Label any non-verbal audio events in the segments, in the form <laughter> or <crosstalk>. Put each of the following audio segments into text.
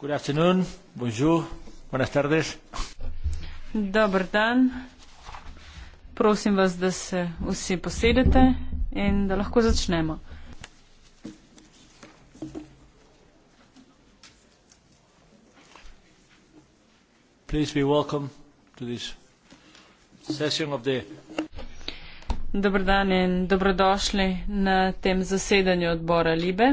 Good afternoon. Bonjour. Buenas tardes. Dobar dan. Prosim vas, da se vsi posedete in da lahko začnemo. Please be welcome to this session of the Dobar dan in dobrodošli na tem zasedanju odbora Libe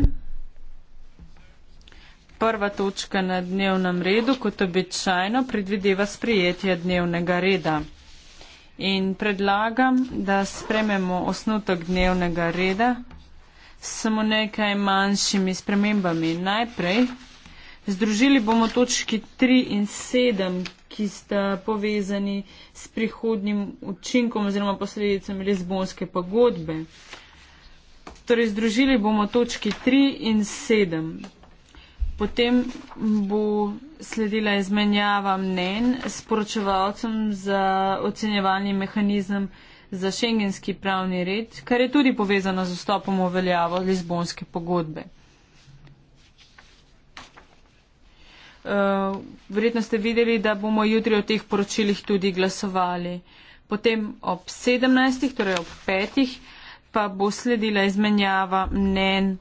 prva točka na dnevnem redu, kot običajno, predvideva sprejetje dnevnega reda. In predlagam, da sprememo osnutek dnevnega reda s samo nekaj manjšimi spremembami. Najprej združili bomo točki 3 in 7, ki sta povezani s prihodnim učinkom oziroma posledicami Lizbonske pogodbe. Torej združili bomo točki 3 in 7. Potem bo sledila izmenjava mnen s poročevalcem za ocenjevalni mehanizem za šengenski pravni red, kar je tudi povezano z vstopom v veljavo Lizbonske pogodbe. Eh, verjetno ste videli, da bomo jutri o teh poročilih tudi glasovali. Potem ob 17, torej ob 5, pa bo sledila izmenjava mnen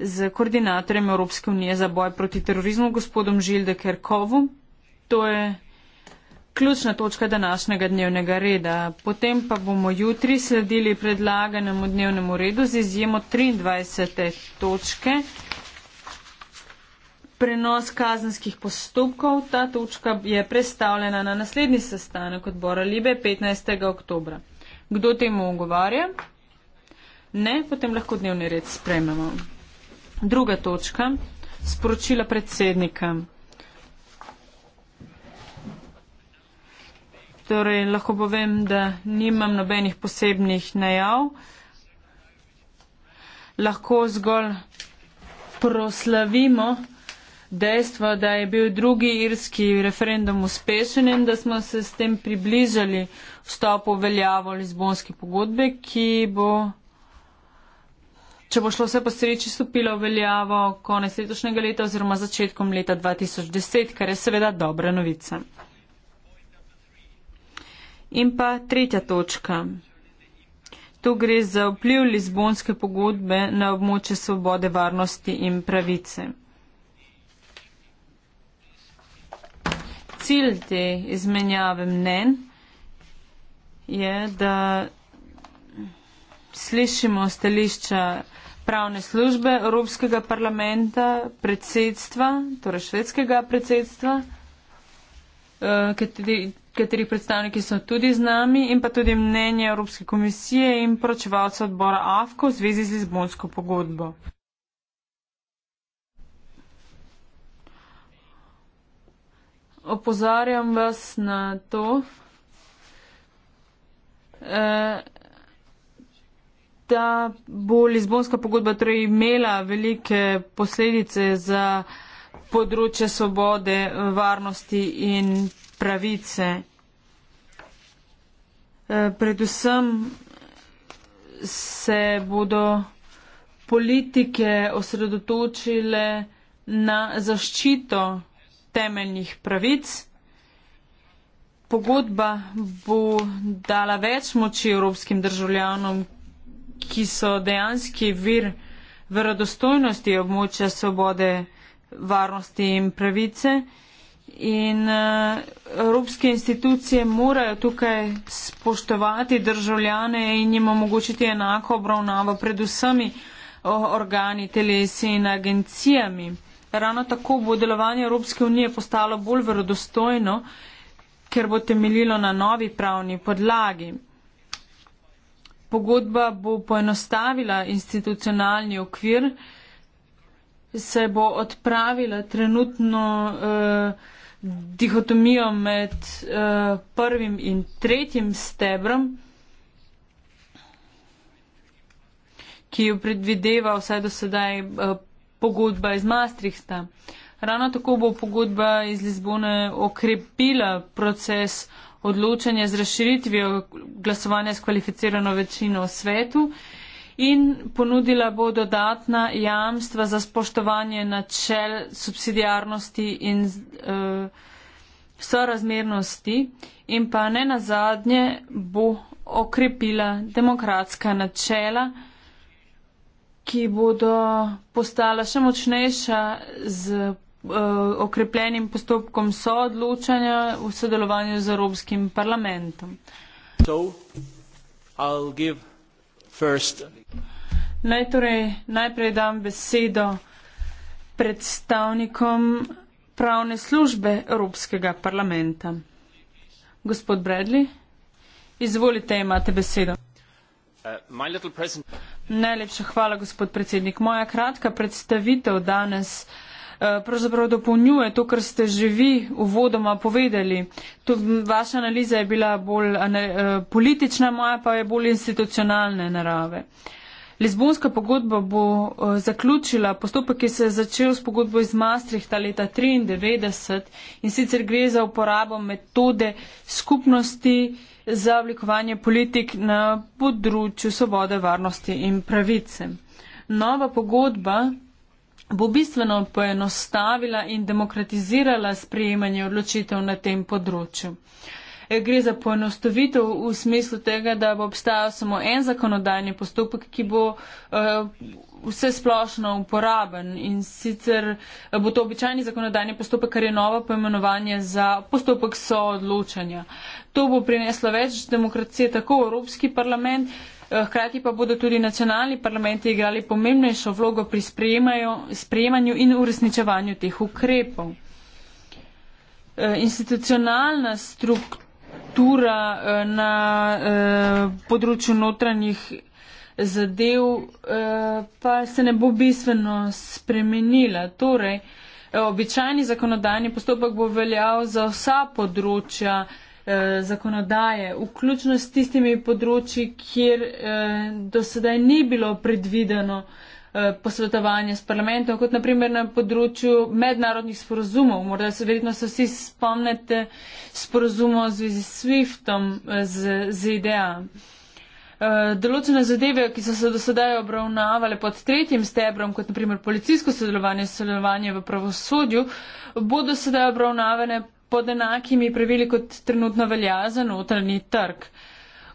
z koordinatorjem Evropske unije za boj proti terorizmu, gospodom Žilde Kerkovu. To je ključna točka današnjega dnevnega reda. Potem pa bomo jutri sledili predlaganemu dnevnemu redu z izjemo 23. točke. Prenos kazenskih postopkov. Ta točka je predstavljena na naslednji sestanek odbora Libe 15. oktobra. Kdo temu ogovarja? Ne, potem lahko dnevni red sprememo. Druga točka, sporočila predsednika. Torej, lahko povem, da nimam nobenih posebnih najav. Lahko zgolj proslavimo dejstvo, da je bil drugi irski referendum uspešen in da smo se s tem približali vstopu veljavo Lizbonske pogodbe, ki bo Če bo šlo vse po sreči, stopilo veljavo konec letošnjega leta oziroma začetkom leta 2010, kar je seveda dobra novica. In pa tretja točka. Tu gre za vpliv Lizbonske pogodbe na območje svobode, varnosti in pravice. Cilj te izmenjave mnen je, da slišimo stališča pravne službe Evropskega parlamenta, predsedstva, torej švedskega predsedstva, eh, kateri, katerih predstavniki so tudi z nami, in pa tudi mnenje Evropske komisije in poročevalca odbora AFKO v zvezi z Lizbonsko pogodbo. Opozarjam vas na to, eh, da bo Lizbonska pogodba torej imela velike posledice za področje svobode, varnosti in pravice. Eh, predvsem se bodo politike osredotočile na zaščito temeljnih pravic. Pogodba bo dala več moči evropskim državljanom, ki so dejanski vir verodostojnosti območja svobode, varnosti in pravice. In uh, evropske institucije morajo tukaj spoštovati državljane in jim omogočiti enako obravnavo pred vsemi organi, telesi in agencijami. Ravno tako bo delovanje Evropske unije postalo bolj verodostojno, ker bo temeljilo na novi pravni podlagi. Pogodba bo poenostavila institucionalni okvir, se bo odpravila trenutno eh, dihotomijo med eh, prvim in tretjim stebrom, ki jo predvideva vsaj do sedaj eh, pogodba iz Maastrichta. Ravno tako bo pogodba iz Lizbone okrepila proces odločanje z razširitvijo glasovanja s kvalificirano večino v svetu in ponudila bo dodatna jamstva za spoštovanje načel subsidijarnosti in uh, sorazmernosti in pa ne nazadnje bo okrepila demokratska načela, ki bodo postala še močnejša z Eh, okrepljenim postopkom soodločanja v sodelovanju z Evropskim parlamentom. So, Naj torej najprej dam besedo predstavnikom pravne službe Evropskega parlamenta. Gospod Bradley, izvolite, imate besedo. Uh, Najlepša hvala, gospod predsednik. Moja kratka predstavitev danes uh, Eh, pravzaprav dopolnjuje to, kar ste že vi uvodoma povedali. To, vaša analiza je bila bolj eh, eh, politična, moja pa je bolj institucionalne narave. Lizbonska pogodba bo zaključila postopek, ki se je začel s pogodbo iz Maastrichta leta 1993 in sicer gre za uporabo metode skupnosti za oblikovanje politik na področju svobode, varnosti in pravice. Nova pogodba bo bistveno poenostavila in demokratizirala sprejemanje odločitev na tem področju. E, gre za poenostavitev v smislu tega, da bo obstajal samo en zakonodajni postopek, ki bo e, vse splošno uporaben in sicer e, bo to običajni zakonodajni postopek, kar je novo poimenovanje za postopek soodločanja. To bo prineslo več demokracije tako v Evropski parlament, Eh, hkrati pa bodo tudi nacionalni parlamenti igrali pomembnejšo vlogo pri sprejemanju in uresničevanju teh ukrepov. Eh, institucionalna struktura eh, na področju notranjih zadev pa se ne bo bistveno spremenila. Torej, običajni zakonodajni postopek bo veljal za vsa področja eh, zakonodaje, vključno s tistimi področji, kjer eh, dosedaj ni bilo predvideno eh, posvetovanje s parlamentom, kot naprimer na področju mednarodnih sporozumov. Morda se verjetno se vsi spomnite sporozumov z SWIFT-om eh, z ZDA. Eh, določene zadeve, ki so se dosedaj obravnavale pod tretjim stebrom, kot naprimer policijsko sodelovanje, sodelovanje v pravosodju, bodo sedaj obravnavane pod enakimi pravili, kot trenutno velja za notranji trg.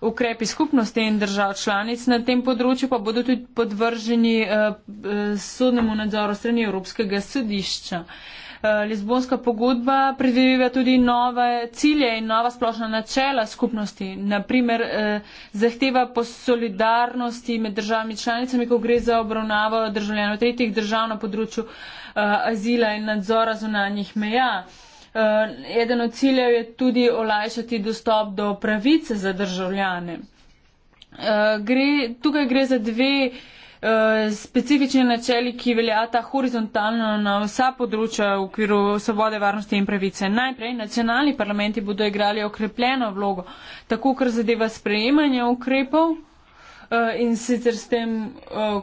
Ukrepi skupnosti in držav članic na tem področju pa bodo tudi podvrženi eh, eh sodnemu nadzoru strani Evropskega sodišča. Eh, Lizbonska pogodba predvideva tudi nove cilje in nova splošna načela skupnosti. Naprimer, eh, zahteva po solidarnosti med državami članicami, ko gre za obravnavo državljanov tretjih držav na področju azila in nadzora zunanjih meja. Eh, eden od ciljev je tudi olajšati dostop do pravice za državljane. Eh, gre, tukaj gre za dve eh, specifični načeli, ki veljata horizontalno na vsa področja v okviru svobode, varnosti in pravice. Najprej nacionalni parlamenti bodo igrali okrepljeno vlogo, tako kar zadeva sprejemanje ukrepov in sicer s tem,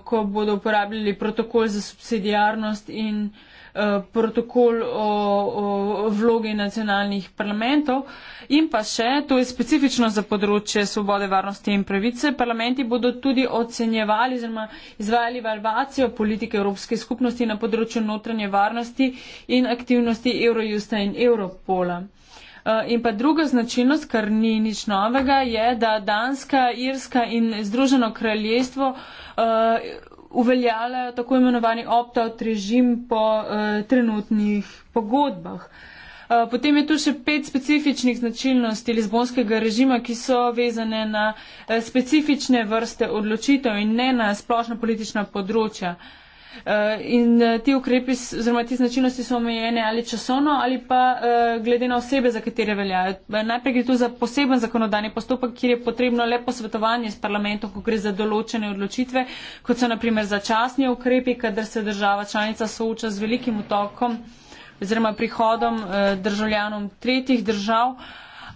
ko bodo uporabljali protokol za subsidijarnost in Eh, protokol o, o vlogi nacionalnih parlamentov in pa še, to je specifično za področje svobode, varnosti in pravice, parlamenti bodo tudi ocenjevali oziroma izvajali evalvacijo politike Evropske skupnosti na področju notranje varnosti in aktivnosti Eurojusta in Europola. Eh, in pa druga značilnost, kar ni nič novega, je, da Danska, Irska in Združeno kraljestvo uh, uveljavljajo tako imenovani opt-out režim po uh, trenutnih pogodbah. Eh, potem je tu še pet specifičnih značilnosti Lizbonskega režima, ki so vezane na eh, specifične vrste odločitev in ne na splošno politična področja. Uh, Eh, in eh, ti ukrepi, oziroma ti značilnosti so omejene ali časovno ali pa eh, glede na osebe, za katere veljajo. Najprej gre tu za poseben zakonodajni postopek, kjer je potrebno le posvetovanje s parlamentom, ko gre za določene odločitve, kot so naprimer začasni ukrepi, kadar se država članica sooča z velikim utokom oziroma prihodom državljanom tretjih držav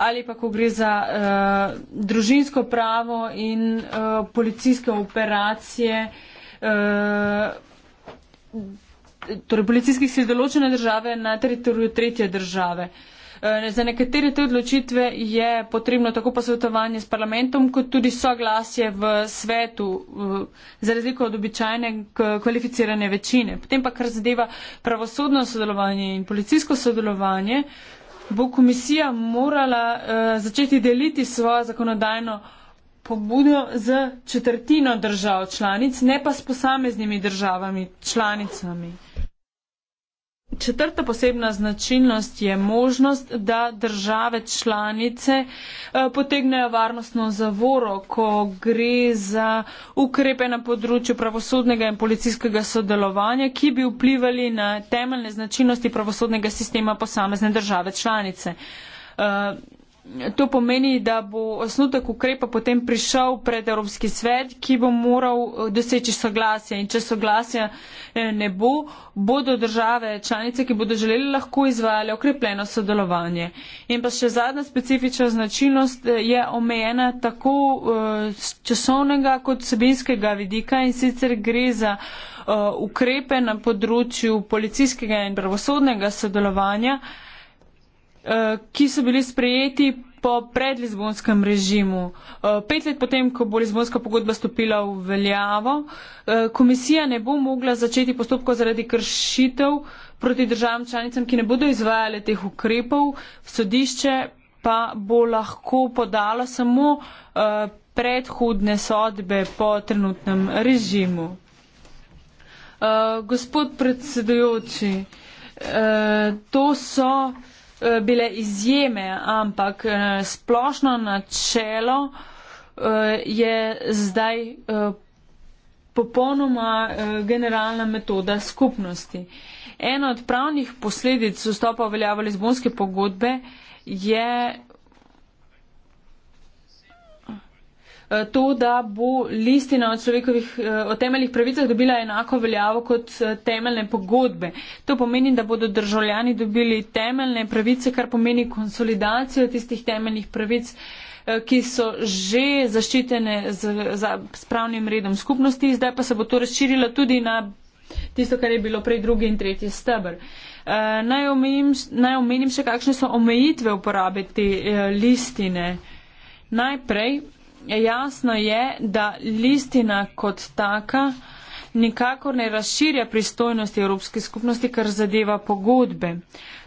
ali pa ko gre za uh, družinsko pravo in uh, policijske operacije, uh, torej policijskih sil določene države na teritoriju tretje države. Eh, za nekatere te odločitve je potrebno tako posvetovanje s parlamentom, kot tudi soglasje v svetu, eh, za razliko od običajne kvalificirane večine. Potem pa, kar zadeva pravosodno sodelovanje in policijsko sodelovanje, bo komisija morala eh, začeti deliti svojo zakonodajno pobudo z četrtino držav članic, ne pa s posameznimi državami članicami. Četrta posebna značilnost je možnost, da države članice eh, potegnejo varnostno zavoro, ko gre za ukrepe na področju pravosodnega in policijskega sodelovanja, ki bi vplivali na temeljne značilnosti pravosodnega sistema posamezne države članice. Eh, To pomeni, da bo osnutek ukrepa potem prišel pred Evropski svet, ki bo moral eh, doseči soglasje. In če soglasja eh, ne bo, bodo države članice, ki bodo želeli, lahko izvajali okrepljeno sodelovanje. In pa še zadnja specifična značilnost eh, je omejena tako z časovnega kot sebinskega vidika in sicer gre za ukrepe na področju policijskega in pravosodnega sodelovanja. Eh, ki so bili sprejeti po predlizbonskem režimu. Eh, pet let potem, ko bo lizbonska pogodba stopila v veljavo, eh, komisija ne bo mogla začeti postopko zaradi kršitev proti državam članicam, ki ne bodo izvajale teh ukrepov. Sodišče pa bo lahko podalo samo predhodne sodbe po trenutnem režimu. Gospod predsedujoči, to so. Eh, bile izjeme, ampak eh, splošno načelo eh, je zdaj popolnoma generalna metoda skupnosti. Ena od pravnih posledic vstopa veljavo Lizbonske pogodbe je Eh, to, da bo listina o, človekovih, eh, o temeljih pravicah dobila enako veljavo kot eh, temeljne pogodbe. To pomeni, da bodo državljani dobili temeljne pravice, kar pomeni konsolidacijo tistih temeljnih pravic, ki so že zaščitene z, za, s pravnim redom skupnosti, zdaj pa se bo to razširilo tudi na tisto, kar je bilo prej drugi in tretji stebr. Naj omenim, naj omenim še, kakšne so omejitve uporabe te listine. Najprej jasno je, da listina kot taka nikakor ne razširja pristojnosti Evropske skupnosti, kar zadeva pogodbe.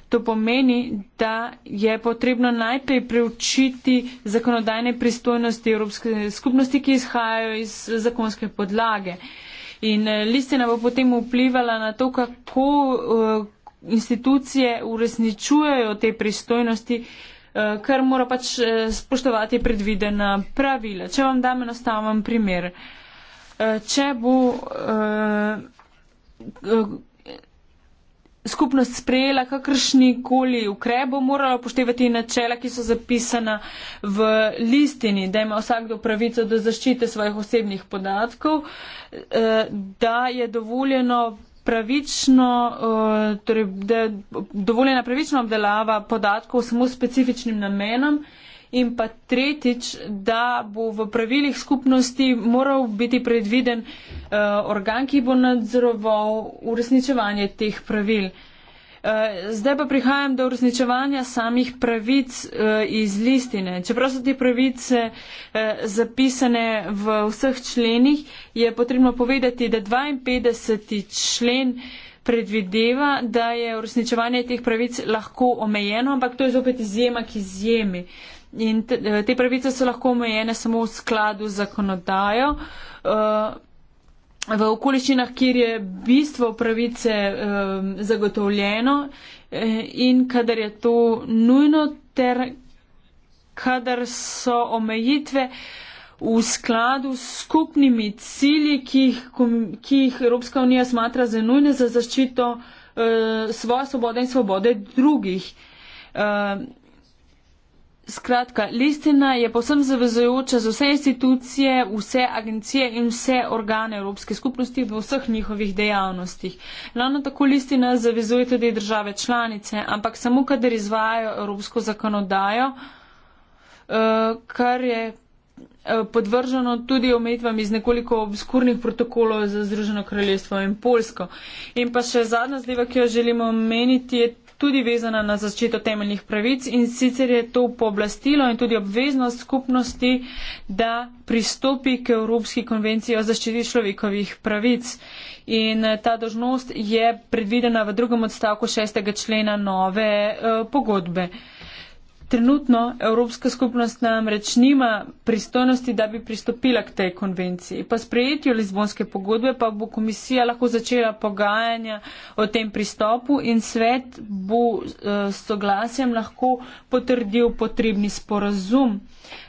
To pomeni, da je potrebno najprej preučiti zakonodajne pristojnosti Evropske skupnosti, ki izhajajo iz zakonske podlage. In eh, listina bo potem vplivala na to, kako uh, institucije uresničujejo te pristojnosti, uh, Eh, kar mora pač eh, spoštovati predvidena pravila. Če vam dam enostaven primer. Eh, če bo skupnost sprejela kakršnikoli ukrep, bo morala upoštevati načela, ki so zapisana v listini, da ima vsakdo pravico do zaščite svojih osebnih podatkov, da je dovoljeno pravično, eh, torej, da je dovoljena pravična obdelava podatkov samo s specifičnim namenom. In pa tretjič, da bo v pravilih skupnosti moral biti predviden uh, organ, ki bo nadzoroval uresničevanje teh pravil. Uh, Eh, zdaj pa prihajam do uresničevanja samih pravic eh, iz listine. Čeprav so te pravice eh, zapisane v vseh členih, je potrebno povedati, da 52. člen predvideva, da je uresničevanje teh pravic lahko omejeno, ampak to je zopet izjema, ki izjemi. In te, te pravice so lahko omejene samo v skladu z zakonodajo v okoliščinah, kjer je bistvo pravice eh, zagotovljeno eh, in kadar je to nujno ter kadar so omejitve v skladu s skupnimi cilji, ki jih, ki jih Evropska unija smatra za nujne za zaščito eh, svoje svobode in svobode drugih. Eh, Skratka, listina je posebno zavezujoča za vse institucije, vse agencije in vse organe Evropske skupnosti v vseh njihovih dejavnostih. Ravno tako listina zavezuje tudi države članice, ampak samo kadar izvajajo evropsko zakonodajo, eh, kar je eh, podvrženo tudi omejitvam iz nekoliko obskurnih protokolov za Združeno kraljestvo in Polsko. In pa še zadnja zdeva, ki jo želimo omeniti, je tudi vezana na zaščito temeljnih pravic in sicer je to pooblastilo in tudi obveznost skupnosti, da pristopi k Evropski konvenciji o zaščiti človekovih pravic. In eh, ta dožnost je predvidena v drugem odstavku šestega člena nove uh, pogodbe. Uh, Trenutno Evropska skupnost namreč nima pristojnosti, da bi pristopila k tej konvenciji. Po sprejetju Lizbonske pogodbe pa bo komisija lahko začela pogajanja o tem pristopu in svet bo eh, s soglasjem lahko potrdil potrebni sporazum.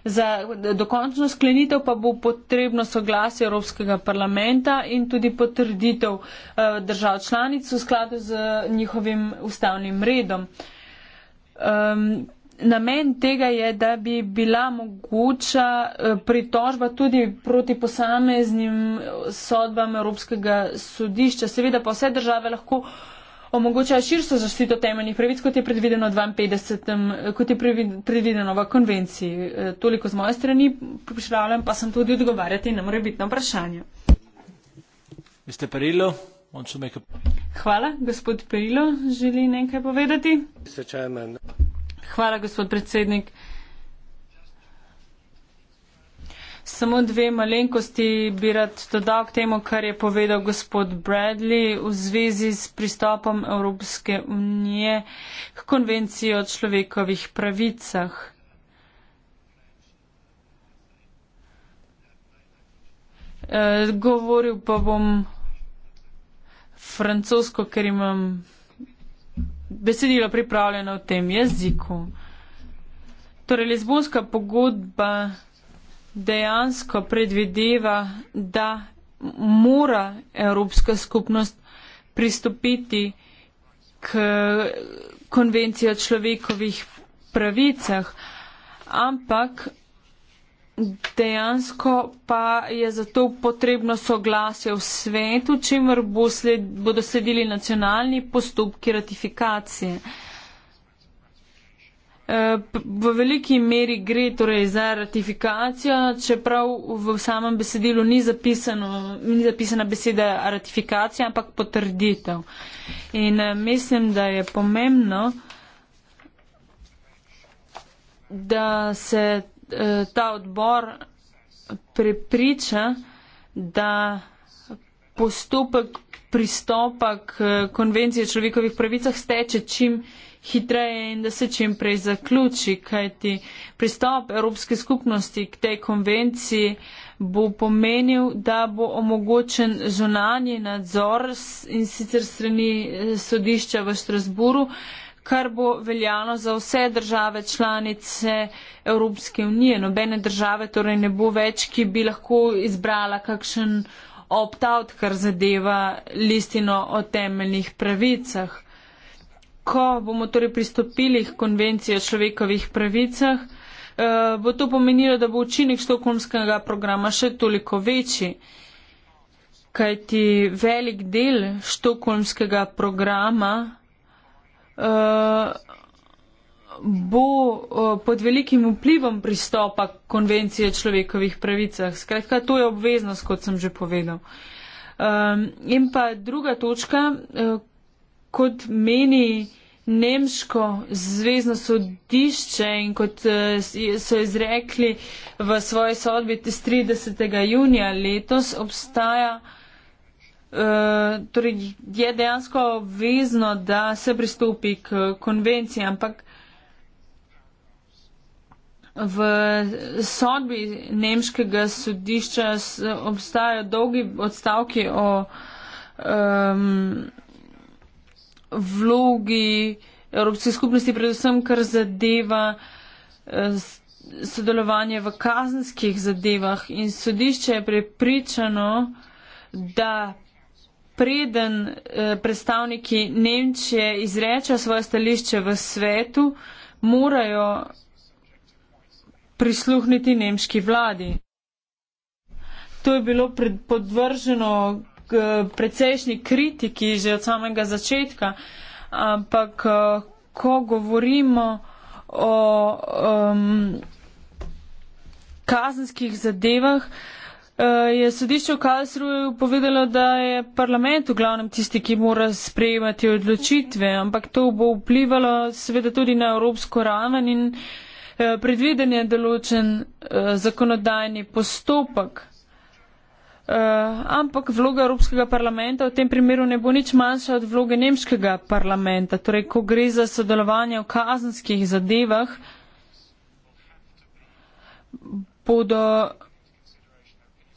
Za dokončno sklenitev pa bo potrebno soglasje Evropskega parlamenta in tudi potrditev eh, držav članic v skladu z njihovim ustavnim redom. Um, namen tega je, da bi bila mogoča eh, pritožba tudi proti posameznim eh, sodbam Evropskega sodišča. Seveda pa vse države lahko omogočajo širšo zaščito temeljnih pravic, kot je predvideno, 52, eh, kot je predvideno v konvenciji. Toliko z moje strani, pripravljam pa sem tudi odgovarjati na morebitno vprašanje. Ste perilo? Hvala, gospod Perilo, želi nekaj povedati? Sečajmen. Hvala, gospod predsednik. Samo dve malenkosti bi rad dodal k temu, kar je povedal gospod Bradley v zvezi s pristopom Evropske unije k konvenciji o človekovih pravicah. Eh, govoril pa bom francosko, ker imam besedilo pripravljeno v tem jeziku. Torej, Lizbonska pogodba dejansko predvideva, da mora Evropska skupnost pristopiti k konvenciji o človekovih pravicah, ampak dejansko pa je zato potrebno soglasje v svetu, čimer bo sled, bodo sledili nacionalni postopki ratifikacije. Eh, v veliki meri gre torej za ratifikacijo, čeprav v samem besedilu ni, zapisano, ni zapisana beseda ratifikacija, ampak potrditev. In eh, mislim, da je pomembno, da se Eh, ta odbor prepriča, da postopek pristopa k eh, konvenciji o človekovih pravicah steče čim hitreje in da se čim prej zaključi, kajti pristop Evropske skupnosti k tej konvenciji bo pomenil, da bo omogočen zunanji nadzor in sicer strani eh, sodišča v Strasburu, kar bo veljalo za vse države članice Evropske unije. Nobene države torej ne bo več, ki bi lahko izbrala kakšen opt-out, kar zadeva listino o temeljnih pravicah. Ko bomo torej pristopili k konvenciji o človekovih pravicah, eh, bo to pomenilo, da bo učinek štokholmskega programa še toliko večji. Kajti velik del štokholmskega programa bo eh, pod velikim vplivom pristopa k konvencije o človekovih pravicah. Skratka, to je obveznost, kot sem že povedal. Ehm, in pa druga točka, eh, kot meni Nemško zvezdno sodišče in kot eh, so izrekli v svoji sodbi 30. junija letos, obstaja Eh, torej je dejansko vezno, da se pristopi k konvenciji, ampak v sodbi nemškega sodišča obstajajo dolgi odstavki o um, vlogi Evropske skupnosti, predvsem kar zadeva eh, sodelovanje v kazenskih zadevah in sodišče je prepričano, da preden eh, predstavniki Nemčije izrečejo svoje stališče v svetu, morajo prisluhniti nemški vladi. To je bilo podvrženo eh, precejšnji kritiki že od samega začetka, ampak eh, ko govorimo o um, kazenskih zadevah, uh, Eh, je sodišče v Kalsruju povedalo, da je parlament v glavnem tisti, ki mora sprejemati odločitve, ampak to bo vplivalo seveda tudi na evropsko raven in eh, predviden je določen eh, zakonodajni postopek. Ampak vloga Evropskega parlamenta v tem primeru ne bo nič manjša od vloge Nemškega parlamenta, torej ko gre za sodelovanje v kazenskih zadevah, bodo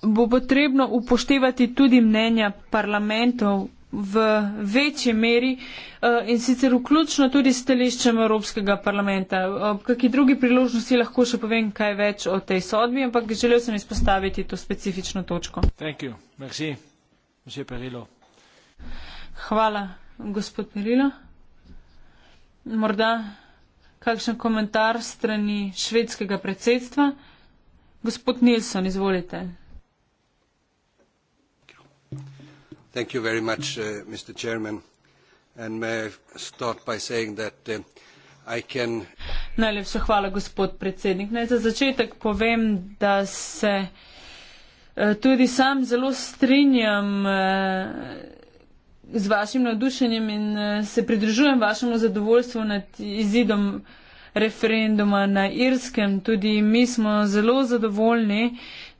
bo potrebno upoštevati tudi mnenja parlamentov v večji meri eh, in sicer vključno tudi s stališčem Evropskega parlamenta. Ob kaki drugi priložnosti lahko še povem kaj več o tej sodbi, ampak želel sem izpostaviti to specifično točko. Hvala, gospod Perilo. Morda kakšen komentar strani švedskega predsedstva. Gospod Nilsson, izvolite. Thank you very much, uh, Mr. Chairman. And may I start by saying that uh, I can. Najlepša hvala, gospod predsednik. Naj za začetek povem, da se eh, tudi sam zelo strinjam eh, z vašim navdušenjem in eh, se pridružujem vašemu zadovoljstvu nad izidom referenduma na Irskem. Tudi mi smo zelo zadovoljni,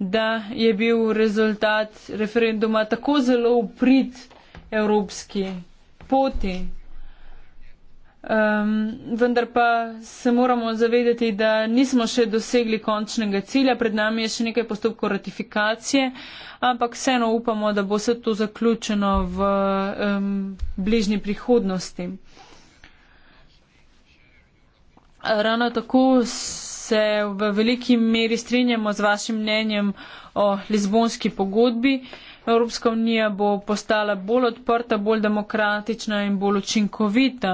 da je bil rezultat referenduma tako zelo uprit evropski poti. Um, vendar pa se moramo zavedati, da nismo še dosegli končnega cilja, pred nami je še nekaj postopkov ratifikacije, ampak vseeno upamo, da bo vse to zaključeno v um, bližnji prihodnosti. Rano tako se v veliki meri strinjamo z vašim mnenjem o Lizbonski pogodbi. Evropska unija bo postala bolj odprta, bolj demokratična in bolj učinkovita.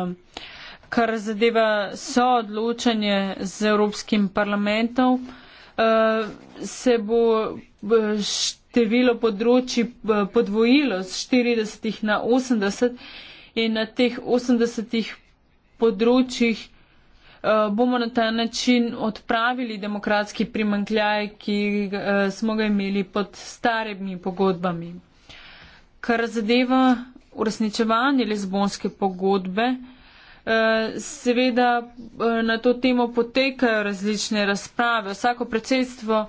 Kar zadeva soodločanje z Evropskim parlamentom, eh, se bo eh, število področji eh, podvojilo z 40 na 80 in na teh 80 področjih Eh, bomo na ta način odpravili demokratski primankljaj, ki eh, smo ga imeli pod starimi pogodbami. Kar zadeva uresničevanje lezbonske pogodbe, eh, seveda na to temo potekajo različne razprave. Vsako predsedstvo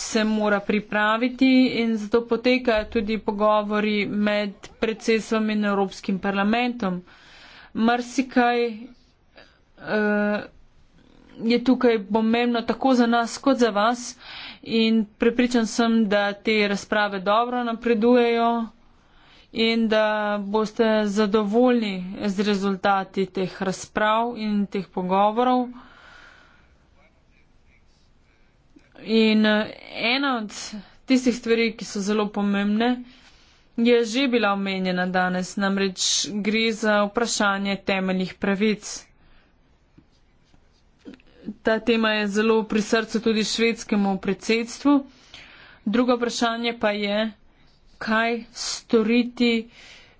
se mora pripraviti in zato potekajo tudi pogovori med predsedstvom in Evropskim parlamentom. Mrsikaj uh, je tukaj pomembno tako za nas kot za vas in prepričan sem, da te razprave dobro napredujejo in da boste zadovoljni z rezultati teh razprav in teh pogovorov. In eh, ena od tistih stvari, ki so zelo pomembne, je že bila omenjena danes, namreč gre za vprašanje temeljih pravic ta tema je zelo pri srcu tudi švedskemu predsedstvu. Drugo vprašanje pa je, kaj storiti,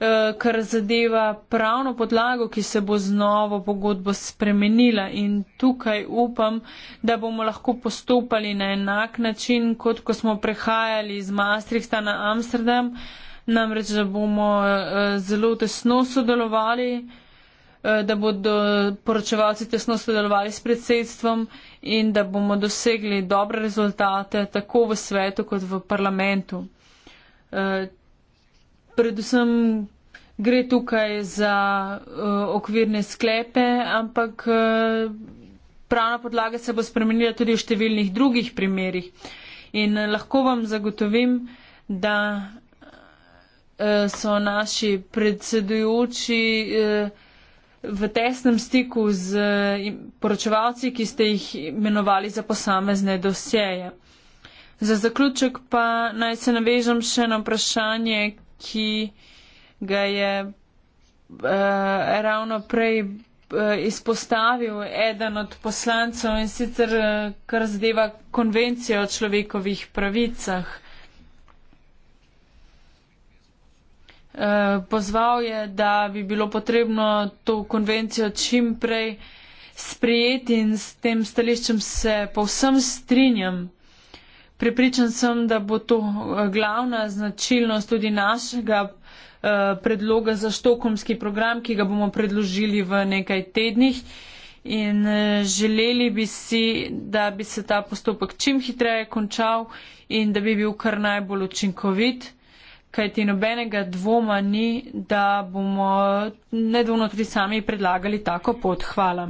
eh, kar zadeva pravno podlago, ki se bo z novo pogodbo spremenila. In tukaj upam, da bomo lahko postopali na enak način, kot ko smo prehajali iz Maastrichta na Amsterdam, namreč, da bomo eh, zelo tesno sodelovali. Eh, da bodo poročevalci tesno sodelovali s predsedstvom in da bomo dosegli dobre rezultate tako v svetu kot v parlamentu. Eh, predvsem gre tukaj za eh, okvirne sklepe, ampak pravna podlaga se bo spremenila tudi v številnih drugih primerih. In lahko vam zagotovim, da so naši predsedujoči v tesnem stiku z poročevalci, ki ste jih imenovali za posamezne dosjeje. Za zaključek pa naj se navežem še na vprašanje, ki ga je eh, ravno prej eh, izpostavil eden od poslancev in sicer eh, kar zadeva konvencijo o človekovih pravicah. Eh, pozval je, da bi bilo potrebno to konvencijo čim prej sprijeti in s tem stališčem se povsem strinjam. Pripričan sem, da bo to eh, glavna značilnost tudi našega eh, predloga za štokomski program, ki ga bomo predložili v nekaj tednih. In želeli bi si, da bi se ta postopek čim hitreje končal in da bi bil kar najbolj učinkovit kaj ti nobenega dvoma ni, da bomo nedvomno tudi sami predlagali tako pot. Hvala.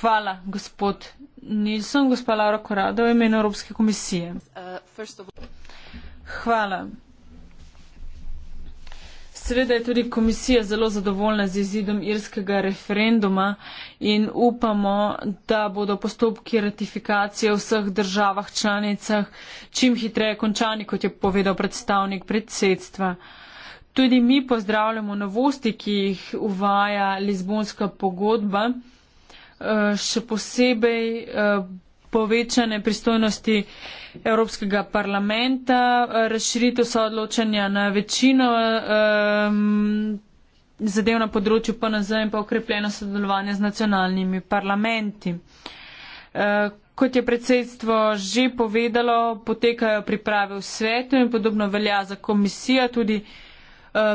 Hvala, gospod Nilsson, gospod Laura Korado, v imenu Evropske komisije. Uh, Hvala. Sredo je tudi komisija zelo zadovoljna z izidom irskega referenduma in upamo, da bodo postopki ratifikacije v vseh državah članicah čim hitreje končani, kot je povedal predstavnik predsedstva. Tudi mi pozdravljamo novosti, ki jih uvaja Lizbonska pogodba. Eh, še posebej eh, povečane pristojnosti Evropskega parlamenta, razširitev soodločanja na večino um, zadev na področju PNZ in pa okrepljeno sodelovanje z nacionalnimi parlamenti. Eh, kot je predsedstvo že povedalo, potekajo priprave v svetu in podobno velja za komisijo, tudi eh,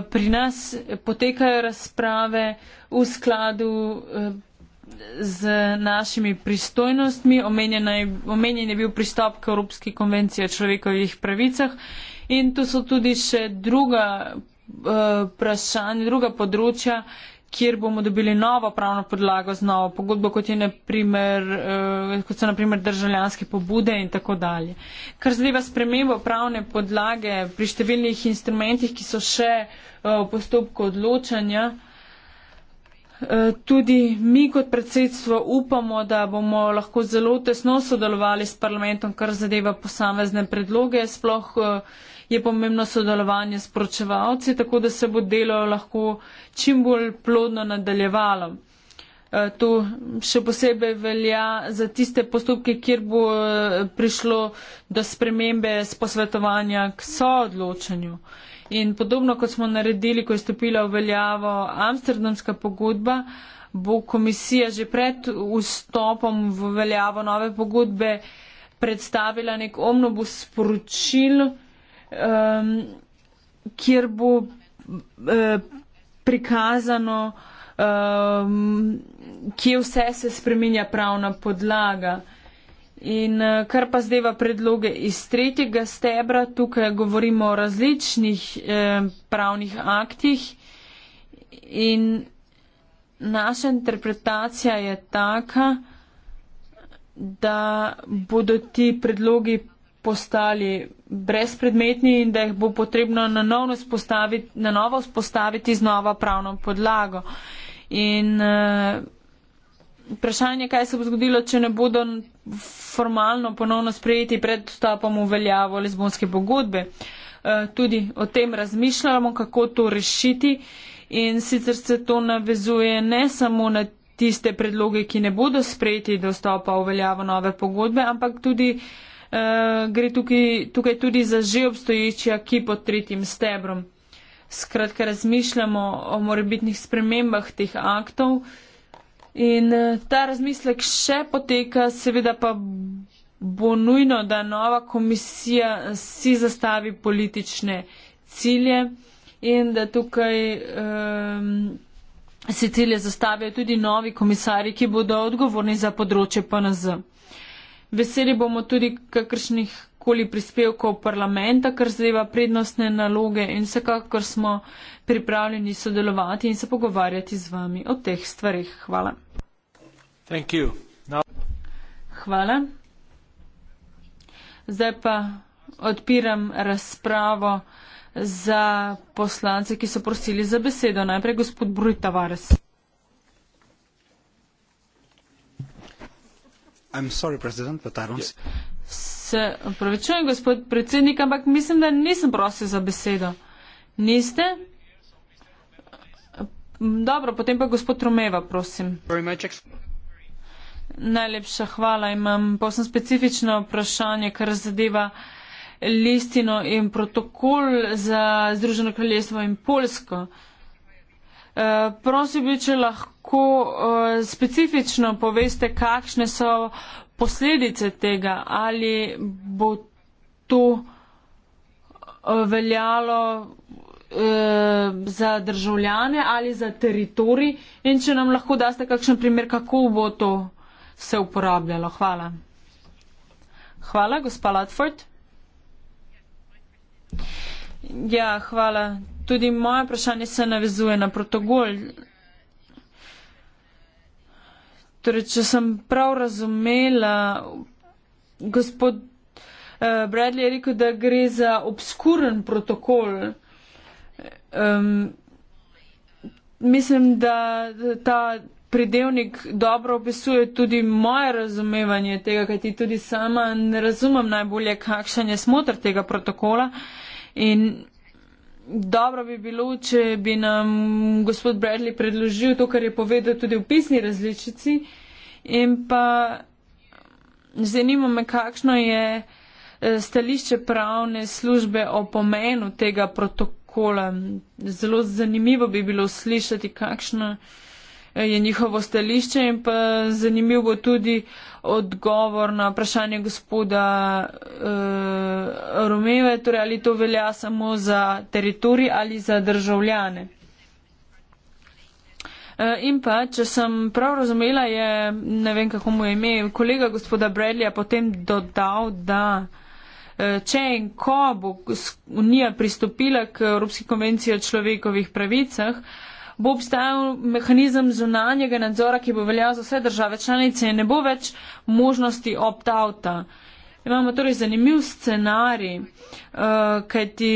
pri nas potekajo razprave v skladu eh, z našimi pristojnostmi. Omenjen je bil pristop k Evropski konvenciji o človekovih pravicah in tu so tudi še druga eh, vprašanja, druga področja, kjer bomo dobili novo pravno podlago z novo pogodbo, kot, je, naprimer, eh, kot so naprimer državljanske pobude in tako dalje. Kar zadeva spremembo pravne podlage pri številnih instrumentih, ki so še eh, v postopku odločanja, Eh, tudi mi kot predsedstvo upamo, da bomo lahko zelo tesno sodelovali s parlamentom, kar zadeva posamezne predloge. Sploh eh, je pomembno sodelovanje s pročevalci, tako da se bo delo lahko čim bolj plodno nadaljevalo. Eh, to še posebej velja za tiste postopke, kjer bo prišlo do spremembe sposvetovanja k soodločanju. In podobno kot smo naredili, ko je stopila v veljavo Amsterdamska pogodba, bo komisija že pred vstopom v veljavo nove pogodbe predstavila nek omnobus sporočil, um, kjer bo eh, prikazano, um, kje vse se spreminja pravna podlaga. In eh, kar pa zdajva predloge iz tretjega stebra, tukaj govorimo o različnih eh, pravnih aktih in naša interpretacija je taka, da bodo ti predlogi postali brezpredmetni in da jih bo potrebno na novo spostaviti, na novo spostaviti z novo pravno podlago. In, eh, Vprašanje, kaj se bo zgodilo, če ne bodo formalno ponovno sprejeti pred vstopom v veljavo lezbonske pogodbe. Eh, tudi o tem razmišljamo, kako to rešiti in sicer se to navezuje ne samo na tiste predloge, ki ne bodo sprejeti do vstopa v veljavo nove pogodbe, ampak tudi eh, gre tukaj, tukaj tudi za že obstoječja, ki pod tretjim stebrom. Skratka, razmišljamo o morebitnih spremembah teh aktov. In eh, ta razmislek še poteka, seveda pa bo nujno, da nova komisija eh, si zastavi politične cilje in da tukaj um, si cilje zastavijo tudi novi komisari, ki bodo odgovorni za področje PNZ. Veseli bomo tudi kakršnih koli prispevkov parlamenta, kar zadeva prednostne naloge in vsekakor smo pripravljeni sodelovati in se pogovarjati z vami o teh stvarih. Hvala. Now... Hvala. Zdaj pa odpiram razpravo za poslance, ki so prosili za besedo. Najprej gospod Bruj Tavares. Sorry, Se opravičujem, gospod predsednik, ampak mislim, da nisem prosil za besedo. Niste? Dobro, potem pa gospod Romeva, prosim. Najlepša hvala. Imam posebno specifično vprašanje, kar zadeva listino in protokol za Združeno kraljestvo in Polsko. E, eh, prosim bi, če lahko e, specifično poveste, kakšne so posledice tega, ali bo to eh, veljalo eh, za državljane ali za teritorij in če nam lahko daste kakšen primer, kako bo to se uporabljalo. Hvala. Hvala, gospa Latford. Ja, hvala. Tudi moje vprašanje se navezuje na protokol. Torej, če sem prav razumela, gospod eh, Bradley je rekel, da gre za obskuren protokol. Um, mislim, da ta pridevnik dobro opisuje tudi moje razumevanje tega, kaj ti tudi sama ne razumem najbolje, kakšen je smotr tega protokola. In Dobro bi bilo, če bi nam gospod Bradley predložil to, kar je povedal tudi v pisni različici. In pa zanima me, kakšno je eh, stališče pravne službe o pomenu tega protokola. Zelo zanimivo bi bilo slišati, kakšno je njihovo stališče in pa zanimiv bo tudi odgovor na vprašanje gospoda uh, Romeve, torej ali to velja samo za teritorij ali za državljane. Eh, in pa, če sem prav razumela, je, ne vem kako mu je ime, kolega gospoda Bradleya potem dodal, da eh, če in ko bo Unija pristopila k Evropski konvenciji o človekovih pravicah, bo obstajal mehanizem zunanjega nadzora, ki bo veljal za vse države članice in ne bo več možnosti opt-outa. Imamo torej zanimiv scenarij, eh, kajti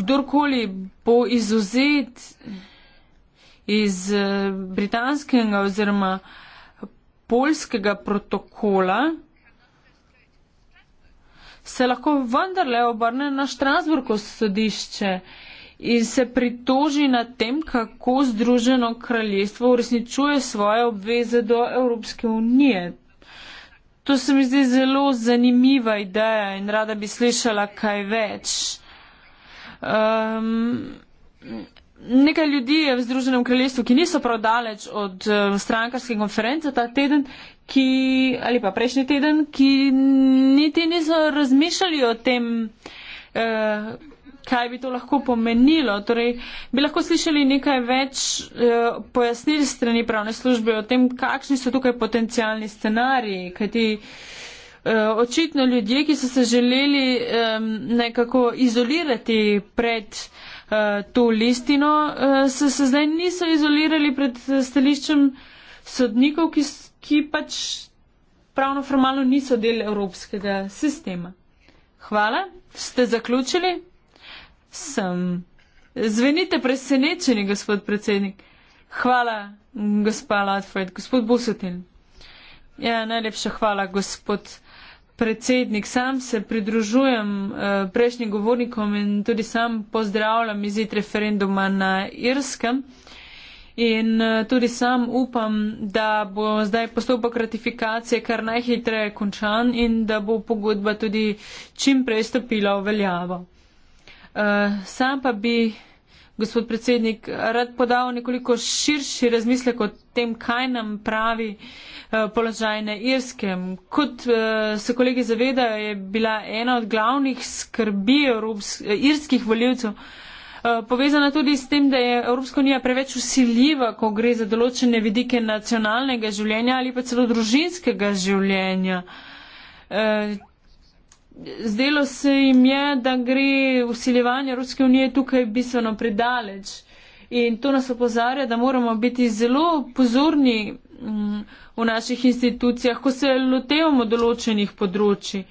kdorkoli bo izuzet iz eh, britanskega oziroma polskega protokola, se lahko vendarle obrne na Štrasburgo sodišče in se pritoži nad tem, kako Združeno kraljestvo uresničuje svoje obveze do Evropske unije. To se mi zdi zelo zanimiva ideja in rada bi slišala kaj več. Um, nekaj ljudi je v Združenem kraljestvu, ki niso prav daleč od um, strankarske konference ta teden, ki, ali pa prejšnji teden, ki niti niso razmišljali o tem, uh, kaj bi to lahko pomenilo. Torej, bi lahko slišali nekaj več eh, pojasnil strani pravne službe o tem, kakšni so tukaj potencijalni scenariji. Kajti eh, očitno ljudje, ki so se želeli eh, nekako izolirati pred eh, to listino, eh, se, se zdaj niso izolirali pred eh, stališčem sodnikov, ki, ki pač pravno formalno niso del evropskega sistema. Hvala. Ste zaključili? Sem. Zvenite presenečeni, gospod predsednik. Hvala, gospa Latford, gospod Busetin. Ja, najlepša hvala, gospod predsednik. Sam se pridružujem eh, prejšnjim govornikom in tudi sam pozdravljam izid referenduma na Irskem. In eh, tudi sam upam, da bo zdaj postopek ratifikacije kar najhitreje končan in da bo pogodba tudi čim prej stopila v veljavo. Uh, sam pa bi, gospod predsednik, rad podal nekoliko širši razmislek o tem, kaj nam pravi uh, položaj na Irskem. Kot uh, se kolegi zavedajo, je bila ena od glavnih skrbi Evropsk irskih voljivcev. Povezana tudi s tem, da je Evropska unija preveč usiljiva, ko gre za določene vidike nacionalnega življenja ali pa celo družinskega življenja zdelo se jim je, da gre usiljevanje Ruske unije tukaj bistveno predaleč. In to nas opozarja, da moramo biti zelo pozorni mm, v naših institucijah, ko se lotevamo določenih področji.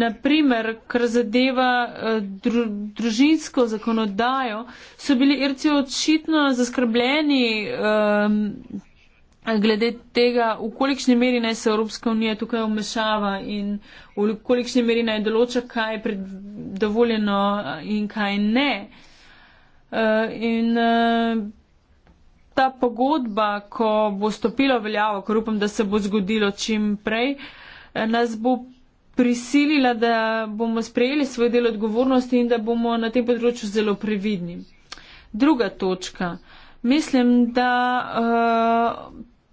Naprimer, kar zadeva eh, dru, družinsko zakonodajo, so bili irci očitno zaskrbljeni um, glede tega, v kolikšni meri naj se Evropska unija tukaj vmešava in v kolikšni meri naj določa, kaj je predovoljeno in kaj ne. E, in e, ta pogodba, ko bo stopila veljavo, kar upam, da se bo zgodilo čim prej, e, nas bo prisilila, da bomo sprejeli svoj del odgovornosti in da bomo na tem področju zelo previdni. Druga točka. Mislim, da uh,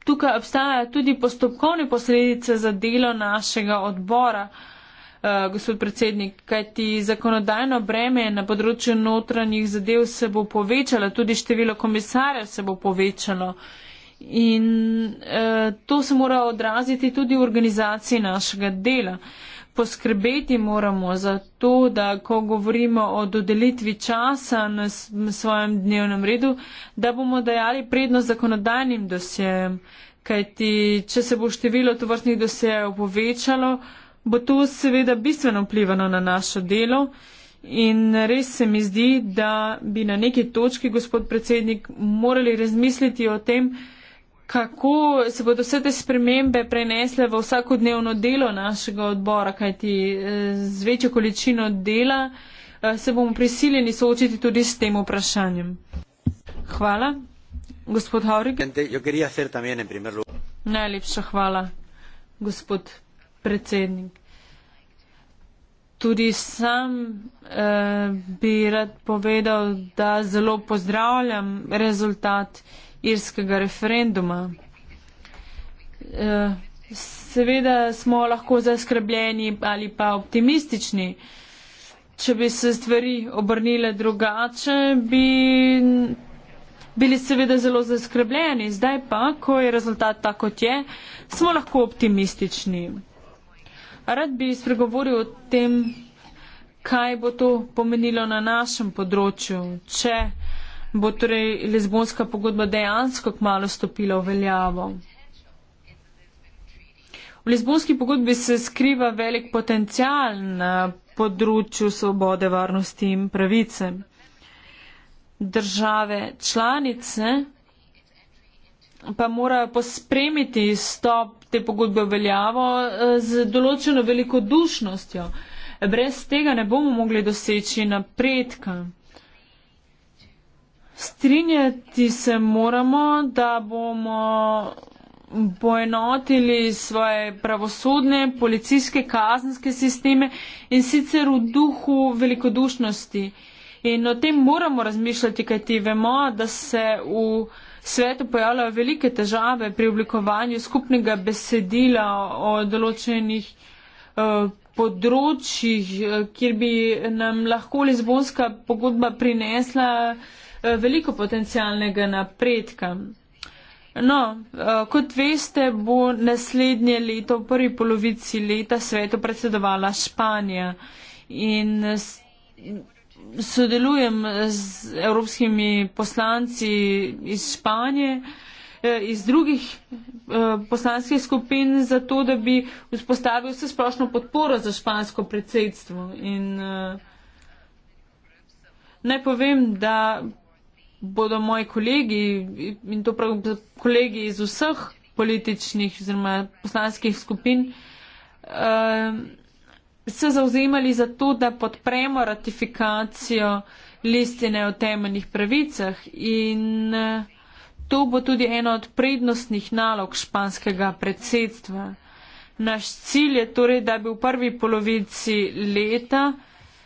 Tukaj obstajajo tudi postopkovne posledice za delo našega odbora, eh, gospod predsednik, kajti zakonodajno breme na področju notranjih zadev se bo povečalo, tudi število komisarjev se bo povečalo. In eh, to se mora odraziti tudi v organizaciji našega dela. Eh, poskrbeti moramo za to, da ko govorimo o dodelitvi časa na svojem dnevnem redu, da bomo dajali prednost zakonodajnim dosjejem. Kajti, če se bo število tovrstnih dosjejev povečalo, bo to seveda bistveno vplivalo na našo delo. In res se mi zdi, da bi na neki točki, gospod predsednik, morali razmisliti o tem, kako se bodo vse te spremembe prenesle v vsakodnevno delo našega odbora, kajti eh, z večjo količino dela eh, se bomo prisiljeni soočiti tudi s tem vprašanjem. Hvala. Gospod Haurig. Najlepša hvala, gospod predsednik. Tudi sam eh, bi rad povedal, da zelo pozdravljam rezultat eh, irskega referenduma. Eh, seveda smo lahko zaskrbljeni ali pa optimistični. Če bi se stvari obrnile drugače, bi bili seveda zelo zaskrbljeni. Zdaj pa, ko je rezultat tako, kot je, smo lahko optimistični. Rad bi spregovoril o tem, kaj bo to pomenilo na našem področju, če Bo torej Lizbonska pogodba dejansko kmalo stopila v veljavo? V Lizbonski pogodbi se skriva velik potencial na področju svobode, varnosti in pravice. Države članice pa morajo pospremiti stop te pogodbe v veljavo eh, z določeno veliko dušnostjo. Brez tega ne bomo mogli doseči napredka. Strinjati se moramo, da bomo poenotili svoje pravosodne, policijske, kazenske sisteme in sicer v duhu velikodušnosti. In o tem moramo razmišljati, kajti vemo, da se v svetu pojavljajo velike težave pri oblikovanju skupnega besedila o določenih eh, področjih, eh, kjer bi nam lahko Lizbonska pogodba prinesla Eh, veliko potencijalnega napredka. No, eh, kot veste, bo naslednje leto, v prvi polovici leta, svetu predsedovala Španija in sodelujem z evropskimi poslanci iz Španije, eh, iz drugih poslanskih skupin, zato da bi vzpostavil vse splošno podporo za špansko predsedstvo. In naj povem, da bodo moji kolegi in to prav kolegi iz vseh političnih oziroma poslanskih skupin uh, se zauzemali za to, da podpremo ratifikacijo listine o temeljnih pravicah in eh, to bo tudi ena od prednostnih nalog španskega predsedstva. Naš cilj je torej, da bi v prvi polovici leta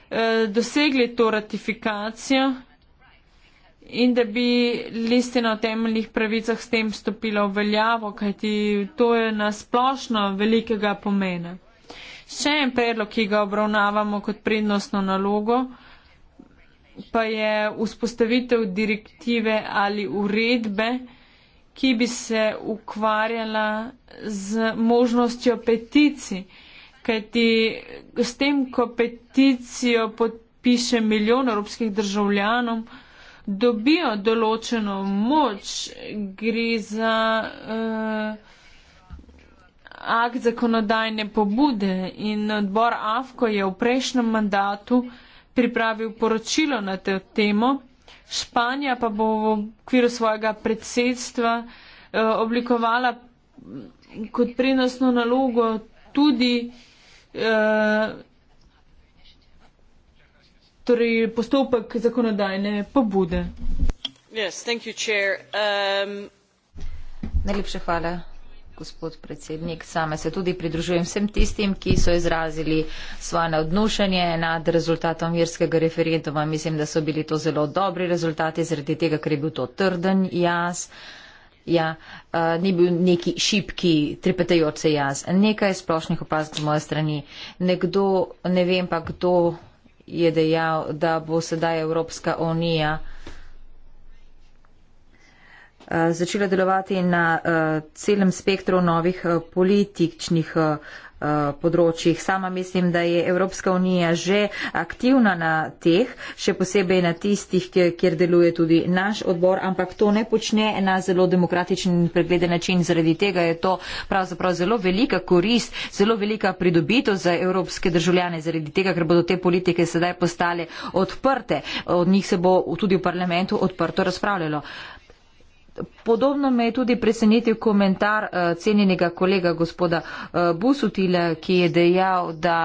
eh, dosegli to ratifikacijo in da bi listina o temeljnih pravicah s tem stopila v veljavo, kajti to je nasplošno velikega pomena. Še en predlog, ki ga obravnavamo kot prednostno nalogo, pa je vzpostavitev direktive ali uredbe, ki bi se ukvarjala z možnostjo petici, kajti s tem, ko peticijo podpiše milijon evropskih državljanov, dobijo določeno moč, gre za uh, akt zakonodajne pobude in odbor AFKO je v prejšnjem mandatu pripravil poročilo na to temo. Španija pa bo v okviru svojega predsedstva uh, oblikovala mm, kot prednostno nalogo tudi uh, torej postopek zakonodajne pobude. Yes, um... Najlepša hvala, gospod predsednik. Same se tudi pridružujem vsem tistim, ki so izrazili svoje navdušenje nad rezultatom virskega referenduma. Mislim, da so bili to zelo dobri rezultati, zaradi tega, ker je bil to trden jaz. Ja, uh, ni bil neki šipki, trepetajoč se jaz. Nekaj splošnih opazk z moje strani. Nekdo, ne vem pa kdo je dejal, da bo sedaj Evropska unija eh, začela delovati na eh, celem spektru novih eh, političnih področjih. Sama mislim, da je Evropska unija že aktivna na teh, še posebej na tistih, kjer deluje tudi naš odbor, ampak to ne počne na zelo demokratičen in pregleden način. Zaradi tega je to pravzaprav zelo velika korist, zelo velika pridobitev za evropske državljane, zaradi tega, ker bodo te politike sedaj postale odprte. Od njih se bo tudi v parlamentu odprto razpravljalo. Podobno me je tudi presenetil komentar uh, cenjenega kolega gospoda uh, Busutila, ki je dejal, da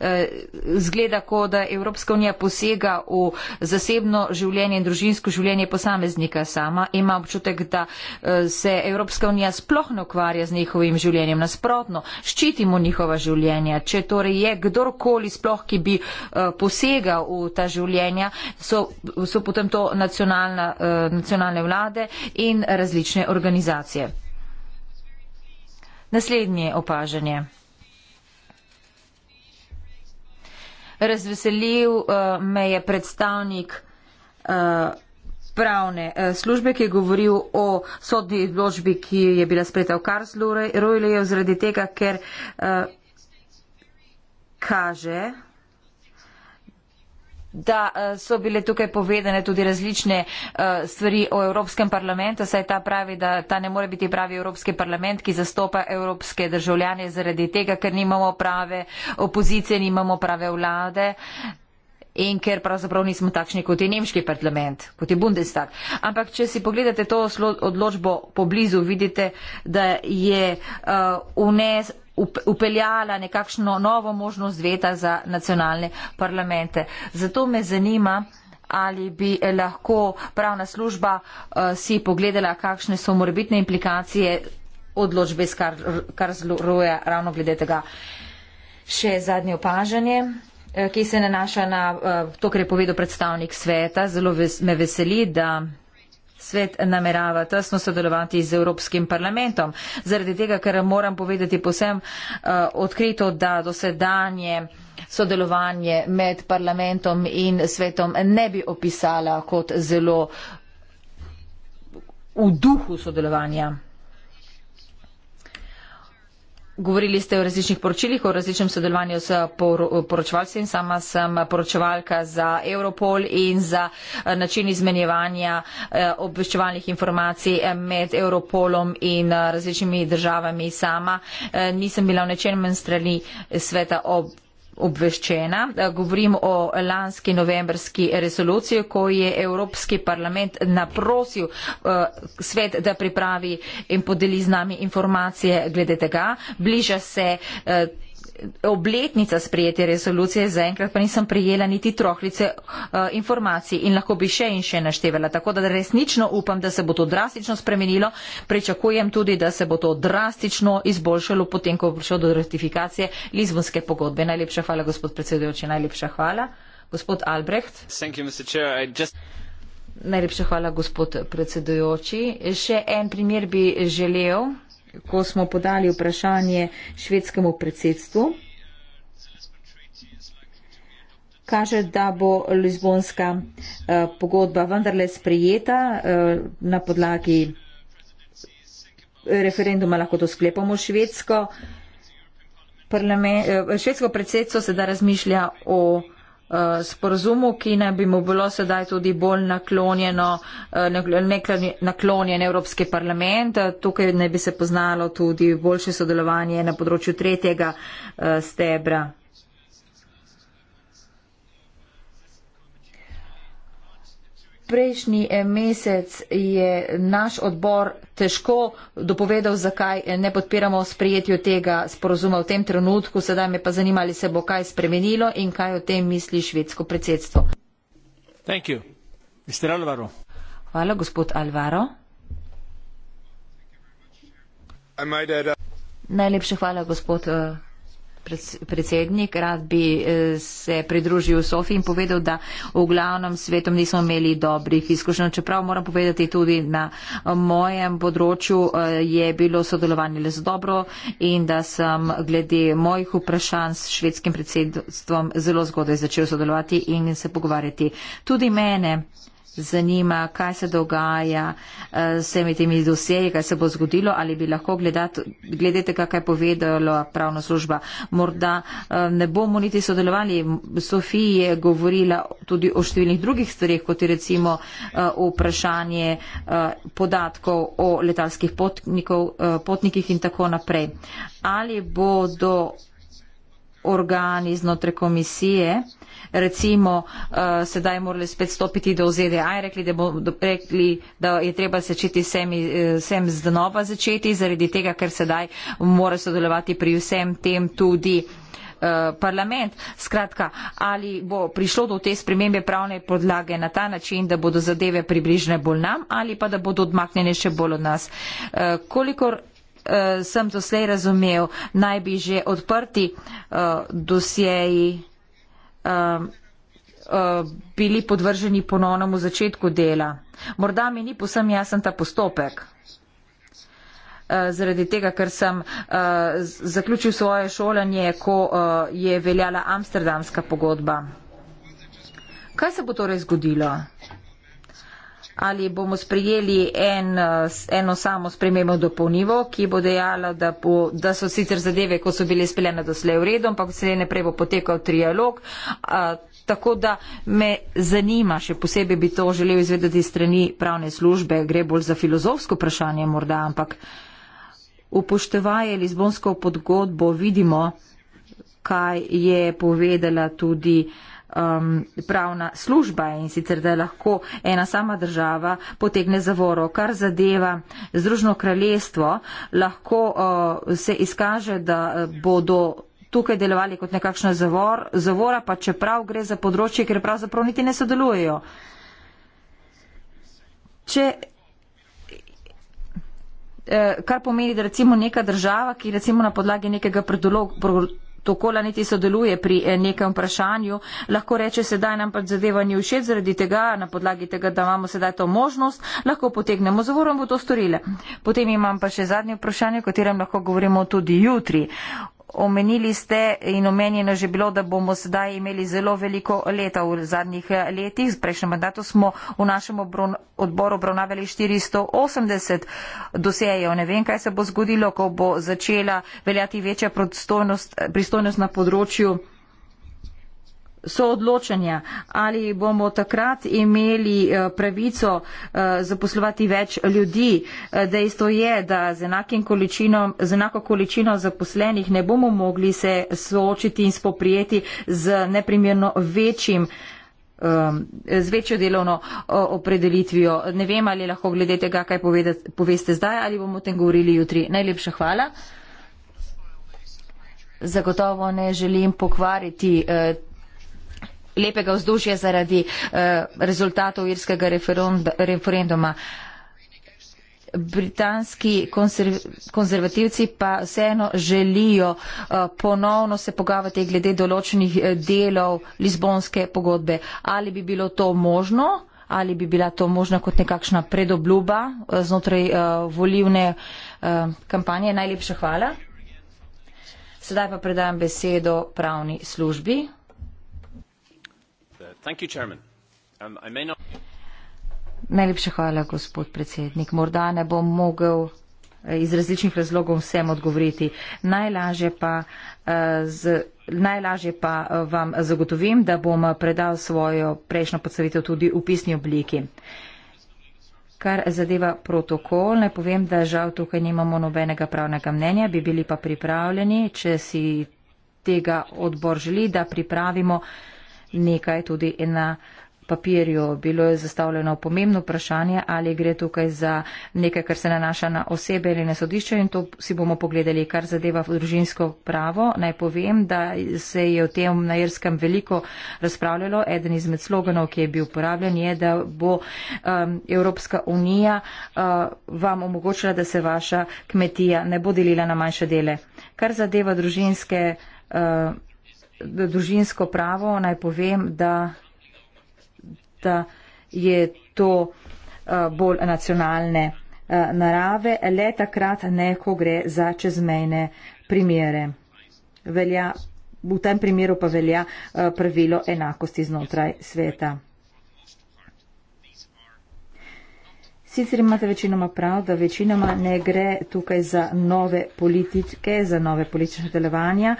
Eh, zgleda, ko da Evropska unija posega v zasebno življenje in družinsko življenje posameznika sama. Ima občutek, da eh, se Evropska unija sploh ne ukvarja z njihovim življenjem. Nasprotno, ščitimo njihova življenja. Če torej je kdorkoli sploh, ki bi eh, posegal v ta življenja, so, so potem to nacionalna, nacionalne vlade in različne organizacije. Naslednje opažanje. Razveselil eh, me je predstavnik eh, pravne eh, službe, ki je govoril o sodni odločbi, ki je bila spreta v Karlsruhe, zaradi tega, ker kaže, da eh, so bile tukaj povedane tudi različne eh, stvari o Evropskem parlamentu, saj ta pravi, da ta ne more biti pravi Evropski parlament, ki zastopa evropske državljane zaradi tega, ker nimamo prave opozicije, nimamo prave vlade. In ker pravzaprav nismo takšni kot je nemški parlament, kot je Bundestag. Ampak, če si pogledate to odločbo poblizu, vidite, da je uh, vnes, upeljala nekakšno novo možnost veta za nacionalne parlamente. Zato me zanima, ali bi lahko pravna služba uh, si pogledala, kakšne so morebitne implikacije odločbe iz Karlsruhe kar ravno glede tega. Še zadnje opažanje, eh, ki se nanaša na uh, to, kar je povedal predstavnik sveta. Zelo ves, me veseli, da svet namerava tesno sodelovati z Evropskim parlamentom. Zaradi tega, ker moram povedati posem uh, odkrito, da dosedanje sodelovanje med parlamentom in svetom ne bi opisala kot zelo v duhu sodelovanja. Govorili ste o različnih poročilih, o različnem sodelovanju s poročevalci in sama sem poročevalka za Europol in za eh, način izmenjevanja eh, obveščevalnih informacij eh, med Europolom in različnimi državami. Sama nisem bila v nečem strani sveta ob obveščena. Eh, govorim o lanski novembrski resoluciji, ko je Evropski parlament naprosil eh, svet, da pripravi in podeli z nami informacije glede tega. Bliža se eh, obletnica sprijete resolucije, zaenkrat pa nisem prijela niti trohlice uh, informacij in lahko bi še in še naštevala. Tako da resnično upam, da se bo to drastično spremenilo. Pričakujem tudi, da se bo to drastično izboljšalo potem, ko bo prišlo do ratifikacije Lizbonske pogodbe. Najlepša hvala, gospod predsedujoči. Najlepša hvala, gospod Albrecht. Najlepša hvala, gospod predsedujoči. Še en primer bi želel ko smo podali vprašanje švedskemu predsedstvu, kaže, da bo Lizbonska eh, pogodba vendarle sprejeta eh, na podlagi referenduma, lahko to sklepamo švedsko. Eh, švedsko predsedstvo sedaj razmišlja o Eh, sporozumu, ki naj bi mu bilo sedaj tudi bolj naklonjeno, eh, naklonjen Evropski parlament. Tukaj naj bi se poznalo tudi boljše sodelovanje na področju tretjega eh, stebra Prejšnji eh, mesec je naš odbor težko dopovedal, zakaj eh, ne podpiramo sprejetju tega sporozuma v tem trenutku. Sedaj me pa zanima, ali se bo kaj spremenilo in kaj o tem misli švedsko predsedstvo. Hvala, gospod Alvaro. Najlepša hvala, gospod eh, predsednik, rad bi eh, se pridružil Sofi in povedal, da v glavnem svetom nismo imeli dobrih izkušenj. Čeprav moram povedati tudi na mojem področju eh, je bilo sodelovanje le z dobro in da sem glede mojih vprašanj s švedskim predsedstvom zelo zgodaj začel sodelovati in se pogovarjati. Tudi mene zanima, kaj se dogaja eh, s vsemi temi dosjeji, kaj se bo zgodilo, ali bi lahko gledat, gledete, kaj je povedala pravna služba. Morda eh, ne bomo niti sodelovali. Sofija je govorila tudi o številnih drugih stvarih, kot je recimo eh, vprašanje podatkov o letalskih potnikih in tako naprej. Ali bodo organi znotraj komisije uh, recimo uh, sedaj morali spet stopiti do ZDA in rekli, rekli, da je treba začeti sem, eh, sem znova začeti, zaradi tega, ker sedaj mora sodelovati pri vsem tem tudi eh, parlament. Skratka, ali bo prišlo do te spremembe pravne podlage na ta način, da bodo zadeve približne bolj nam ali pa da bodo odmaknjene še bolj od nas. Kolikor sem doslej razumev, naj bi že odprti dosjeji. Um, uh, bili podvrženi ponovnemu začetku dela. Morda mi ni posem jasen ta postopek. Uh, zaradi tega, ker sem uh, zaključil svoje šolanje, ko je veljala amsterdamska pogodba. Kaj se bo torej zgodilo? ali bomo sprijeli en, eno samo spremembo dopolnivo, ki bo dejala, da, bo, da so sicer zadeve, ko so bile speljene doslej v redu, ampak se je neprej bo potekal trialog. A, tako da me zanima, še posebej bi to želel izvedeti strani pravne službe, gre bolj za filozofsko vprašanje morda, ampak upoštevaje Lizbonsko podgodbo vidimo, kaj je povedala tudi um, pravna služba in sicer, da lahko ena sama država potegne zavoro. Kar zadeva Združno kraljestvo, lahko uh, se izkaže, da uh, bodo tukaj delovali kot nekakšna zavor, zavora, pa čeprav gre za področje, kjer pravzaprav niti ne sodelujejo. Če eh, kar pomeni, da recimo neka država, ki recimo na podlagi nekega predolog, to kola niti sodeluje pri eh, nekem vprašanju, lahko reče sedaj nam pač zadeva ni všeč, zaradi tega, na podlagi tega, da imamo sedaj to možnost, lahko potegnemo zavorom, bo to storile. Potem imam pa še zadnje vprašanje, o katerem lahko govorimo tudi jutri. Omenili ste in omenjeno že bilo, da bomo sedaj imeli zelo veliko leta v zadnjih eh, letih. Z prejšnjem mandatu smo v našem obron, odboru obravnavali 480 dosejev. Ne vem, kaj se bo zgodilo, ko bo začela veljati večja eh, pristojnost na področju soodločanja, ali bomo takrat imeli eh, pravico eh, zaposlovati več ljudi. Eh, dejstvo je, da z, z enako količino zaposlenih ne bomo mogli se soočiti in spoprijeti z neprimerno večjim ehm, z večjo delovno opredelitvijo. Ne vem, ali lahko glede tega, kaj povedet, poveste zdaj, ali bomo o tem govorili jutri. Najlepša hvala. Zagotovo ne želim pokvariti. Eh, lepega vzdušja zaradi uh, rezultatov irskega referenduma. Britanski konserv konzervativci pa vseeno želijo uh, ponovno se pogavati glede določenih eh, delov Lizbonske pogodbe. Ali bi bilo to možno? Ali bi bila to možna kot nekakšna predobljuba znotraj uh, volivne uh, kampanje? Najlepša hvala. Sedaj pa predajam besedo pravni službi. Um, Najlepša hvala, gospod predsednik. Morda ne bom mogel eh, iz različnih razlogov vsem odgovoriti. Najlažje pa, eh, z, najlažje pa eh, vam zagotovim, da bom predal svojo prejšnjo podstavitev tudi v pisni obliki. Kar zadeva protokol, ne povem, da žal tukaj nimamo nobenega pravnega mnenja, bi bili pa pripravljeni, če si tega odbor želi, da pripravimo nekaj tudi na papirju. Bilo je zastavljeno pomembno vprašanje, ali gre tukaj za nekaj, kar se nanaša na osebe ali na sodišče in to si bomo pogledali, kar zadeva družinsko pravo. Naj povem, da se je o tem na Irskem veliko razpravljalo. Eden izmed sloganov, ki je bil uporabljen, je, da bo um, Evropska unija uh, vam omogočila, da se vaša kmetija ne bo delila na manjše dele. Kar zadeva družinske. Uh, družinsko pravo, naj povem, da, da je to eh, bolj nacionalne eh, narave, le takrat ne, ko gre za čezmejne primere. Velja, v tem primeru pa velja eh, pravilo enakosti znotraj sveta. Sicer imate večinoma prav, da večinoma ne gre tukaj za nove politike, za nove politične delovanja.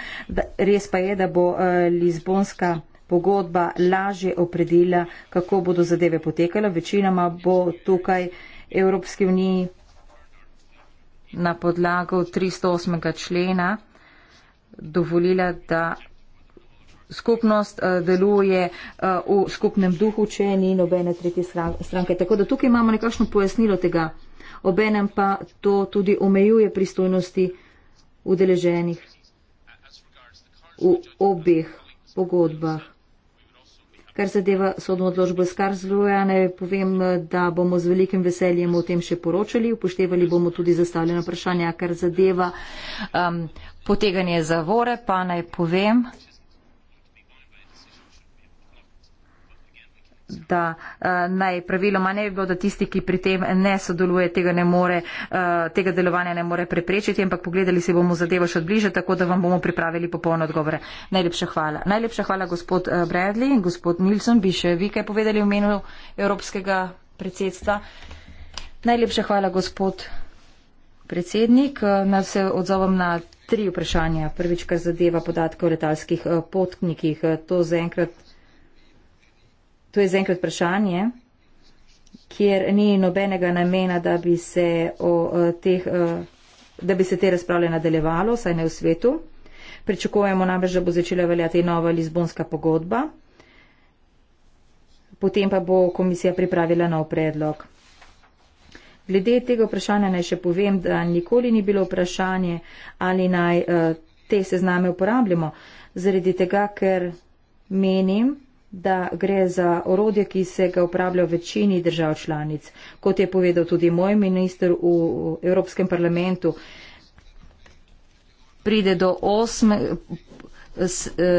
Res pa je, da bo eh, Lizbonska pogodba lažje opredelila, kako bodo zadeve potekale. Večinoma bo tukaj Evropski uniji na podlago 308. člena dovolila, da skupnost eh, deluje eh, v skupnem duhu, če ni nobene tretje stranke. Tako da tukaj imamo nekakšno pojasnilo tega. Obenem pa to tudi omejuje pristojnosti udeleženih v obeh pogodbah. Kar zadeva sodno odložbo iz Karzluja, ne povem, da bomo z velikim veseljem o tem še poročali, upoštevali bomo tudi zastavljeno vprašanje, kar zadeva um, poteganje zavore, pa naj povem, da uh, naj praviloma ne bi bilo, da tisti, ki pri tem ne sodeluje, tega, ne more, uh, tega delovanja ne more preprečiti, ampak pogledali si bomo zadevo še bliže, tako da vam bomo pripravili popolne odgovore. Najlepša hvala. Najlepša hvala, gospod eh, Bradley in gospod Nilsson, bi še vi kaj povedali v imenu Evropskega predsedstva. Najlepša hvala, gospod predsednik. Nas se odzovem na. Tri vprašanja. Prvič, kar zadeva podatke o letalskih potnikih. To zaenkrat To je zaenkrat vprašanje, kjer ni nobenega namena, da bi se, o, eh, teh, eh, da bi se te razprave nadaljevalo, saj ne v svetu. Pričakujemo namreč, da bo začela veljati nova Lizbonska pogodba. Potem pa bo komisija pripravila nov predlog. Glede tega vprašanja naj še povem, da nikoli ni bilo vprašanje, ali naj eh, te sezname uporabljamo, zaradi tega, ker menim, da gre za orodje, ki se ga uporablja v večini držav članic. Kot je povedal tudi moj minister v Evropskem parlamentu, pride do osme,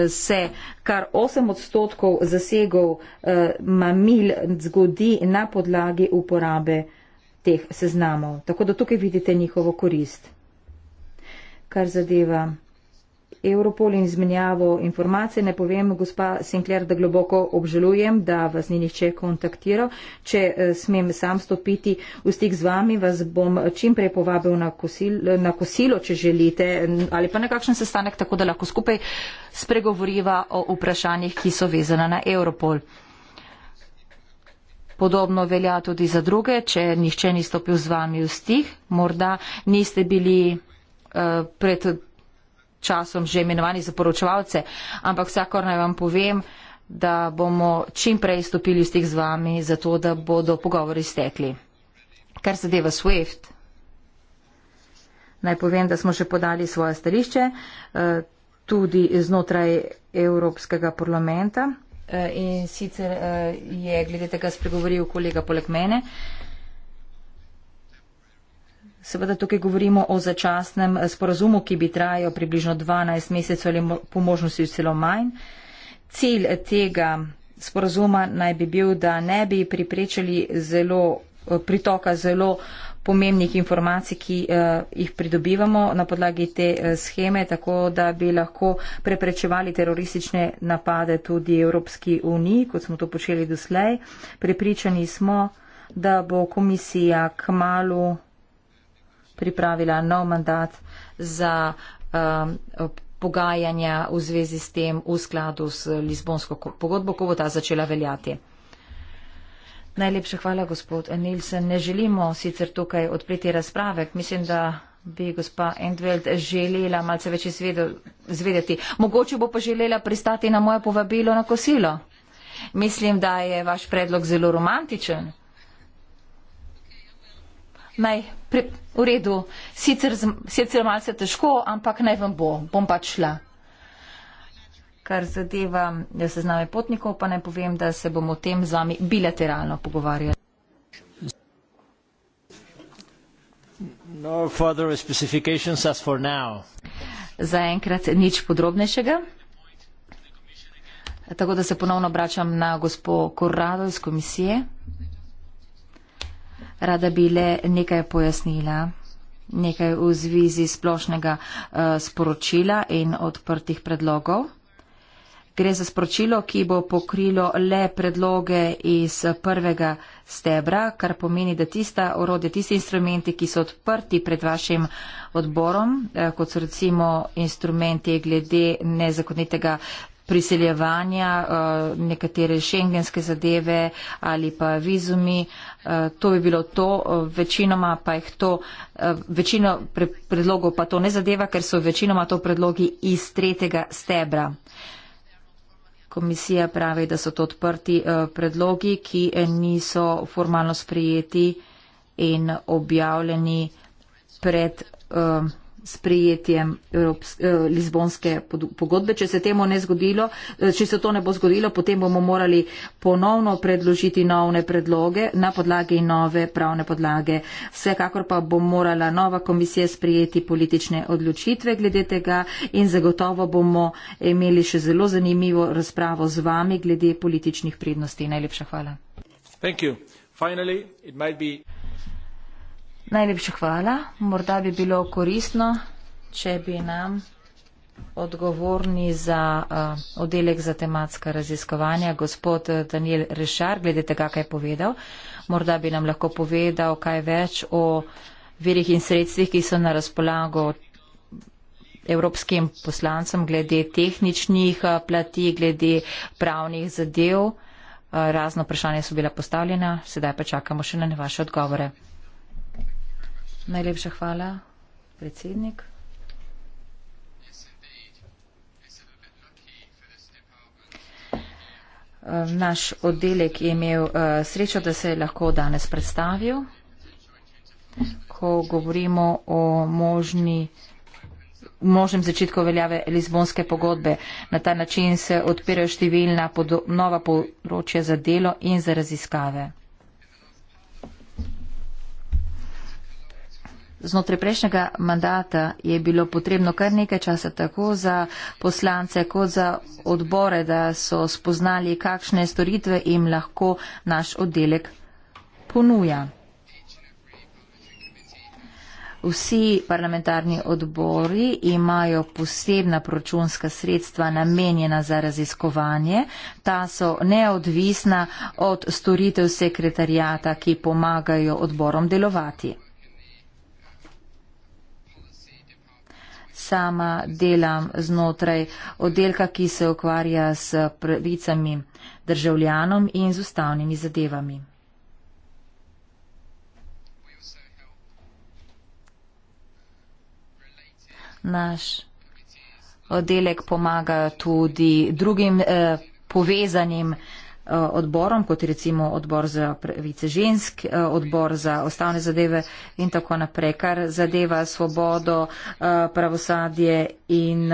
se kar 8 odstotkov zasegov eh, mamil zgodi na podlagi uporabe teh seznamov. Tako da tukaj vidite njihovo korist. Kar zadeva Europol in izmenjavo informacij. Ne povem, gospa Sinclair, da globoko obžalujem, da vas ni nihče kontaktiral. Če eh, smem sam stopiti v stik z vami, vas bom čim prej povabil na, kosil, na kosilo, če želite, ali pa na kakšen sestanek, tako da lahko skupaj spregovoriva o vprašanjih, ki so vezana na Europol. Podobno velja tudi za druge, če nihče ni stopil z vami v stik, morda niste bili uh, pred časom že imenovani za poročevalce, ampak vsakor naj vam povem, da bomo čim prej stopili v stik z vami, zato da bodo pogovori stekli. Kar zadeva SWIFT, naj povem, da smo že podali svoje stališče eh, tudi znotraj Evropskega parlamenta eh, in sicer eh, je glede tega spregovoril kolega poleg mene. Seveda tukaj govorimo o začasnem eh, sporazumu, ki bi trajal približno 12 mesecev ali po možnosti celo manj. Cilj eh, tega sporazuma naj bi bil, da ne bi priprečali zelo, eh, pritoka zelo pomembnih informacij, ki eh, jih pridobivamo na podlagi te scheme, tako da bi lahko preprečevali teroristične napade tudi Evropski uniji, kot smo to počeli doslej. Prepričani smo, da bo komisija k malu pripravila nov mandat za um, pogajanja v zvezi s tem v skladu s Lizbonsko pogodbo, ko bo ta začela veljati. Najlepša hvala, gospod Nilsen. Ne želimo sicer tukaj odpreti razprave. Mislim, da bi gospa Endveld želela malce več izvedeti. Mogoče bo pa želela pristati na moje povabilo na kosilo. Mislim, da je vaš predlog zelo romantičen naj pri, v redu, sicer, sicer malce težko, ampak naj vam bo, bom pač šla. Kar zadeva ja, sezname potnikov, pa naj povem, da se bomo o tem z vami bilateralno pogovarjali. No further specifications as for now. Za enkrat nič podrobnejšega. Tako da se ponovno obračam na gospod Korrado iz komisije rada bi le nekaj pojasnila, nekaj v zvezi splošnega uh, sporočila in odprtih predlogov. Gre za sporočilo, ki bo pokrilo le predloge iz prvega stebra, kar pomeni, da tista orodja, tisti instrumenti, ki so odprti pred vašim odborom, eh, kot so recimo instrumenti glede nezakonitega priseljevanja, eh, nekatere šengenske zadeve ali pa vizumi. Eh, to bi bilo to, eh, večinoma pa jih to, večino predlogov pa to ne zadeva, ker so večinoma to predlogi iz tretjega stebra. Komisija pravi, da so to odprti predlogi, ki niso formalno sprijeti in objavljeni pred sprejetjem eh, Lizbonske pogodbe. Če se, ne zgodilo, eh, če se to ne bo zgodilo, potem bomo morali ponovno predložiti nove predloge na podlagi nove pravne podlage. Vsekakor pa bo morala nova komisija sprejeti politične odločitve glede tega in zagotovo bomo imeli še zelo zanimivo razpravo z vami glede političnih prednosti. Najlepša hvala. Finally, it might be... Najlepša hvala. Morda bi bilo koristno, če bi nam odgovorni za uh, oddelek za tematska raziskovanja, gospod eh, Daniel Rešar, glede tega, kaj je povedal. Morda bi nam lahko povedal kaj več o virih in sredstvih, ki so na razpolago evropskim poslancem, glede tehničnih eh, plati, glede pravnih zadev. Razno vprašanje so bila postavljena, sedaj pa čakamo še na vaše odgovore. Najlepša hvala, predsednik. Ehm, naš oddelek je imel uh, srečo, da se je lahko danes predstavil. Ko govorimo o možni, možnem začetku veljave Lizbonske pogodbe, na ta način se odpirajo številna pod, nova področja za delo in za raziskave. Znotraj prejšnjega mandata je bilo potrebno kar nekaj časa tako za poslance kot za odbore, da so spoznali, kakšne storitve jim lahko naš oddelek ponuja. Vsi parlamentarni odbori imajo posebna proračunska sredstva namenjena za raziskovanje. Ta so neodvisna od storitev sekretarijata, ki pomagajo odborom delovati. sama delam znotraj oddelka, ki se ukvarja s pravicami državljanom in z ustavnimi zadevami. Naš oddelek pomaga tudi drugim eh, povezanim eh, Eh, odborom, kot recimo odbor za pravice žensk, eh, odbor za ostavne zadeve in tako naprej, kar zadeva svobodo, eh, pravosadje in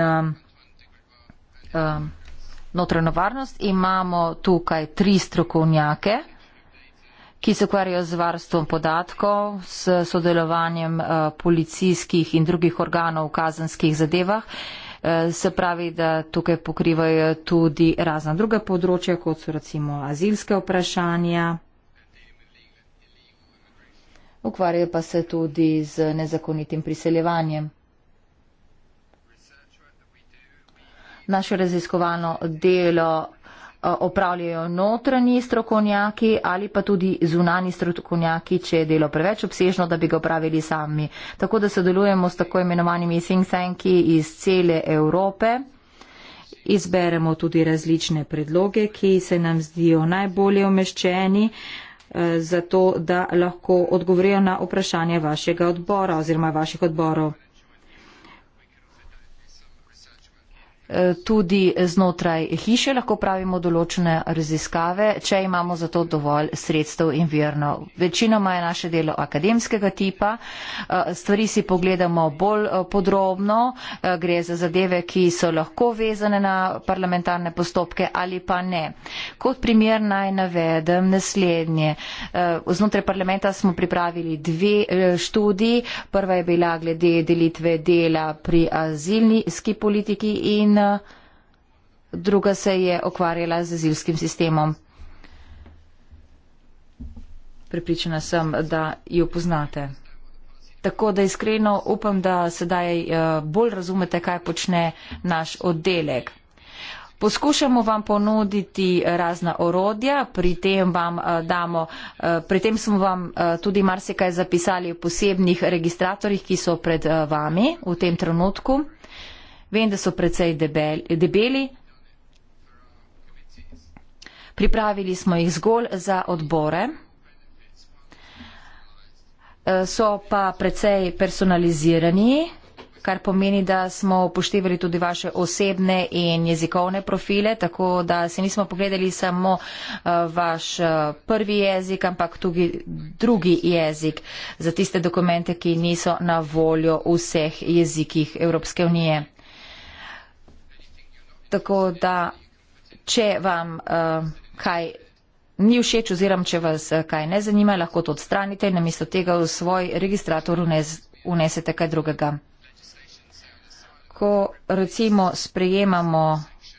notranjo varnost. Imamo tukaj tri strokovnjake ki se ukvarjajo z varstvom podatkov, s sodelovanjem uh, policijskih in drugih organov v kazanskih zadevah. Uh, Eh, se pravi, da tukaj pokrivajo tudi razna druga področja, kot so recimo azilske vprašanja. Ukvarjajo pa se tudi z nezakonitim priseljevanjem. Naše raziskovano delo opravljajo notranji strokovnjaki ali pa tudi zunani strokovnjaki, če je delo preveč obsežno, da bi ga opravili sami. Tako da sodelujemo s tako imenovanimi think tanki iz cele Evrope. Izberemo tudi različne predloge, ki se nam zdijo najbolje umeščeni, eh, zato da lahko odgovorijo na vprašanje vašega odbora oziroma vaših odborov. tudi znotraj hiše lahko pravimo določene raziskave, če imamo za to dovolj sredstev in virnov. Večinoma je naše delo akademskega tipa, eh, stvari si pogledamo bolj eh, podrobno, eh, gre za zadeve, ki so lahko vezane na parlamentarne postopke ali pa ne. Kot primer naj navedem naslednje. Znotraj parlamenta smo pripravili dve študiji. Prva je bila glede delitve dela pri azilni skipolitiki in druga se je okvarjala z azilskim sistemom. Pripričana sem, da jo poznate. Tako da iskreno upam, da sedaj eh, bolj razumete, kaj počne naš oddelek. Poskušamo vam ponuditi razna orodja, pri tem, vam eh, damo, eh, pri tem smo vam tudi marsikaj zapisali v posebnih registratorjih, ki so pred vami v tem trenutku. Vem, da so precej debeli. Pripravili smo jih zgolj za odbore. E, so pa precej personalizirani, kar pomeni, da smo upoštevali tudi vaše osebne in jezikovne profile, tako da se nismo pogledali samo e, vaš e, prvi jezik, ampak tudi drugi jezik za tiste dokumente, ki niso na voljo v vseh jezikih Evropske unije. Tako da, če vam uh, kaj ni všeč oziroma če vas eh, kaj ne zanima, lahko to odstranite in namesto tega v svoj registrator unes, unesete kaj drugega. Ko recimo sprejemamo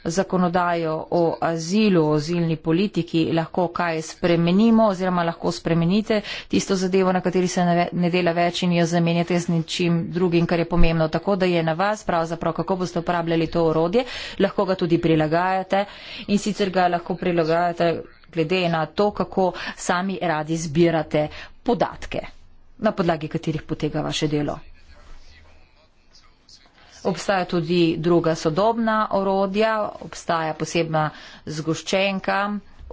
zakonodajo o azilu, o azilni politiki, lahko kaj spremenimo oziroma lahko spremenite tisto zadevo, na kateri se ne dela več in jo zamenjate z ničim drugim, kar je pomembno. Tako da je na vas pravzaprav, kako boste uporabljali to orodje, lahko ga tudi prilagajate in sicer ga lahko prilagajate glede na to, kako sami radi zbirate podatke, na podlagi katerih potega vaše delo. Obstaja tudi druga sodobna orodja, obstaja posebna zgoščenka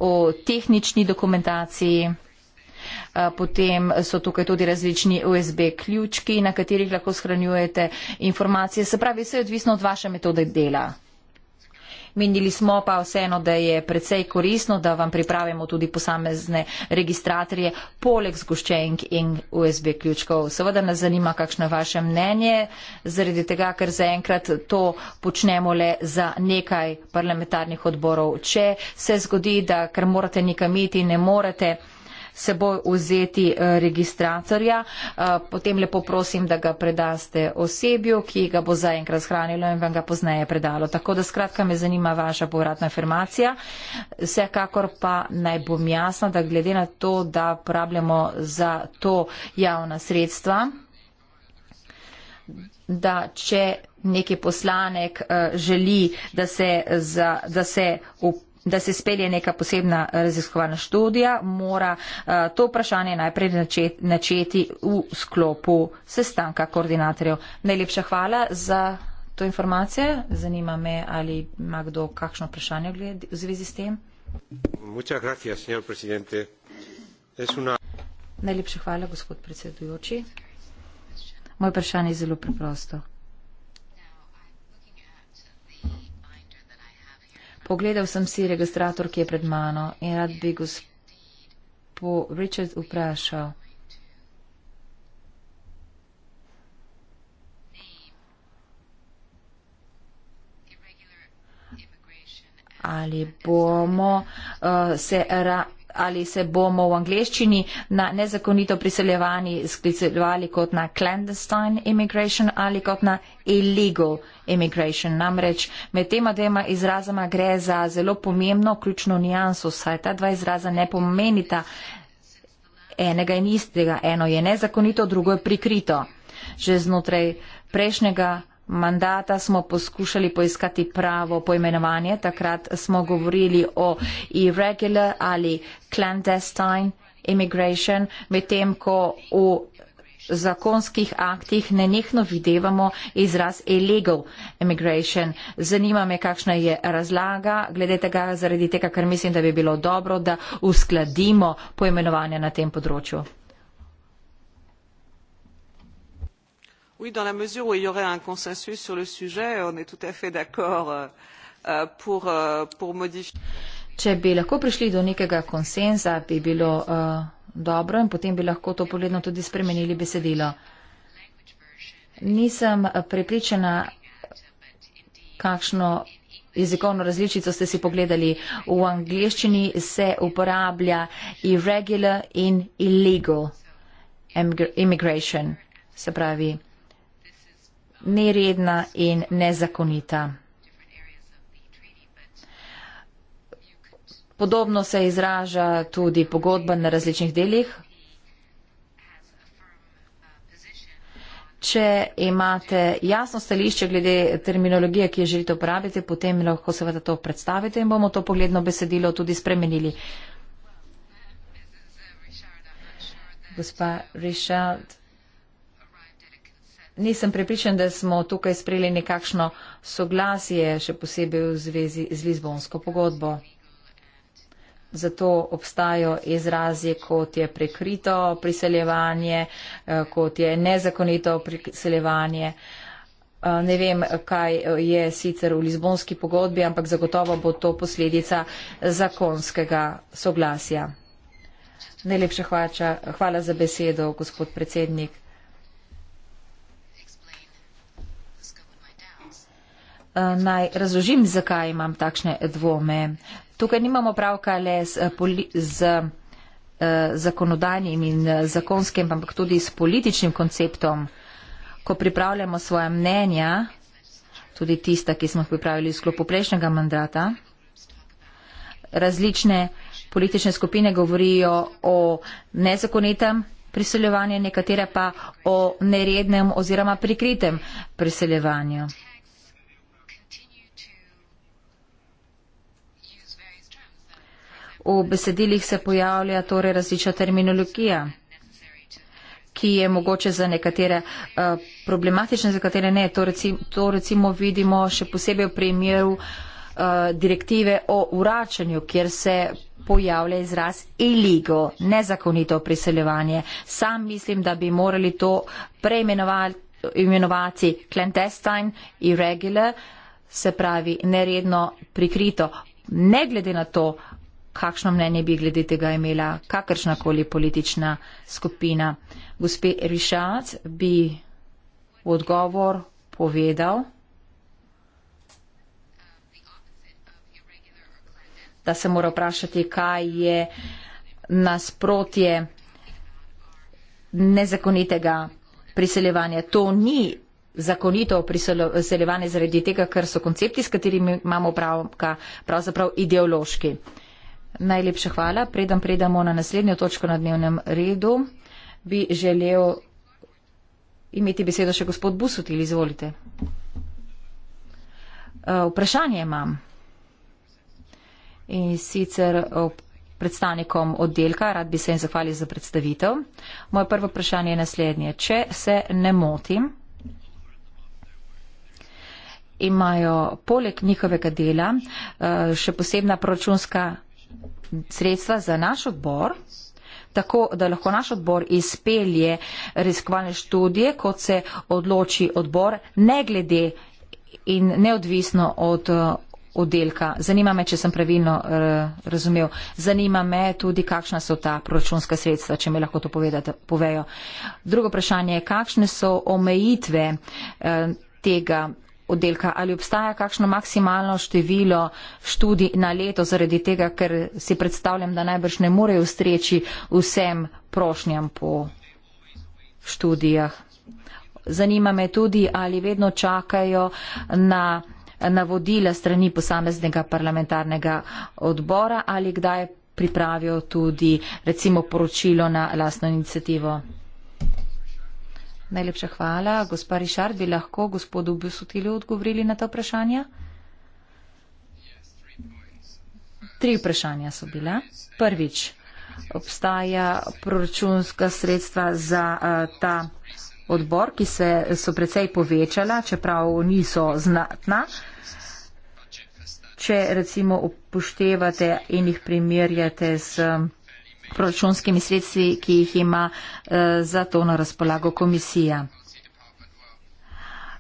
o tehnični dokumentaciji. Eh, potem so tukaj tudi različni USB ključki, na katerih lahko shranjujete informacije. Se pravi, vse je odvisno od vaše metode dela. Menili smo pa vseeno, da je precej korisno, da vam pripravimo tudi posamezne registratorje poleg zgoščenk in USB ključkov. Seveda nas zanima, kakšno je vaše mnenje, zaradi tega, ker zaenkrat to počnemo le za nekaj parlamentarnih odborov. Če se zgodi, da ker morate nekam iti, ne morete seboj vzeti eh, registratorja, eh, potem lepo prosim, da ga predaste osebju, ki ga bo zaenkrat shranilo in vam ga pozneje predalo. Tako da skratka me zanima vaša povratna afirmacija. Vsekakor pa naj bom jasna, da glede na to, da uporabljamo za to javna sredstva, da če neki poslanek eh, želi, da se, za, da se uporablja, da se spelje neka posebna raziskovalna študija, mora eh, to vprašanje najprej načeti v sklopu sestanka koordinatorjev. Najlepša hvala za to informacijo. Zanima me, ali ima kdo kakšno vprašanje v zvezi s tem. Una... Najlepša hvala, gospod predsedujoči. Moje vprašanje je zelo preprosto. Ogledal sem si registrator, ki je pred mano in rad bi gospod Richard vprašal. Ali bomo uh, se ra ali se bomo v angleščini na nezakonito priseljevanje sklicevali kot na clandestine immigration ali kot na illegal immigration. Namreč med tema dvema izrazama gre za zelo pomembno ključno nijanso, saj ta dva izraza ne pomenita enega in istega. Eno je nezakonito, drugo je prikrito. Že znotraj prejšnjega mandata smo poskušali poiskati pravo poimenovanje. Takrat smo govorili o irregular ali clandestine immigration, medtem ko v zakonskih aktih nenehno videvamo izraz illegal immigration. Zanima me, kakšna je razlaga glede tega, zaradi tega, ker mislim, da bi bilo dobro, da uskladimo poimenovanje na tem področju. Oui, dans la mesure où il y aurait un consensus sur le sujet, on est tout à fait d'accord euh, euh, pour, euh, pour modifier. Če bi lahko prišli do nekega konsenza, bi bilo uh, dobro in potem bi lahko to pogledno tudi spremenili besedilo. Nisem prepričana, kakšno jezikovno različico ste si pogledali. V angliščini se uporablja irregular in illegal immigration, se pravi neredna in nezakonita. Podobno se izraža tudi pogodba na različnih delih. Če imate jasno stališče glede terminologije, ki jo želite uporabiti, potem lahko seveda to predstavite in bomo to pogledno besedilo tudi spremenili. Gospa Richard Nisem prepričan, da smo tukaj sprejeli nekakšno soglasje, še posebej v zvezi z Lizbonsko pogodbo. Zato obstajajo izrazi, kot je prekrito priseljevanje, eh, kot je nezakonito priseljevanje. Eh, ne vem, kaj je sicer v Lizbonski pogodbi, ampak zagotovo bo to posledica zakonskega soglasja. Najlepša hvala, hvala za besedo, gospod predsednik. Eh, naj razložim, zakaj imam takšne dvome. Tukaj nimamo pravka le z, z eh, zakonodanjem in eh, zakonskim, ampak tudi s političnim konceptom. Ko pripravljamo svoje mnenja, tudi tista, ki smo jih pripravili v sklopu prejšnjega mandata, različne politične skupine govorijo o nezakonitem priseljevanju, nekatere pa o nerednem oziroma prikritem priseljevanju. V besedilih se pojavlja torej različna terminologija, ki je mogoče za nekatere uh, eh, problematična, za nekatere ne. To recimo, to recimo vidimo še posebej v primeru uh, direktive o uračanju, kjer se pojavlja izraz iligo, nezakonito priseljevanje. Sam mislim, da bi morali to preimenovati clandestine, irregular, se pravi neredno prikrito. Ne glede na to, uh, kakšno mnenje bi glede tega imela kakršnakoli politična skupina. Gospe Rišac bi odgovor povedal, da se mora vprašati, kaj je nasprotje nezakonitega priseljevanja. To ni zakonito priseljevanje zaradi tega, ker so koncepti, s katerimi imamo pravka, pravzaprav ideološki. Najlepša hvala. Predem predamo na naslednjo točko na dnevnem redu, bi želel imeti besedo še gospod Busutil. Izvolite. E, vprašanje imam. In sicer predstavnikom oddelka, rad bi se jim zahvalil za predstavitev. Moje prvo vprašanje je naslednje. Če se ne motim, imajo poleg njihovega dela e, še posebna proračunska sredstva za naš odbor, tako da lahko naš odbor izpelje raziskovalne študije, kot se odloči odbor, ne glede in neodvisno od eh, oddelka. Zanima me, če sem pravilno eh, razumel. Zanima me tudi, kakšna so ta proračunska sredstva, če me lahko to povedate, povejo. Drugo vprašanje je, kakšne so omejitve eh, tega oddelka, ali obstaja kakšno maksimalno število študij na leto zaradi tega, ker si predstavljam, da najbrž ne morejo streči vsem prošnjam po študijah. Zanima me tudi, ali vedno čakajo na navodila strani posameznega parlamentarnega odbora ali kdaj pripravijo tudi recimo poročilo na lastno inicijativo. Najlepša hvala. Gospa Rišard, bi lahko gospodu Bisotilju odgovorili na ta vprašanja? Tri vprašanja so bila. Prvič, obstaja proračunska sredstva za eh, ta odbor, ki se so precej povečala, čeprav niso znatna. Če recimo upoštevate in jih primerjate z proračunskimi sredstvi, ki jih ima eh, za to na razpolago komisija.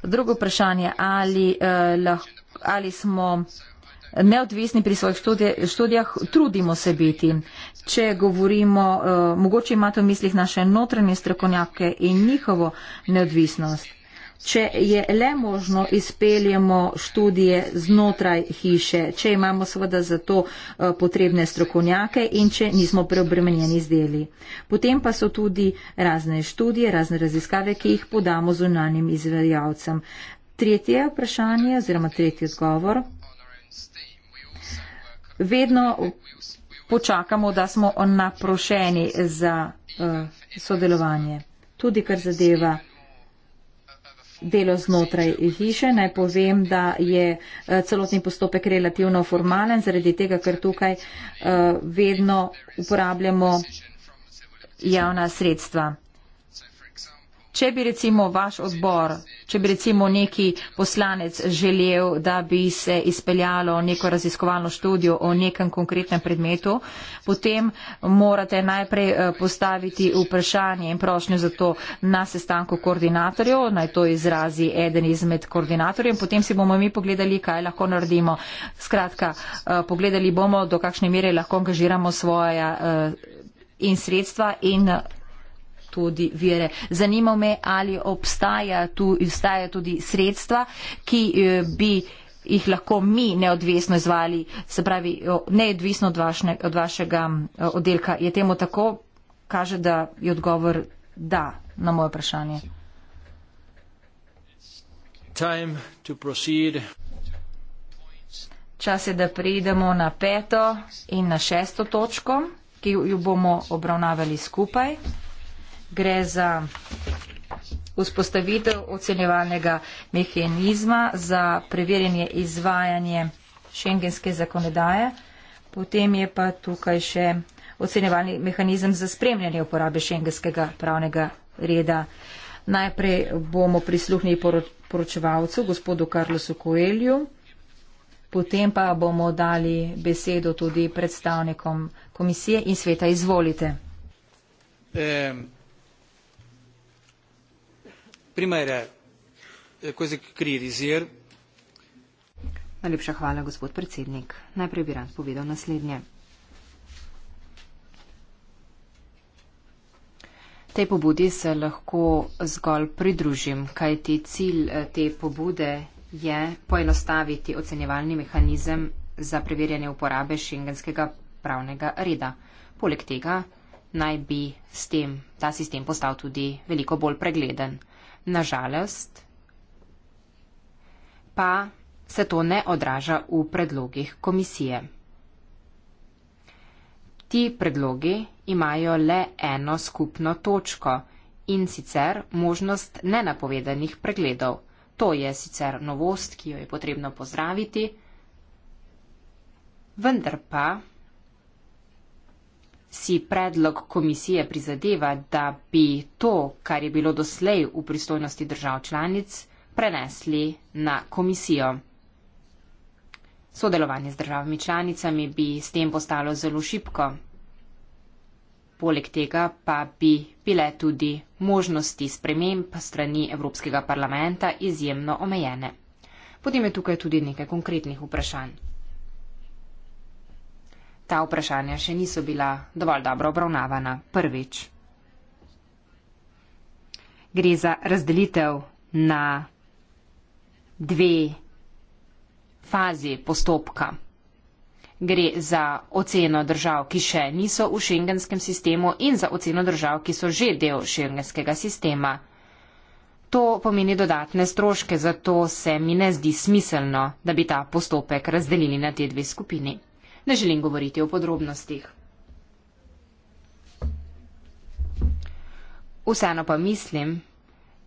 Drugo vprašanje, ali, eh, ali smo neodvisni pri svojih študijah, študijah, trudimo se biti. Če govorimo, eh, mogoče imate v mislih naše notranje strokovnjake in njihovo neodvisnost če je le možno, izpeljemo študije znotraj hiše, če imamo seveda za to eh, potrebne strokovnjake in če nismo preobremenjeni z deli. Potem pa so tudi razne študije, razne raziskave, ki jih podamo zunanjim izvajalcem. Tretje vprašanje oziroma tretji odgovor. Vedno počakamo, da smo naprošeni za uh, sodelovanje. Tudi kar zadeva delo znotraj hiše. Naj povem, da je eh, celotni postopek relativno formalen, zaradi tega, ker tukaj eh, vedno uporabljamo javna sredstva. Če bi recimo vaš odbor, če bi recimo neki poslanec želel, da bi se izpeljalo neko raziskovalno študijo o nekem konkretnem predmetu, potem morate najprej eh, postaviti vprašanje in prošnjo za to na sestanku koordinatorjev, naj to izrazi eden izmed koordinatorjev, potem si bomo mi pogledali, kaj lahko naredimo. Skratka, eh, pogledali bomo, do kakšne mere lahko angažiramo svoje eh, in sredstva in tudi vire. Zanima me, ali obstaja tu, obstaja tudi sredstva, ki eh, bi jih lahko mi neodvisno izvali, se pravi, neodvisno od, vašne, od vašega eh, oddelka. Je temu tako? Kaže, da je odgovor da na moje vprašanje. Čas je, da pridemo na peto in na šesto točko, ki jo bomo obravnavali skupaj gre za vzpostavitev ocenjevalnega mehanizma za preverjanje izvajanje šengenske zakonodaje. Potem je pa tukaj še ocenjevalni mehanizem za spremljanje uporabe šengenskega pravnega reda. Najprej bomo prisluhnili poročevalcu, gospodu Karlosu Koelju, potem pa bomo dali besedo tudi predstavnikom komisije in sveta. Izvolite. Um primeira eh, coisa que queria dizer. Najlepša hvala, gospod predsednik. Najprej bi rad povedal naslednje. Tej pobudi se lahko zgolj pridružim, kajti cilj eh, te pobude je poenostaviti ocenjevalni mehanizem za preverjanje uporabe šengenskega pravnega reda. Poleg tega naj bi s tem ta sistem postal tudi veliko bolj pregleden. Na žalost pa se to ne odraža v predlogih komisije. Ti predlogi imajo le eno skupno točko in sicer možnost nenapovedanih pregledov. To je sicer novost, ki jo je potrebno pozdraviti, vendar pa si predlog komisije prizadeva, da bi to, kar je bilo doslej v pristojnosti držav članic, prenesli na komisijo. Sodelovanje z državami članicami bi s tem postalo zelo šipko. Poleg tega pa bi bile tudi možnosti sprememb strani Evropskega parlamenta izjemno omejene. Potem je tukaj tudi nekaj konkretnih vprašanj ta vprašanja še niso bila dovolj dobro obravnavana prvič. Gre za razdelitev na dve fazi postopka. Gre za oceno držav, ki še niso v šengenskem sistemu in za oceno držav, ki so že del šengenskega sistema. To pomeni dodatne stroške, zato se mi ne zdi smiselno, da bi ta postopek razdelili na te dve skupini ne želim govoriti o podrobnostih. Vseeno pa mislim,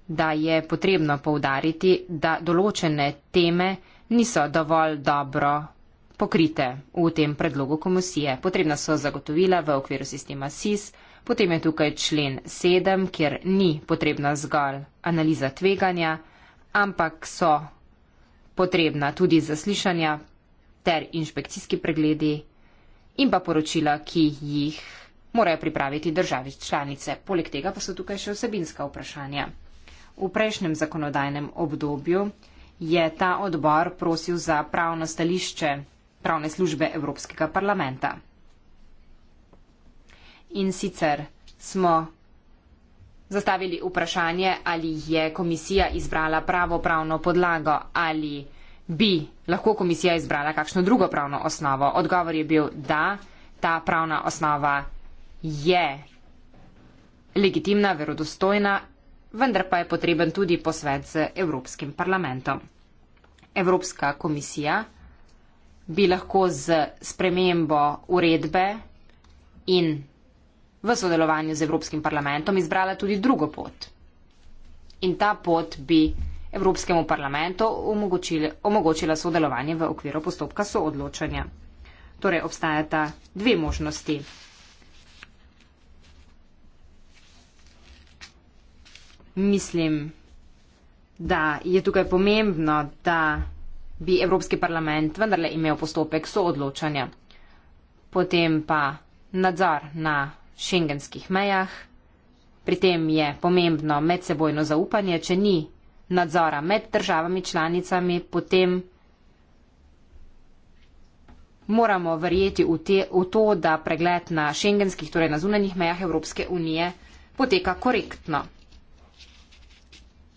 da je potrebno povdariti, da določene teme niso dovolj dobro pokrite v tem predlogu komisije. Potrebna so zagotovila v okviru sistema SIS, potem je tukaj člen 7, kjer ni potrebna zgolj analiza tveganja, ampak so potrebna tudi zaslišanja ter inšpekcijski pregledi in pa poročila, ki jih morajo pripraviti državi članice. Poleg tega pa so tukaj še vsebinska vprašanja. V prejšnjem zakonodajnem obdobju je ta odbor prosil za pravno stališče pravne službe Evropskega parlamenta. In sicer smo zastavili vprašanje, ali je komisija izbrala pravo pravno podlago ali bi lahko komisija izbrala kakšno drugo pravno osnovo. Odgovor je bil, da ta pravna osnova je legitimna, verodostojna, vendar pa je potreben tudi posvet z Evropskim parlamentom. Evropska komisija bi lahko z spremembo uredbe in v sodelovanju z Evropskim parlamentom izbrala tudi drugo pot. In ta pot bi Evropskemu parlamentu omogočila sodelovanje v okviru postopka soodločanja. Torej obstajata dve možnosti. Mislim, da je tukaj pomembno, da bi Evropski parlament vendarle imel postopek soodločanja, potem pa nadzor na šengenskih mejah. Pri tem je pomembno medsebojno zaupanje, če ni nadzora med državami članicami, potem moramo verjeti v, te, v to, da pregled na šengenskih, torej na zunanjih mejah Evropske unije poteka korektno.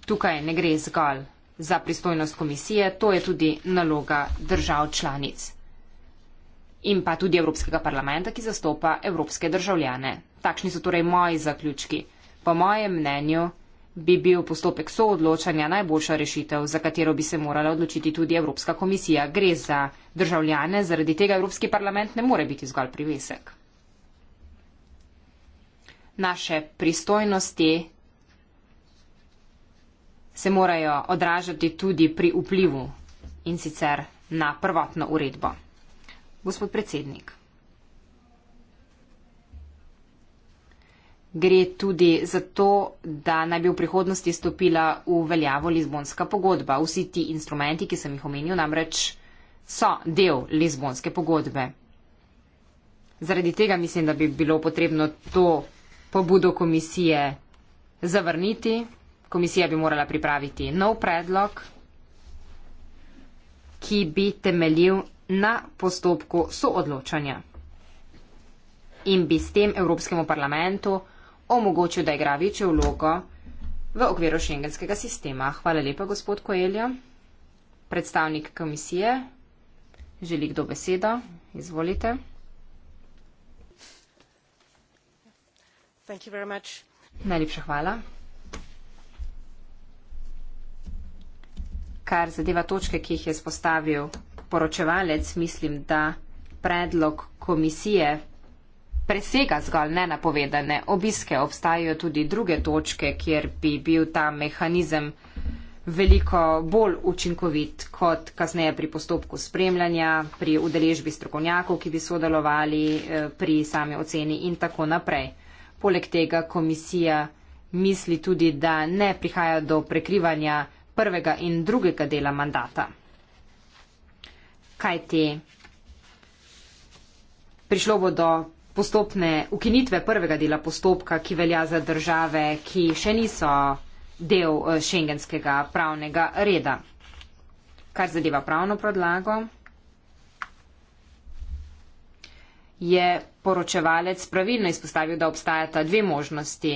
Tukaj ne gre zgolj za pristojnost komisije, to je tudi naloga držav članic in pa tudi Evropskega parlamenta, ki zastopa evropske državljane. Takšni so torej moji zaključki. Po mojem mnenju, bi bil postopek soodločanja najboljša rešitev, za katero bi se morala odločiti tudi Evropska komisija. Gre za državljane, zaradi tega Evropski parlament ne more biti zgolj privesek. Naše pristojnosti se morajo odražati tudi pri vplivu in sicer na prvotno uredbo. Gospod predsednik. gre tudi za to, da naj bi v prihodnosti stopila v veljavo Lizbonska pogodba. Vsi ti instrumenti, ki sem jih omenil, namreč so del Lizbonske pogodbe. Zaradi tega mislim, da bi bilo potrebno to pobudo komisije zavrniti. Komisija bi morala pripraviti nov predlog, ki bi temeljil na postopku soodločanja in bi s tem Evropskemu parlamentu omogočil, da igra večjo vlogo v okviru šengenskega sistema. Hvala lepa, gospod Koeljo. Predstavnik komisije, želi kdo besedo? Izvolite. Najlepša hvala. Kar zadeva točke, ki jih je spostavil poročevalec, mislim, da predlog komisije presega zgolj nenapovedane obiske. Obstajajo tudi druge točke, kjer bi bil ta mehanizem veliko bolj učinkovit kot kasneje pri postopku spremljanja, pri udeležbi strokovnjakov, ki bi sodelovali eh, pri sami oceni in tako naprej. Poleg tega komisija misli tudi, da ne prihaja do prekrivanja prvega in drugega dela mandata. Kaj ti? Prišlo bo do postopne ukinitve prvega dela postopka, ki velja za države, ki še niso del eh, šengenskega pravnega reda. Kar zadeva pravno predlago, je poročevalec pravilno izpostavil, da obstajata dve možnosti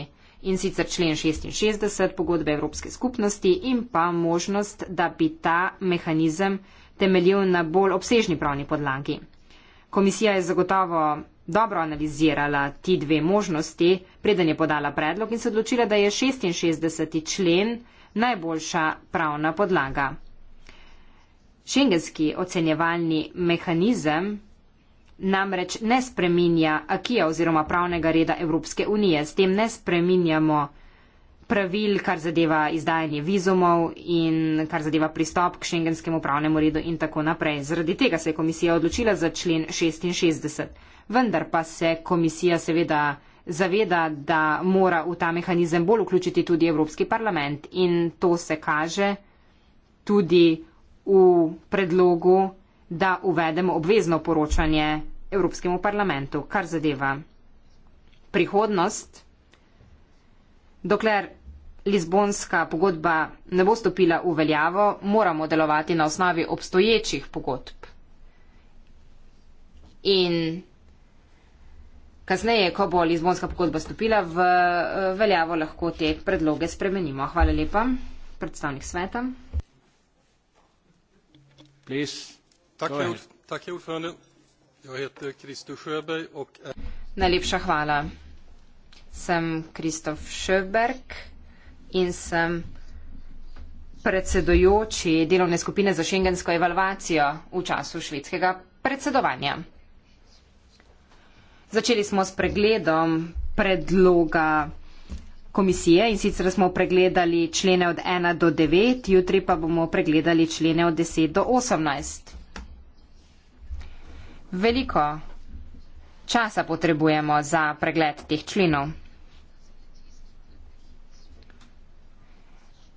in sicer člen 66 pogodbe Evropske skupnosti in pa možnost, da bi ta mehanizem temeljil na bolj obsežni pravni podlagi. Komisija je zagotovo dobro analizirala ti dve možnosti, preden je podala predlog in se odločila, da je 66. člen najboljša pravna podlaga. Šengenski ocenjevalni mehanizem namreč ne spreminja akija oziroma pravnega reda Evropske unije. S tem ne spreminjamo pravil, kar zadeva izdajanje vizumov in kar zadeva pristop k šengenskemu pravnemu redu in tako naprej. Zaradi tega se je komisija odločila za člen 66 vendar pa se komisija seveda zaveda, da mora v ta mehanizem bolj vključiti tudi Evropski parlament in to se kaže tudi v predlogu, da uvedemo obvezno poročanje Evropskemu parlamentu, kar zadeva prihodnost. Dokler Lizbonska pogodba ne bo stopila v veljavo, moramo delovati na osnovi obstoječih pogodb. In kasneje, ko bo Lizbonska pogodba stopila v eh, veljavo, lahko te predloge spremenimo. Hvala lepa, predstavnik sveta. Ja, eh, eh. Najlepša hvala. Sem Kristof Šöberg in sem predsedojoči delovne skupine za šengensko evalvacijo v času švedskega predsedovanja. Začeli smo s pregledom predloga komisije in sicer smo pregledali člene od 1 do 9, jutri pa bomo pregledali člene od 10 do 18. Veliko časa potrebujemo za pregled teh členov.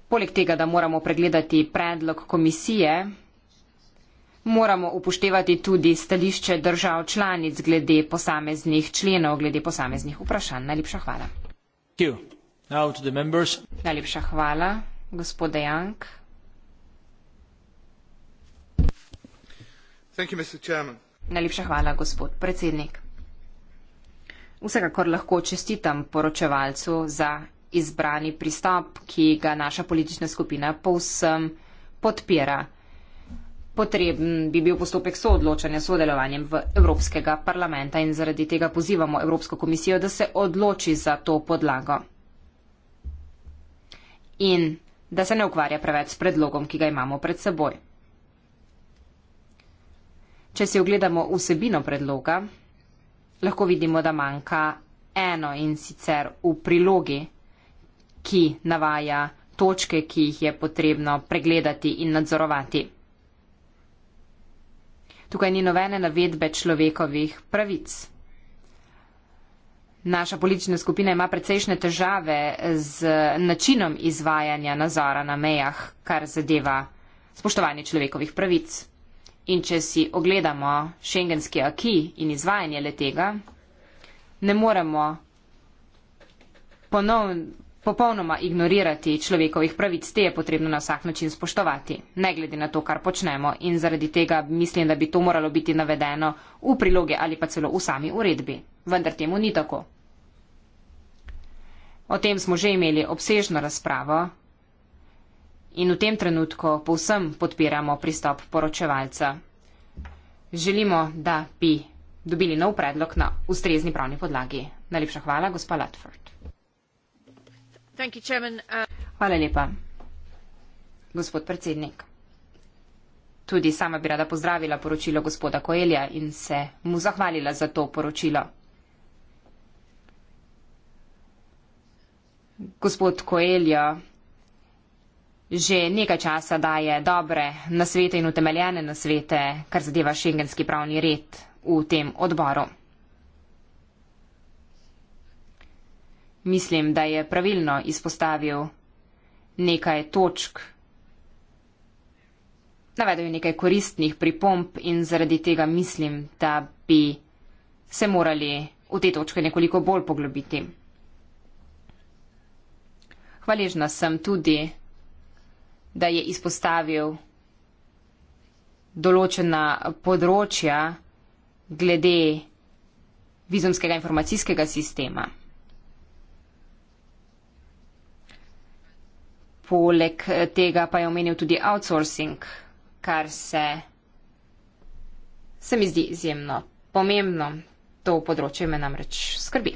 Poleg tega, da moramo pregledati predlog komisije, moramo upoštevati tudi stališče držav članic glede posameznih členov, glede posameznih vprašanj. Najlepša hvala. Najlepša hvala, gospod Jank. Najlepša hvala, gospod predsednik. Vsekakor lahko čestitam poročevalcu za izbrani pristop, ki ga naša politična skupina povsem podpira. Potreben bi bil postopek soodločanja s sodelovanjem v Evropskega parlamenta in zaradi tega pozivamo Evropsko komisijo, da se odloči za to podlago in da se ne ukvarja preveč s predlogom, ki ga imamo pred seboj. Če si ogledamo vsebino predloga, lahko vidimo, da manjka eno in sicer v prilogi, ki navaja točke, ki jih je potrebno pregledati in nadzorovati. Tukaj ni nobene navedbe človekovih pravic. Naša politična skupina ima precejšnje težave z načinom izvajanja nazora na mejah, kar zadeva spoštovanje človekovih pravic. In če si ogledamo šengenski aki in izvajanje letega, ne moremo ponov, popolnoma ignorirati človekovih pravic, te je potrebno na vsak način spoštovati, ne glede na to, kar počnemo in zaradi tega mislim, da bi to moralo biti navedeno v priloge ali pa celo v sami uredbi. Vendar temu ni tako. O tem smo že imeli obsežno razpravo in v tem trenutku povsem podpiramo pristop poročevalca. Želimo, da bi dobili nov predlog na ustrezni pravni podlagi. Najlepša hvala, gospa Latford. Uh, Hvala lepa, gospod predsednik. Tudi sama bi rada pozdravila poročilo gospoda Koelja in se mu zahvalila za to poročilo. Gospod Koeljo že nekaj časa daje dobre nasvete in utemeljene nasvete, kar zadeva šengenski pravni red v tem odboru. Mislim, da je pravilno izpostavil nekaj točk. Navedel je nekaj koristnih pripomp in zaradi tega mislim, da bi se morali v te točke nekoliko bolj poglobiti. Hvaležna sem tudi, da je izpostavil določena področja glede vizumskega informacijskega sistema. Poleg eh, tega pa je omenil tudi outsourcing, kar se, se mi zdi izjemno pomembno. To področje me namreč skrbi.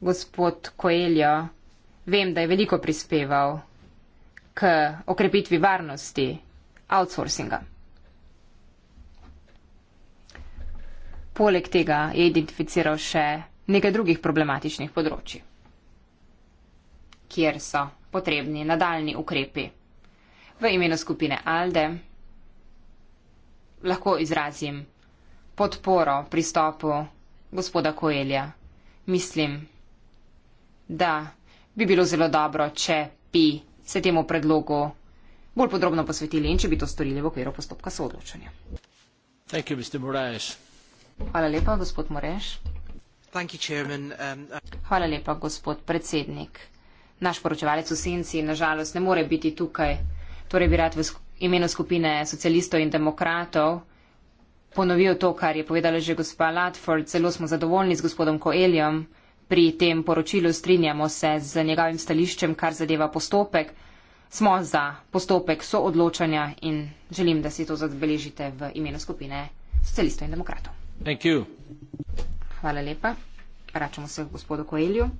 Gospod Koeljo, vem, da je veliko prispeval k okrepitvi varnosti outsourcinga. Poleg tega je identificiral še nekaj drugih problematičnih področji kjer so potrebni nadaljni ukrepi. V imenu skupine Alde lahko izrazim podporo pristopu gospoda Koelja. Mislim, da bi bilo zelo dobro, če bi se temu predlogu bolj podrobno posvetili in če bi to storili v okviru postopka soodločanja. Hvala lepa, gospod Moreš. Um, uh, Hvala lepa, gospod predsednik naš poročevalec v senci nažalost ne more biti tukaj. Torej bi rad v imenu skupine socialistov in demokratov ponovil to, kar je povedala že gospa Latford. Zelo smo zadovoljni z gospodom Koeljem. Pri tem poročilu strinjamo se z njegovim stališčem, kar zadeva postopek. Smo za postopek soodločanja in želim, da si to zabeležite v imenu skupine socialistov in demokratov. Hvala lepa. Vračamo se gospodu Koelju.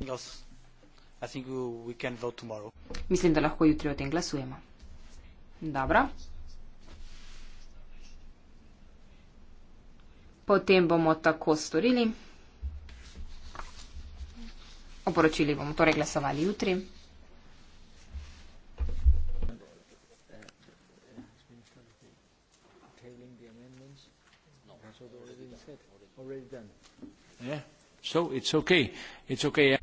Yes. Mislim, da lahko jutri o tem glasujemo. Dobro. Potem bomo tako storili. O poročili bomo torej glasovali jutri. Yeah. So it's okay. It's okay. Yeah.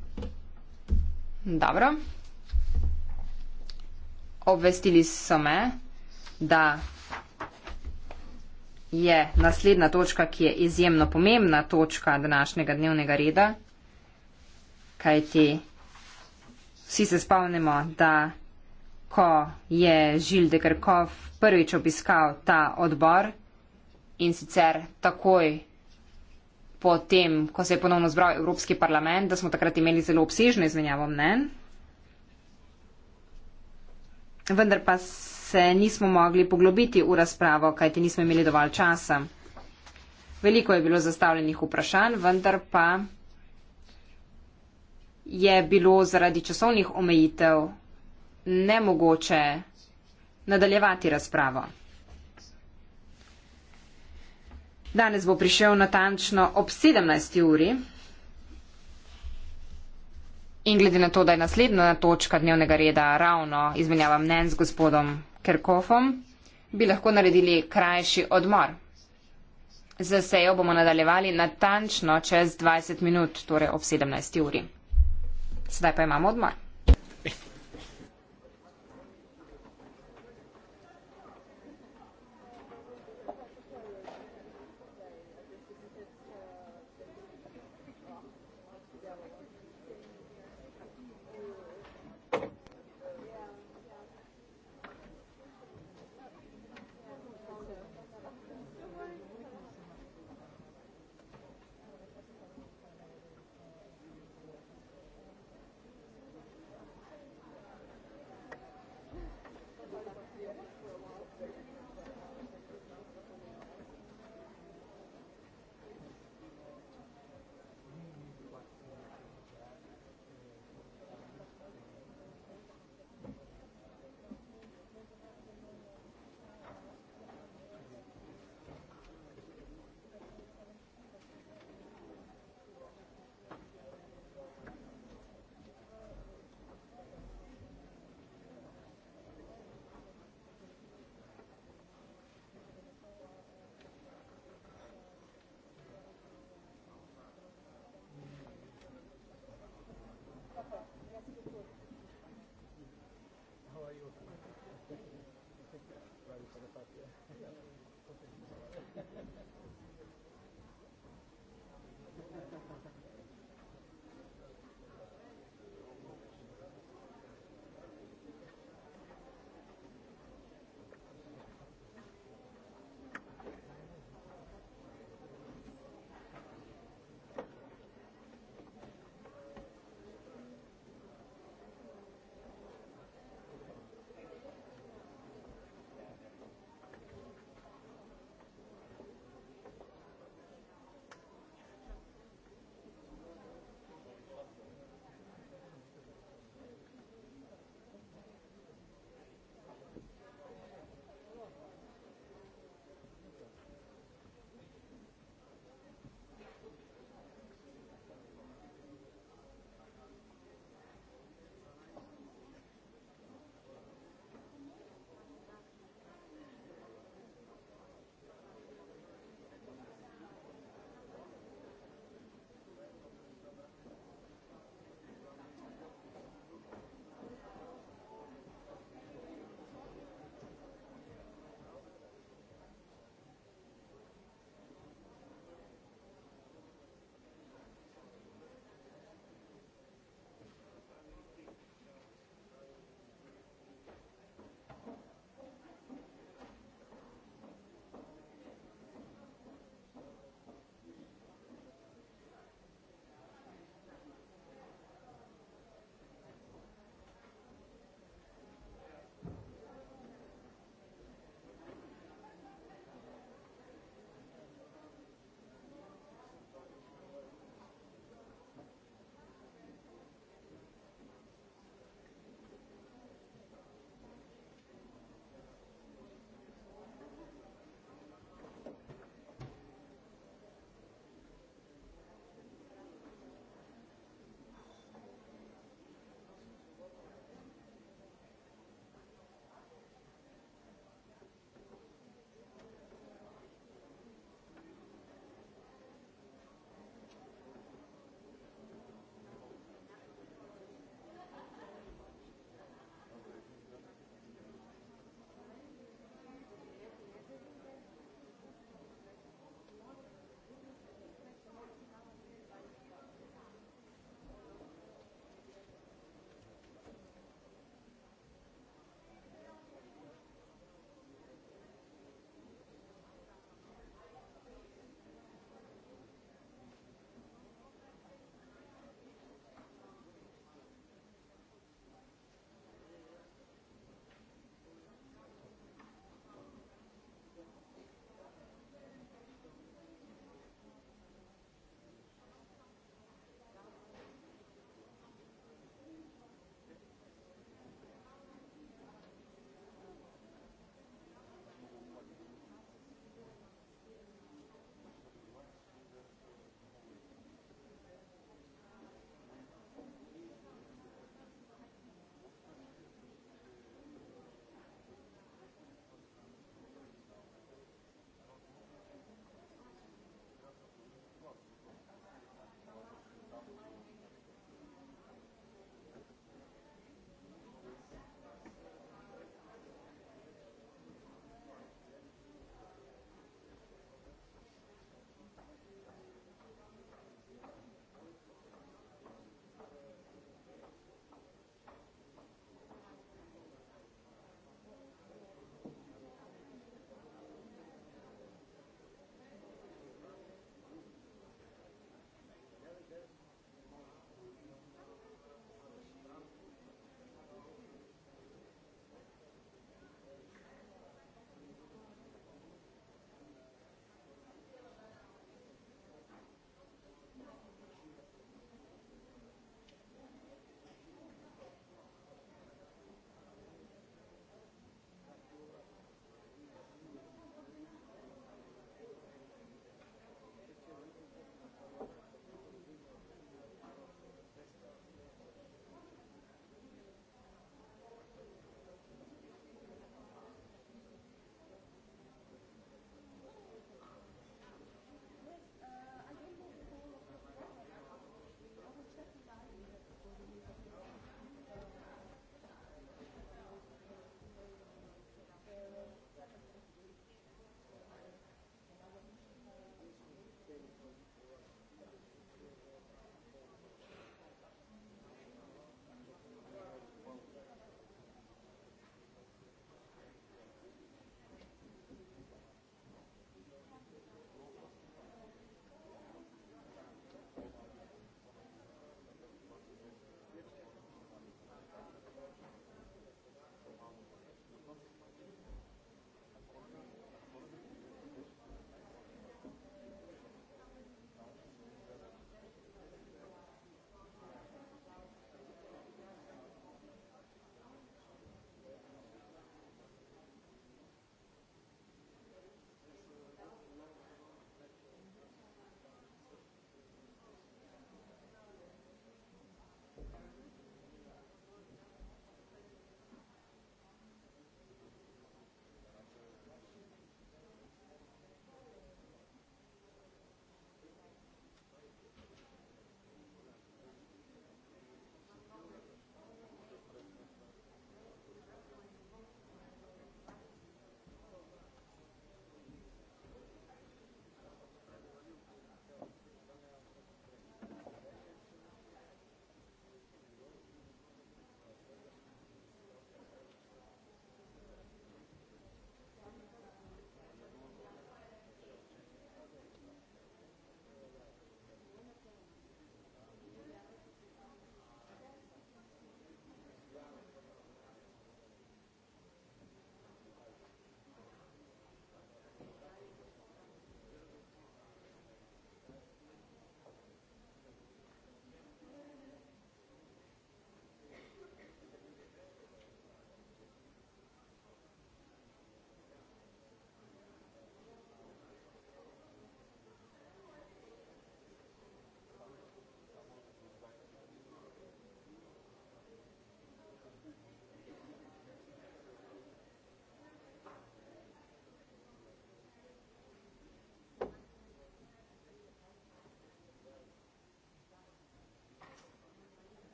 Dobro. Obvestili so me, da je naslednja točka, ki je izjemno pomembna točka današnjega dnevnega reda, kajti vsi se spomnimo, da ko je Žil de Krkov prvič obiskal ta odbor in sicer takoj potem, ko se je ponovno zbral Evropski parlament, da smo takrat imeli zelo obsežno izmenjavo mnen. Vendar pa se nismo mogli poglobiti v razpravo, kajti nismo imeli dovolj časa. Veliko je bilo zastavljenih vprašanj, vendar pa je bilo zaradi časovnih omejitev nemogoče nadaljevati razpravo. Danes bo prišel natančno ob 17. uri. In glede na to, da je naslednja točka dnevnega reda ravno izmenjava mnen z gospodom Kerkofom, bi lahko naredili krajši odmor. Za sejo bomo nadaljevali natančno čez 20 minut, torej ob 17. uri. Sedaj pa imamo odmor.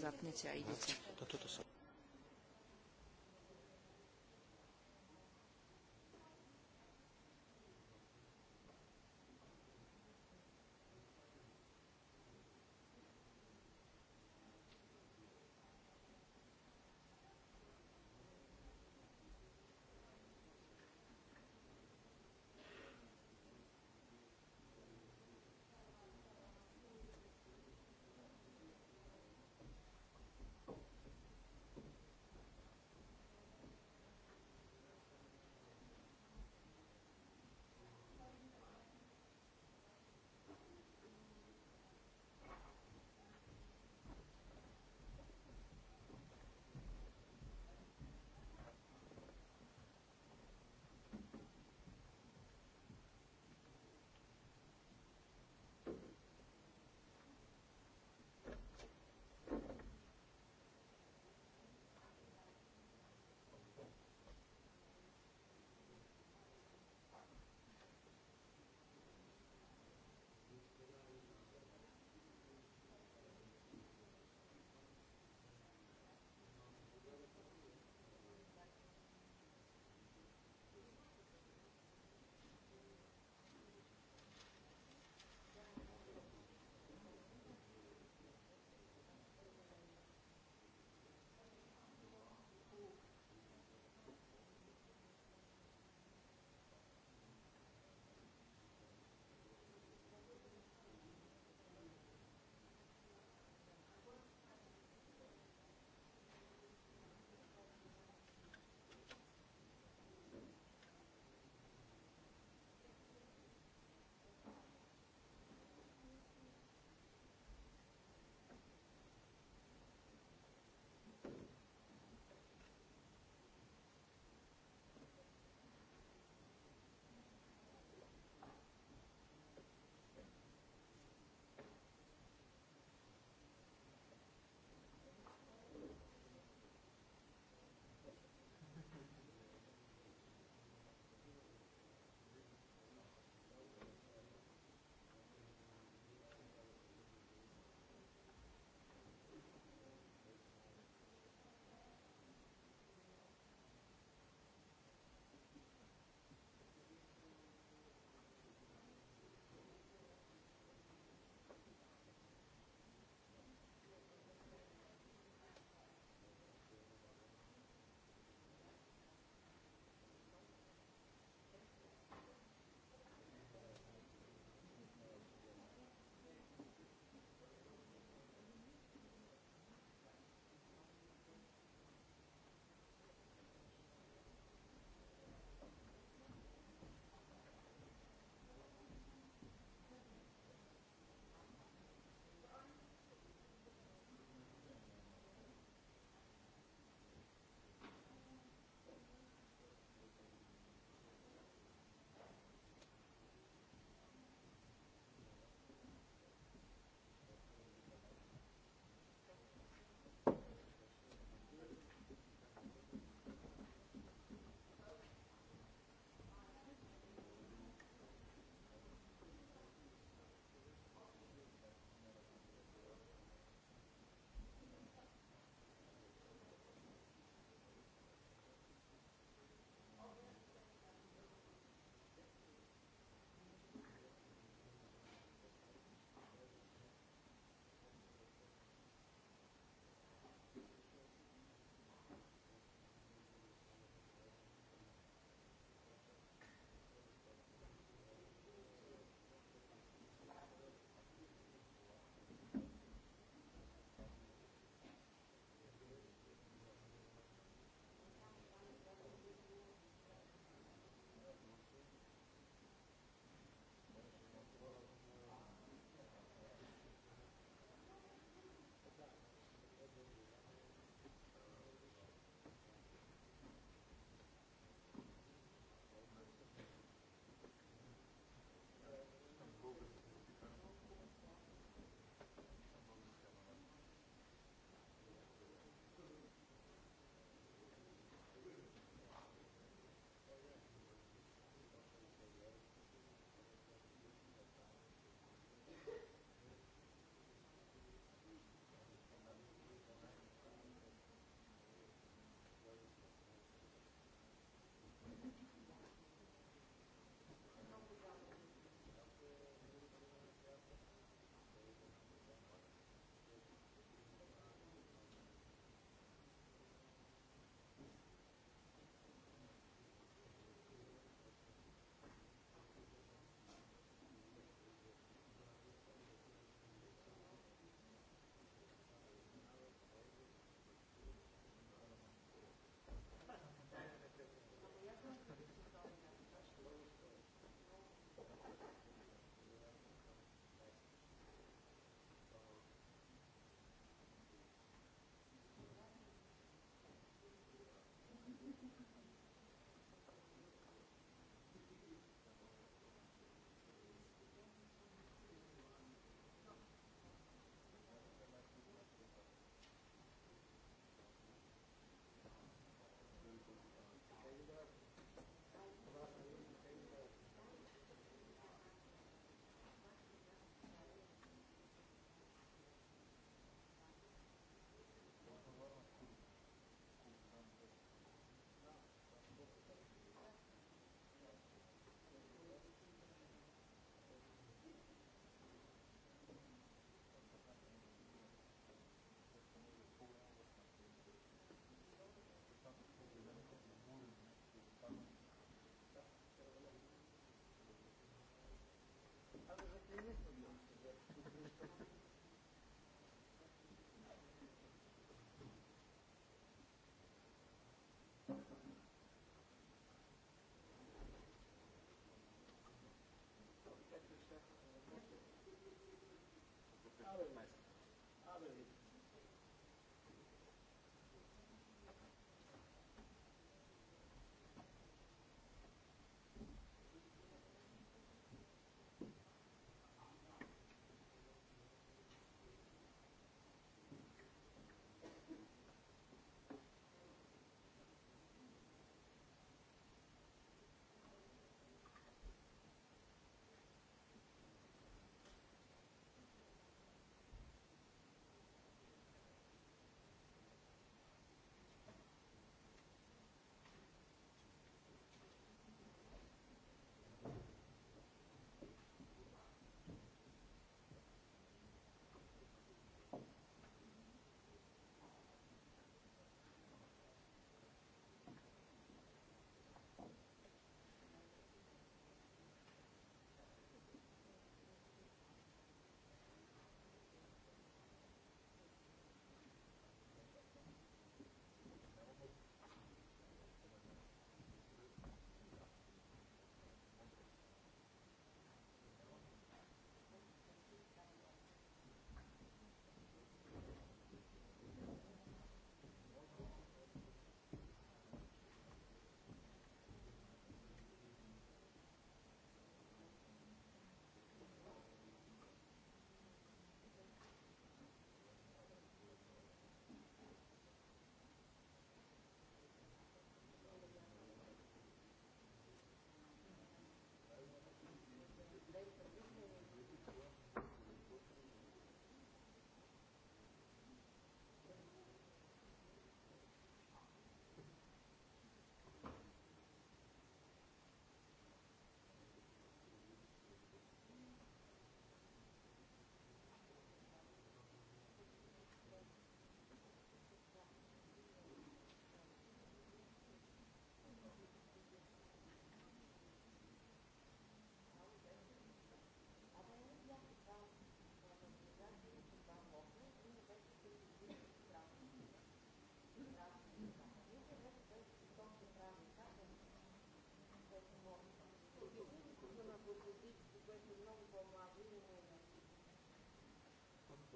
zapnete a idete. To, to, to, to, to.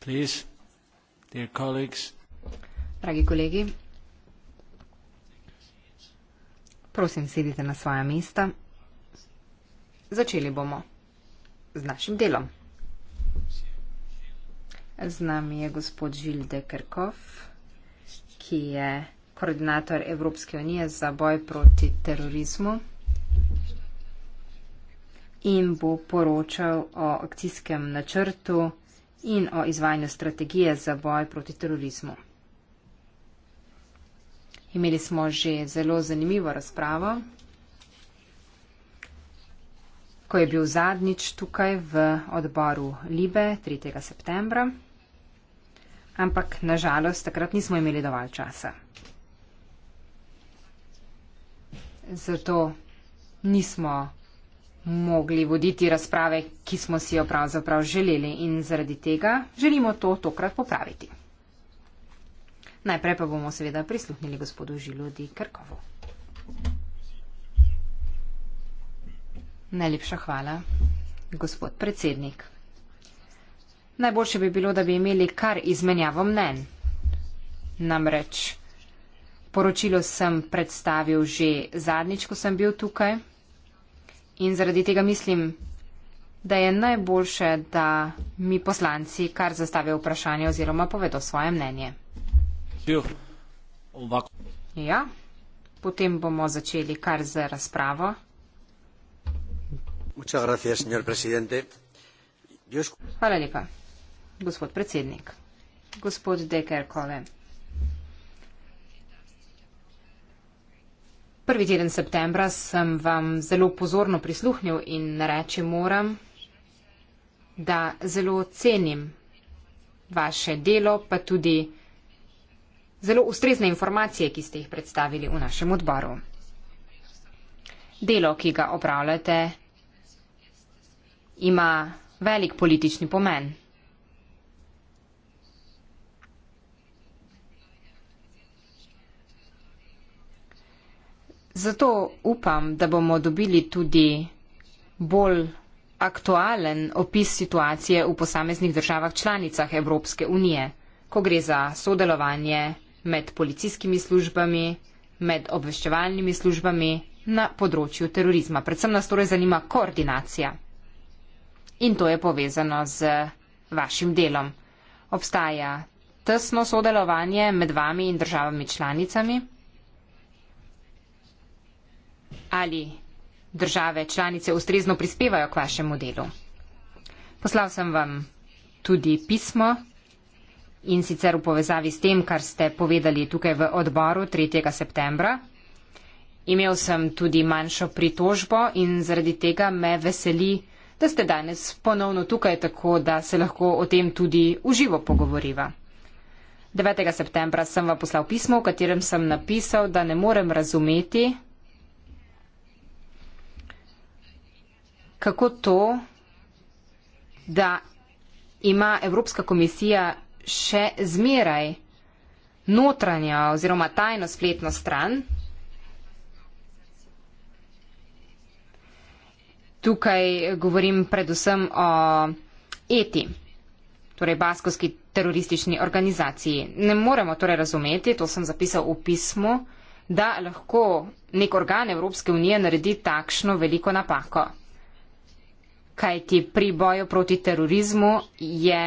Please, dear colleagues. Dragi kolegi, prosim, sedite na svoja mesta. Začeli bomo z našim delom. Z nami je gospod Žilde Krkov, ki je koordinator Evropske unije za boj proti terorizmu in bo poročal o akcijskem načrtu in o izvajanju strategije za boj proti terorizmu. Imeli smo že zelo zanimivo razpravo, ko je bil zadnjič tukaj v odboru Libe 3. septembra, ampak nažalost takrat nismo imeli dovolj časa. zato nismo mogli voditi razprave, ki smo si jo pravzaprav želeli in zaradi tega želimo to tokrat popraviti. Najprej pa bomo seveda prisluhnili gospodu Žilodi Krkovu. Najlepša hvala, gospod predsednik. Najboljše bi bilo, da bi imeli kar izmenjavo mnen. Namreč Poročilo sem predstavil že zadnjič, ko sem bil tukaj in zaradi tega mislim, da je najboljše, da mi poslanci kar zastavijo vprašanje oziroma povedo svoje mnenje. Ja, potem bomo začeli kar z razpravo. Hvala lepa, gospod predsednik. Gospod Dekerkove. prvi teden septembra sem vam zelo pozorno prisluhnil in reči moram, da zelo cenim vaše delo, pa tudi zelo ustrezne informacije, ki ste jih predstavili v našem odboru. Delo, ki ga opravljate, ima velik politični pomen. Zato upam, da bomo dobili tudi bolj aktualen opis situacije v posameznih državah članicah Evropske unije, ko gre za sodelovanje med policijskimi službami, med obveščevalnimi službami na področju terorizma. Predvsem nas torej zanima koordinacija. In to je povezano z vašim delom. Obstaja tesno sodelovanje med vami in državami članicami ali države članice ustrezno prispevajo k vašemu delu. Poslal sem vam tudi pismo in sicer v povezavi s tem, kar ste povedali tukaj v odboru 3. septembra. Imel sem tudi manjšo pritožbo in zaradi tega me veseli, da ste danes ponovno tukaj, tako da se lahko o tem tudi uživo pogovoriva. 9. septembra sem vam poslal pismo, v katerem sem napisal, da ne morem razumeti, kako to, da ima Evropska komisija še zmeraj notranja oziroma tajno spletno stran. Tukaj govorim predvsem o ETI, torej Baskovski teroristični organizaciji. Ne moremo torej razumeti, to sem zapisal v pismu, da lahko nek organ Evropske unije naredi takšno veliko napako kajti pri boju proti terorizmu je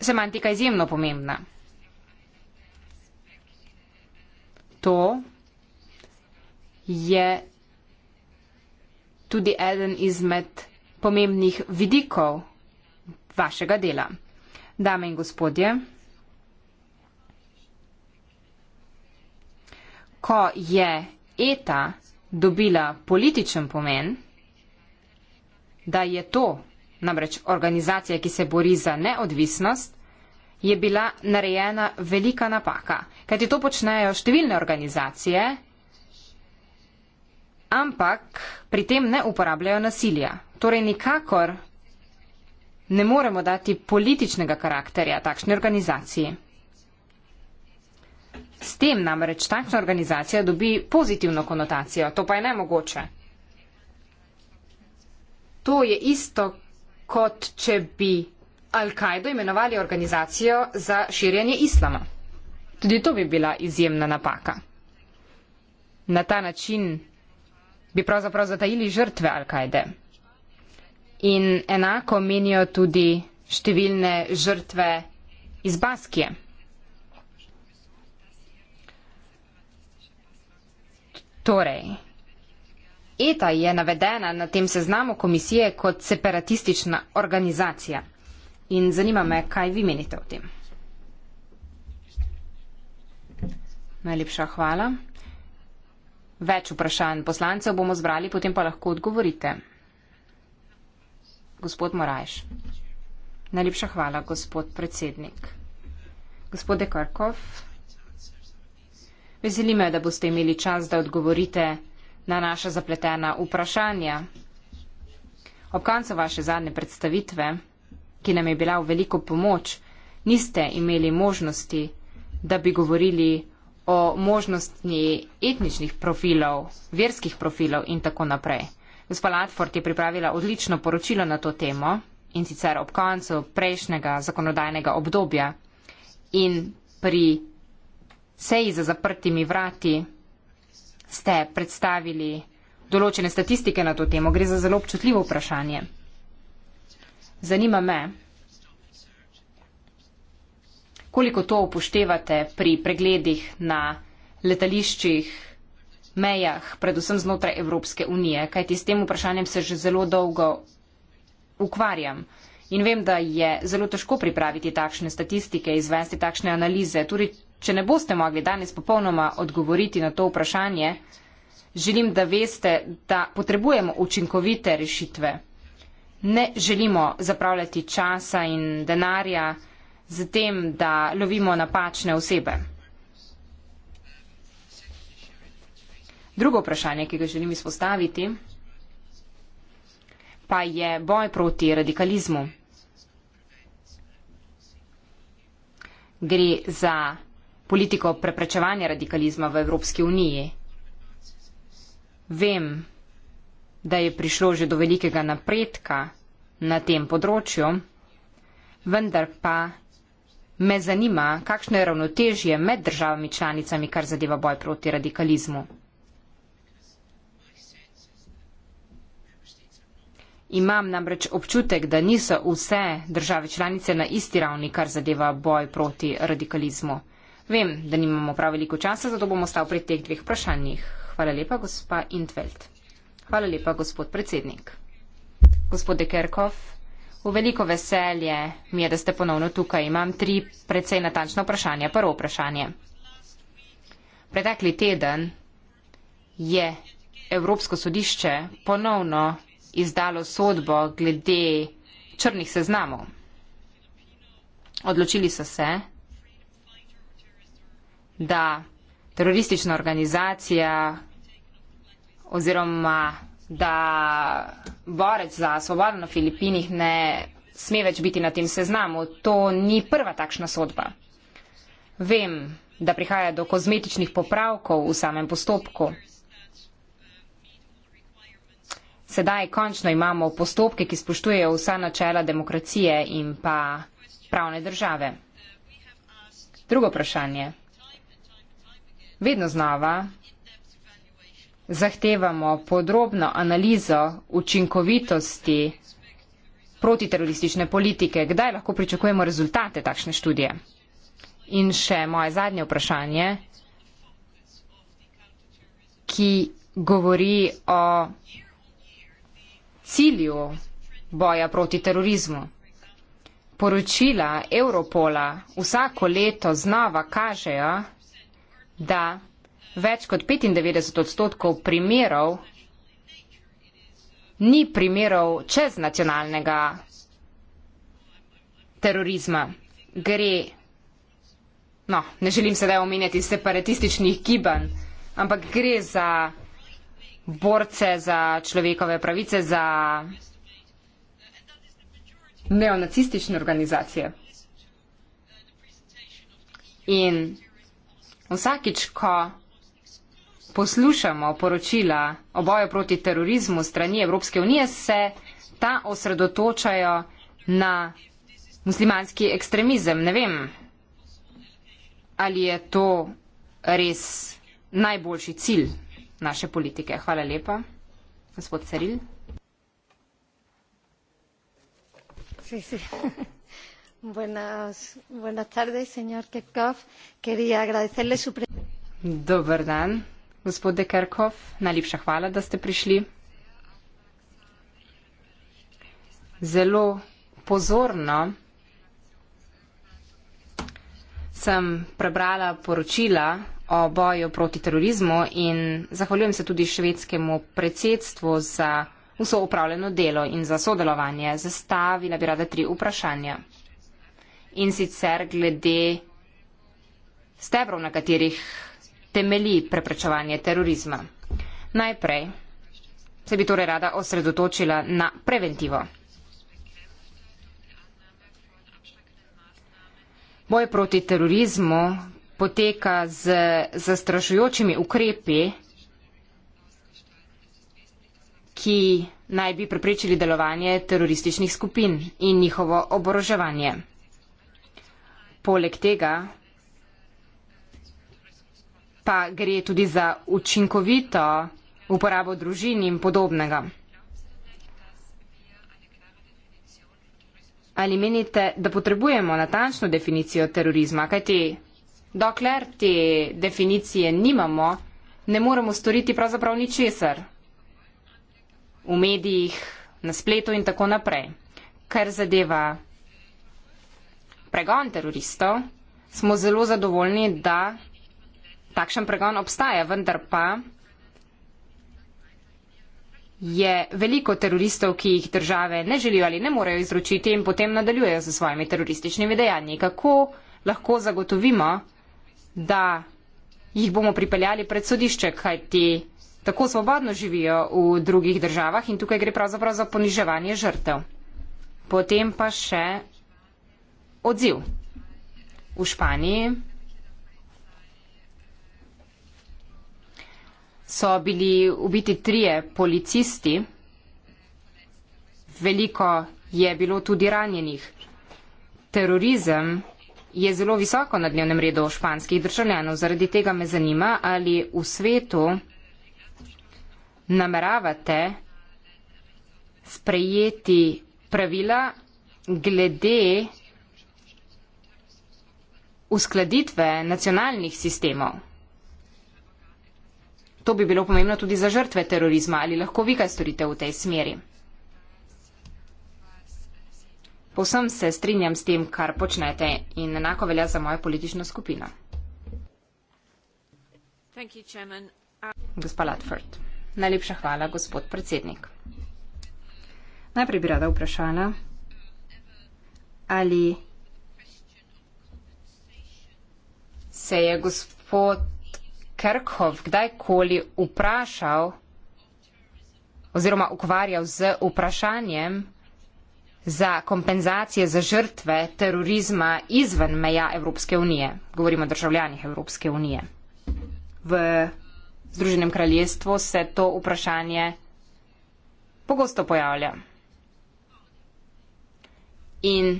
semantika izjemno pomembna. To je tudi eden izmed pomembnih vidikov vašega dela. Dame in gospodje, ko je ETA dobila političen pomen, da je to, namreč organizacija, ki se bori za neodvisnost, je bila narejena velika napaka. Kajti to počnejo številne organizacije, ampak pri tem ne uporabljajo nasilja. Torej nikakor ne moremo dati političnega karakterja takšni organizaciji. S tem namreč takšna organizacija dobi pozitivno konotacijo, to pa je nemogoče. To je isto, kot če bi Al-Kaido imenovali organizacijo za širjanje islama. Tudi to bi bila izjemna napaka. Na ta način bi pravzaprav zatajili žrtve Al-Kaide. In enako menijo tudi številne žrtve iz Baskije. Torej, ETA je navedena na tem seznamu komisije kot separatistična organizacija. In zanima me, kaj vi menite o tem. Najlepša hvala. Več vprašanj poslancev bomo zbrali, potem pa lahko odgovorite. Gospod Morajš. Najlepša hvala, gospod predsednik. Gospod Dekarkov. Veseli me, da boste imeli čas, da odgovorite na naša zapletena vprašanja. Ob koncu vaše zadnje predstavitve, ki nam je bila v veliko pomoč, niste imeli možnosti, da bi govorili o možnosti etničnih profilov, verskih profilov in tako naprej. Gospa Latford je pripravila odlično poročilo na to temo in sicer ob koncu prejšnjega zakonodajnega obdobja in pri seji za zaprtimi vrati ste predstavili določene statistike na to temo. Gre za zelo občutljivo vprašanje. Zanima me, koliko to upoštevate pri pregledih na letališčih, mejah, predvsem znotraj Evropske unije, kajti s tem vprašanjem se že zelo dolgo ukvarjam. In vem, da je zelo težko pripraviti takšne statistike, izvesti takšne analize, tudi, Če ne boste mogli danes popolnoma odgovoriti na to vprašanje, želim, da veste, da potrebujemo učinkovite rešitve. Ne želimo zapravljati časa in denarja z tem, da lovimo napačne osebe. Drugo vprašanje, ki ga želim izpostaviti, pa je boj proti radikalizmu. Gre za politiko preprečevanja radikalizma v Evropski uniji. Vem, da je prišlo že do velikega napredka na tem področju, vendar pa me zanima, kakšno je ravnotežje med državami članicami, kar zadeva boj proti radikalizmu. Imam namreč občutek, da niso vse države članice na isti ravni, kar zadeva boj proti radikalizmu. Vem, da nimamo prav veliko časa, zato bom ostal pri teh dveh vprašanjih. Hvala lepa, gospa Intveld. Hvala lepa, gospod predsednik. Gospod Dekerkov, v veliko veselje mi je, da ste ponovno tukaj. Imam tri precej natančno vprašanje. Prvo vprašanje. Pretekli teden je Evropsko sodišče ponovno izdalo sodbo glede črnih seznamov. Odločili so se, da teroristična organizacija oziroma da borec za svobodo na Filipinih ne sme več biti na tem seznamu. To ni prva takšna sodba. Vem, da prihaja do kozmetičnih popravkov v samem postopku. Sedaj končno imamo postopke, ki spoštujejo vsa načela demokracije in pa pravne države. Drugo vprašanje. Vedno znova zahtevamo podrobno analizo učinkovitosti protiteroristične politike. Kdaj lahko pričakujemo rezultate takšne študije? In še moje zadnje vprašanje, ki govori o cilju boja proti terorizmu. Poročila Europola vsako leto znova kažejo, da več kot 95 odstotkov primerov ni primerov čeznacionalnega terorizma. Gre, no, ne želim sedaj omenjati separatističnih gibanj, ampak gre za borce za človekove pravice, za neonacistične organizacije. In Vsakič, ko poslušamo poročila o boju proti terorizmu strani Evropske unije, se ta osredotočajo na muslimanski ekstremizem. Ne vem, ali je to res najboljši cilj naše politike. Hvala lepa, gospod Ceril. Sí, sí. <laughs> Buenas, buenas tardes, señor Kerkov. Quería agradecerle su presencia. Dober dan, gospod De Kerkov. Najlepša hvala, da ste prišli. Zelo pozorno sem prebrala poročila o boju proti terorizmu in zahvaljujem se tudi švedskemu predsedstvu za vso upravljeno delo in za sodelovanje. Zastavila bi rada tri vprašanja in sicer glede stebrov, na katerih temelji preprečevanje terorizma. Najprej se bi torej rada osredotočila na preventivo. Boj proti terorizmu poteka z zastrašujočimi ukrepi, ki naj bi preprečili delovanje terorističnih skupin in njihovo oboroževanje poleg tega pa gre tudi za učinkovito uporabo družin in podobnega. Ali menite, da potrebujemo natančno definicijo terorizma? Kajti, dokler te definicije nimamo, ne moremo storiti pravzaprav ničesar v medijih, na spletu in tako naprej. Kar zadeva pregon teroristov, smo zelo zadovoljni, da takšen pregon obstaja, vendar pa je veliko teroristov, ki jih države ne želijo ali ne morejo izročiti in potem nadaljujejo z svojimi terorističnimi dejanji. Kako lahko zagotovimo, da jih bomo pripeljali pred sodišče, kajti tako svobodno živijo v drugih državah in tukaj gre pravzaprav za poniževanje žrtev. Potem pa še odziv. V Španiji so bili ubiti trije policisti, veliko je bilo tudi ranjenih. Terorizem je zelo visoko na dnevnem redu španskih državljanov, zaradi tega me zanima, ali v svetu nameravate sprejeti pravila glede uskladitve nacionalnih sistemov. To bi bilo pomembno tudi za žrtve terorizma. Ali lahko vi kaj storite v tej smeri? Povsem se strinjam s tem, kar počnete in enako velja za mojo politično skupino. Uh, Gospa Latford, najlepša hvala, gospod predsednik. Najprej bi rada vprašala, ali se je gospod Kerkhoff kdajkoli vprašal oziroma ukvarjal z vprašanjem za kompenzacije za žrtve terorizma izven meja Evropske unije, govorimo o državljanih Evropske unije. V Združenem kraljestvu se to vprašanje pogosto pojavlja. In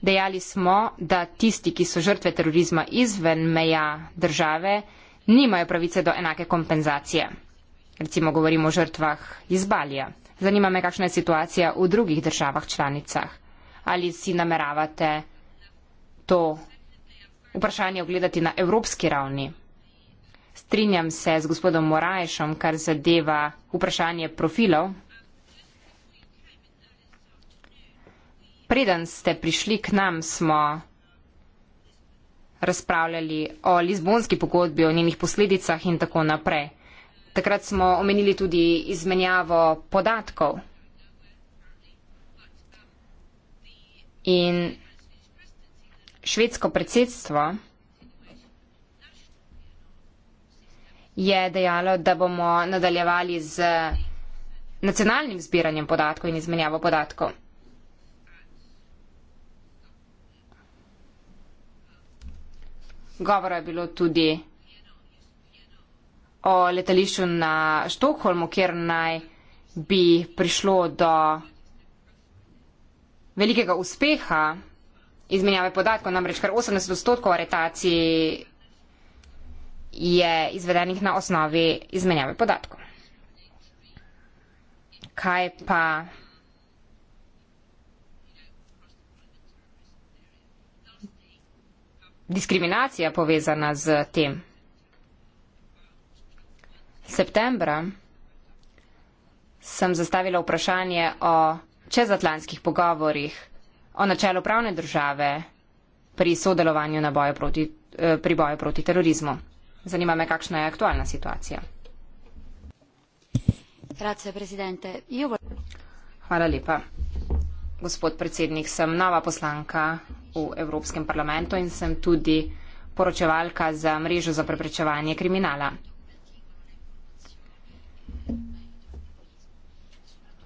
Dejali smo, da tisti, ki so žrtve terorizma izven meja države, nimajo pravice do enake kompenzacije. Recimo govorimo o žrtvah iz Balija. Zanima me, kakšna je situacija v drugih državah članicah. Ali si nameravate to vprašanje ogledati na evropski ravni? Strinjam se z gospodom Morajšom, kar zadeva vprašanje profilov preden ste prišli k nam, smo razpravljali o Lizbonski pogodbi, o njenih posledicah in tako naprej. Takrat smo omenili tudi izmenjavo podatkov. In švedsko predsedstvo je dejalo, da bomo nadaljevali z nacionalnim zbiranjem podatkov in izmenjavo podatkov. Govora je bilo tudi o letališču na Štokholmu, kjer naj bi prišlo do velikega uspeha izmenjave podatkov, namreč kar 80 odstotkov aretacij je izvedenih na osnovi izmenjave podatkov. Kaj pa diskriminacija povezana z tem. Septembra sem zastavila vprašanje o čezatlantskih pogovorih, o načelu pravne države pri sodelovanju boju proti, eh, pri boju proti terorizmu. Zanima me, kakšna je aktualna situacija. Hvala lepa. Gospod predsednik, sem nova poslanka v Evropskem parlamentu in sem tudi poročevalka za mrežo za preprečevanje kriminala.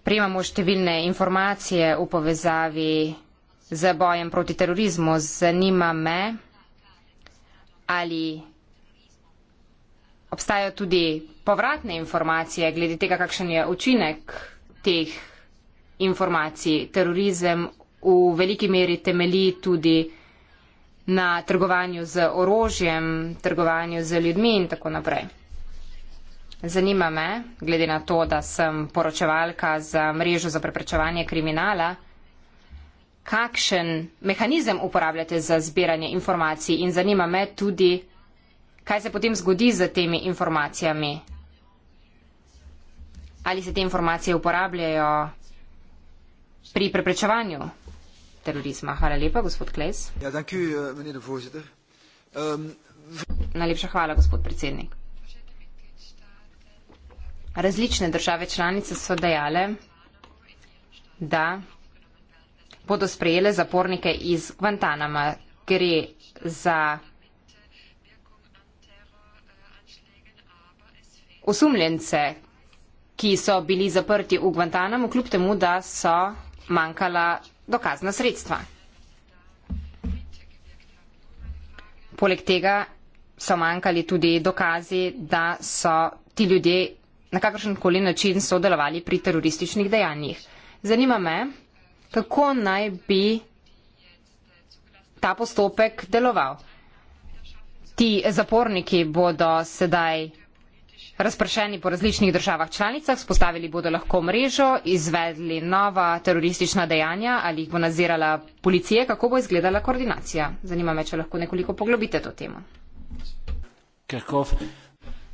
Prijemamo številne informacije v povezavi z bojem proti terorizmu. Zanima me, ali obstajajo tudi povratne informacije glede tega, kakšen je učinek teh informacij. Terorizem v veliki meri temeli tudi na trgovanju z orožjem, trgovanju z ljudmi in tako naprej. Zanima me, glede na to, da sem poročevalka za mrežo za preprečevanje kriminala, kakšen mehanizem uporabljate za zbiranje informacij in zanima me tudi, kaj se potem zgodi z temi informacijami. Ali se te informacije uporabljajo pri preprečevanju terorizma. Hvala lepa, gospod Kles. Ja, danke, uh, meni, um, v... Najlepša hvala, gospod predsednik. Različne države članice so dejale, da bodo sprejele zapornike iz Guantanama. Gre za osumljence, ki so bili zaprti v Guantanamu, kljub temu, da so manjkala dokazna sredstva. Poleg tega so manjkali tudi dokazi, da so ti ljudje na kakršen koli način sodelovali pri terorističnih dejanjih. Zanima me, kako naj bi ta postopek deloval. Ti zaporniki bodo sedaj razpršeni po različnih državah članicah, spostavili bodo lahko mrežo, izvedli nova teroristična dejanja ali jih bo nadzirala policija. Kako bo izgledala koordinacija? Zanima me, če lahko nekoliko poglobite to temo. Kerkov.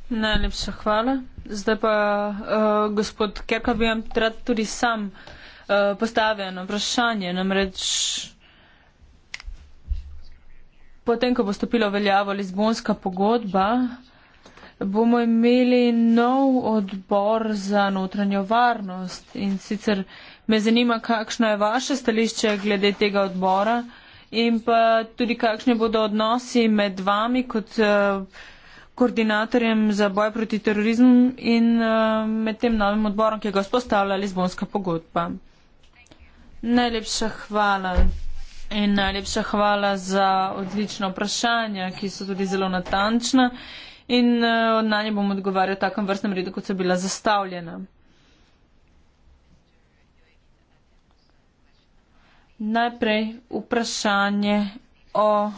Najlepša hvala. Zdaj pa uh, gospod Kerkov bi vam rad tudi sam uh, postavil eno vprašanje. Namreč potem, ko bo stopila v veljavo Lizbonska pogodba, bomo imeli nov odbor za notranjo varnost. In sicer me zanima, kakšno je vaše stališče glede tega odbora in pa tudi kakšne bodo odnosi med vami kot eh, koordinatorjem za boj proti terorizmu in eh, med tem novim odborom, ki ga spostavlja Lizbonska pogodba. Najlepša hvala. In najlepša hvala za odlična vprašanja, ki so tudi zelo natančna in uh, na nje bom odgovarjal v takem vrstnem redu, kot so bila zastavljena. Najprej vprašanje o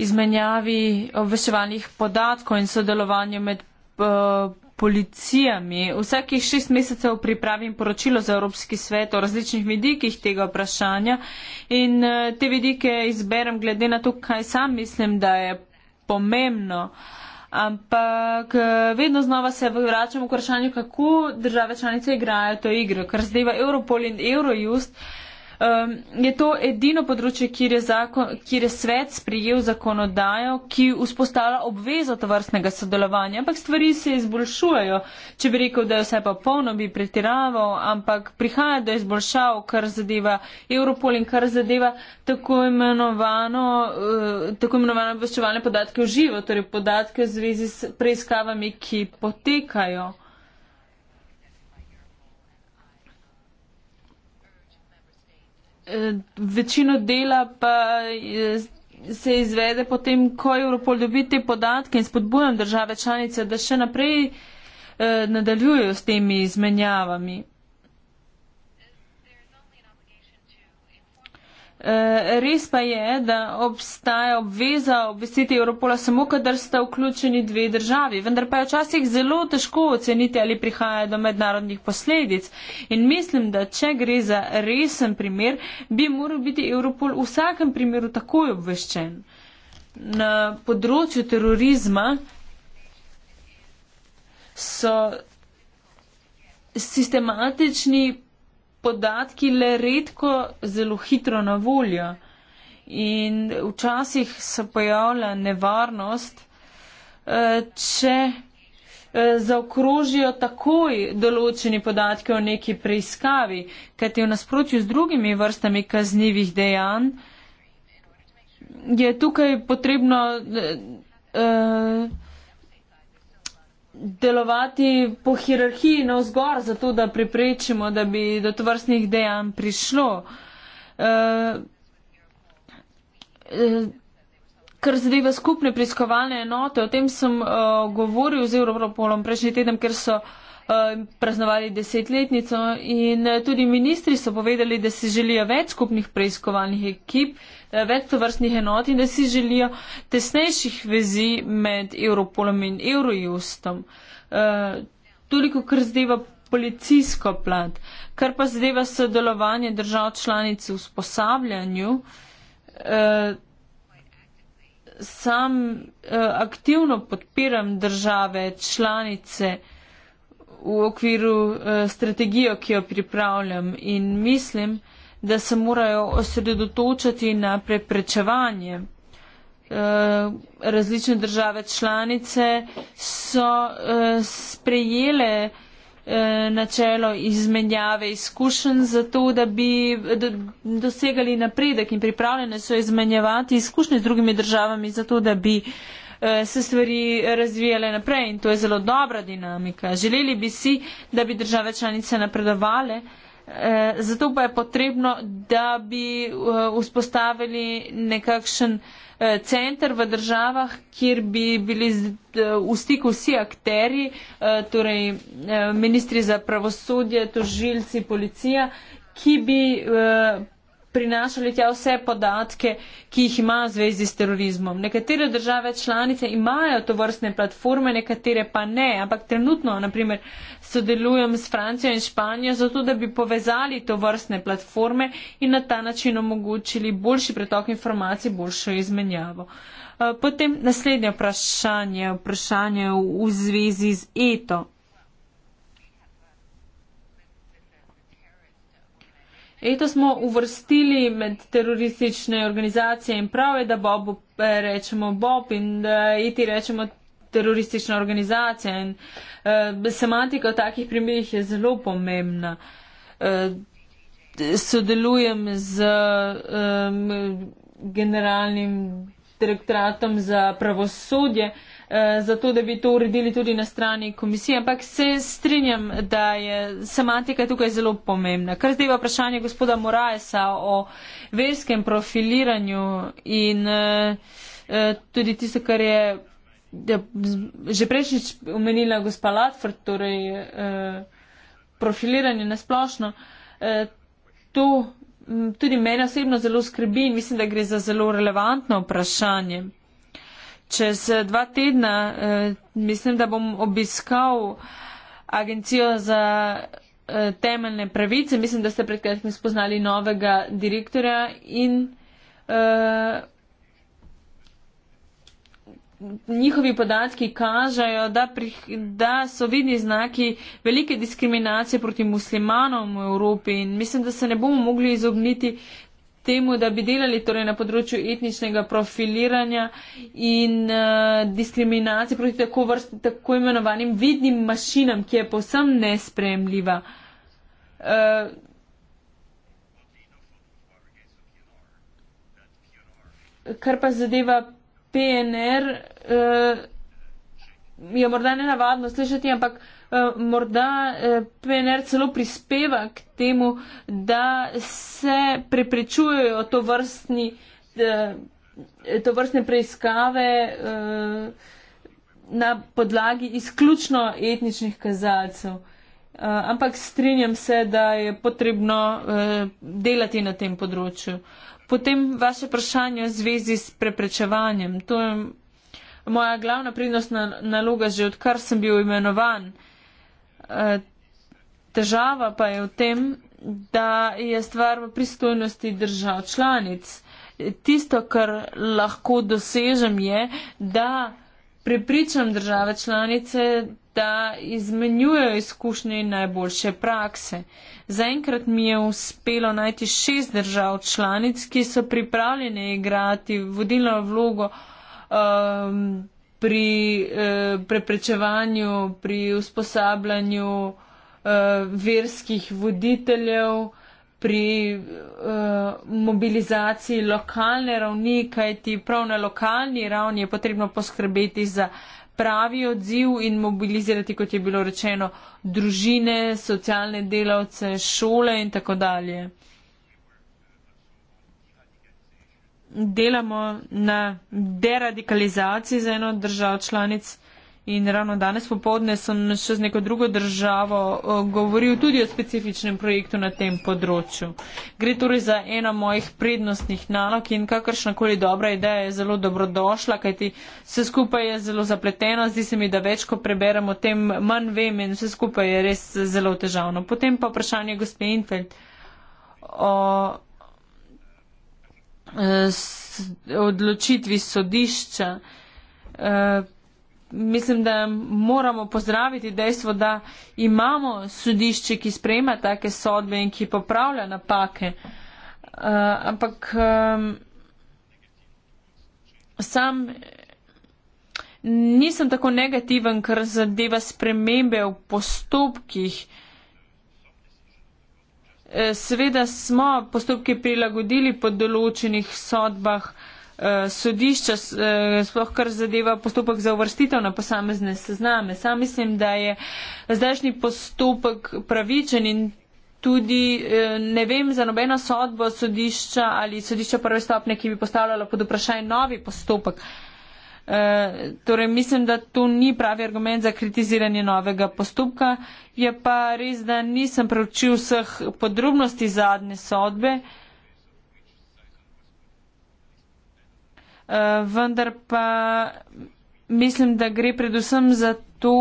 izmenjavi obveščevalnih podatkov in sodelovanju med uh, policijami. Vsakih šest mesecev pripravim poročilo za Evropski svet o različnih vidikih tega vprašanja in eh, te vidike izberem glede na to, kaj sam mislim, da je pomembno. Uh, ampak eh, vedno znova se vračamo k vprašanju, kako države članice igrajo to igro, kar zdaj v Europol in Eurojust. Um, je to edino področje, kjer je, zakon, kjer je svet sprijel zakonodajo, ki vzpostavlja obvezo tovrstnega sodelovanja, ampak stvari se izboljšujejo. Če bi rekel, da je vse pa polno, bi pretiraval, ampak prihaja do izboljšav, kar zadeva Europol in kar zadeva tako imenovano eh, obveščevalne uh, podatke v živo, torej podatke v zvezi s preiskavami, ki potekajo. Eh, večino dela pa eh, se izvede potem, ko Europol dobi te podatke in spodbujam države članice, da še naprej eh, nadaljujejo s temi izmenjavami. Eh, res pa je, da obstaja obveza obvestiti Europola samo, kadar sta vključeni dve državi. Vendar pa je včasih zelo težko oceniti, ali prihaja do mednarodnih posledic. In mislim, da če gre za resen primer, bi moral biti Europol v vsakem primeru takoj obveščen. Na področju terorizma so sistematični podatki le redko zelo hitro na voljo. In včasih se pojavlja nevarnost, eh, če eh, zaokrožijo takoj določeni podatki o neki preiskavi, kajti v nasprotju z drugimi vrstami kaznjivih dejanj je tukaj potrebno. Uh, delovati po hierarhiji na vzgor, zato da preprečimo, da bi do tovrstnih dejanj prišlo. Eh, eh, kar zadeva skupne preiskovalne enote, o tem sem eh, govoril z Evropolom prejšnji teden, ker so praznovali desetletnico in tudi ministri so povedali, da si želijo več skupnih preiskovalnih ekip, Eh, več tovrstnih enot in da si želijo tesnejših vezi med Europolom in Eurojustom. Eh, toliko, kar zdeva policijsko plat, kar pa zdeva sodelovanje držav članic v sposabljanju, eh, sam aktivno podpiram države članice v okviru strategijo, ki jo pripravljam in mislim, da se morajo osredotočati na preprečevanje. Eh, različne države članice so eh, sprejele eh, načelo izmenjave izkušenj za to, da bi dosegali napredek in pripravljene so izmenjevati izkušnje z drugimi državami za to, da bi se stvari razvijale naprej in to je zelo dobra dinamika. Želeli bi si, da bi države članice napredovale, Eh, zato pa je potrebno, da bi eh, vzpostavili nekakšen eh, center v državah, kjer bi bili v stiku vsi akteri, torej ministri za pravosodje, tožilci, policija, ki bi prinašali tja vse podatke, ki jih ima v zvezi s terorizmom. Nekatere države članice imajo to vrstne platforme, nekatere pa ne, ampak trenutno, naprimer, sodelujem s Francijo in Španijo, zato da bi povezali to vrstne platforme in na ta način omogočili boljši pretok informacij, boljšo izmenjavo. Eh, potem naslednje vprašanje, vprašanje v zvezi z eto. ETA smo uvrstili med teroristične organizacije in prav je, da Bobu eh, rečemo Bob in da eh, ETA rečemo teroristična organizacija. In, uh, semantika v takih primerjih je zelo pomembna. Uh, sodelujem z um, generalnim direktoratom za pravosodje. Uh, Eh, zato, da bi to uredili tudi na strani komisije, ampak se strinjam, da je semantika tukaj zelo pomembna. Kar zdaj je vprašanje gospoda Morajsa o verskem profiliranju in eh, eh, tudi tisto, kar je ja, že prejšnjič omenila gospa Latford, torej profiliranje na splošno, to tudi mene osebno zelo skrbi in mislim, da gre za zelo relevantno vprašanje čez eh, dva tedna eh, mislim, da bom obiskal agencijo za eh, temeljne pravice. Mislim, da ste pred kratkim spoznali novega direktorja in eh, njihovi podatki kažejo, da, pri, da so vidni znaki velike diskriminacije proti muslimanom v Evropi in mislim, da se ne bomo mogli izogniti eh, temu, da bi delali torej, na področju etničnega profiliranja in uh, diskriminacije proti tako, vrst, tako imenovanim vidnim mašinam, ki je povsem nespremljiva. Uh, Kar pa zadeva PNR, uh, eh, je morda nenavadno slišati, ampak uh, Eh, morda eh, PNR celo prispeva k temu, da se preprečujejo to, vrstni, eh, to vrstne preiskave na podlagi izključno etničnih kazalcev. Ampak strinjam se, da je potrebno delati na tem področju. Potem vaše vprašanje v zvezi s preprečevanjem. To je moja glavna prednostna naloga, že odkar sem bil imenovan. Težava pa je v tem, da je stvar v pristojnosti držav članic. Tisto, kar lahko dosežem, je, da prepričam države članice, da izmenjujejo izkušnje in najboljše prakse. Zaenkrat mi je uspelo najti šest držav članic, ki so pripravljene igrati vodilno vlogo. Um, pri eh, preprečevanju, pri usposabljanju eh, verskih voditeljev, pri eh, mobilizaciji lokalne ravni, kajti prav na lokalni ravni je potrebno poskrbeti za pravi odziv in mobilizirati, kot je bilo rečeno, družine, socialne delavce, šole in tako dalje. delamo na deradikalizaciji za eno od držav članic in ravno danes popovdne sem še z neko drugo državo govoril tudi o specifičnem projektu na tem področju. Gre torej za eno mojih prednostnih nalog in kakršnakoli dobra ideja je zelo dobrodošla, kajti vse skupaj je zelo zapleteno, zdi se mi, da več, ko preberem o tem, manj vem in vse skupaj je res zelo težavno. Potem pa vprašanje gospe Infeld o Eh, odločitvi sodišča. Eh, mislim, da moramo pozdraviti dejstvo, da imamo sodišče, ki sprejema take sodbe in ki popravlja napake. Eh, ampak sam nisem tako negativen, kar zadeva spremembe v postopkih. Eh, seveda smo postopke prilagodili po določenih sodbah eh, sodišča, eh, sploh kar zadeva postopek za uvrstitev na posamezne sezname. Sam mislim, da je zdajšnji postopek pravičen in tudi ne vem za nobeno sodbo sodišča ali sodišča prve stopne, ki bi postavljalo pod vprašanje novi postopek. Eh, torej mislim, da to ni pravi argument za kritiziranje novega postopka. Je pa res, da nisem preučil vseh podrobnosti zadnje sodbe. Eh, vendar pa mislim, da gre predvsem za to,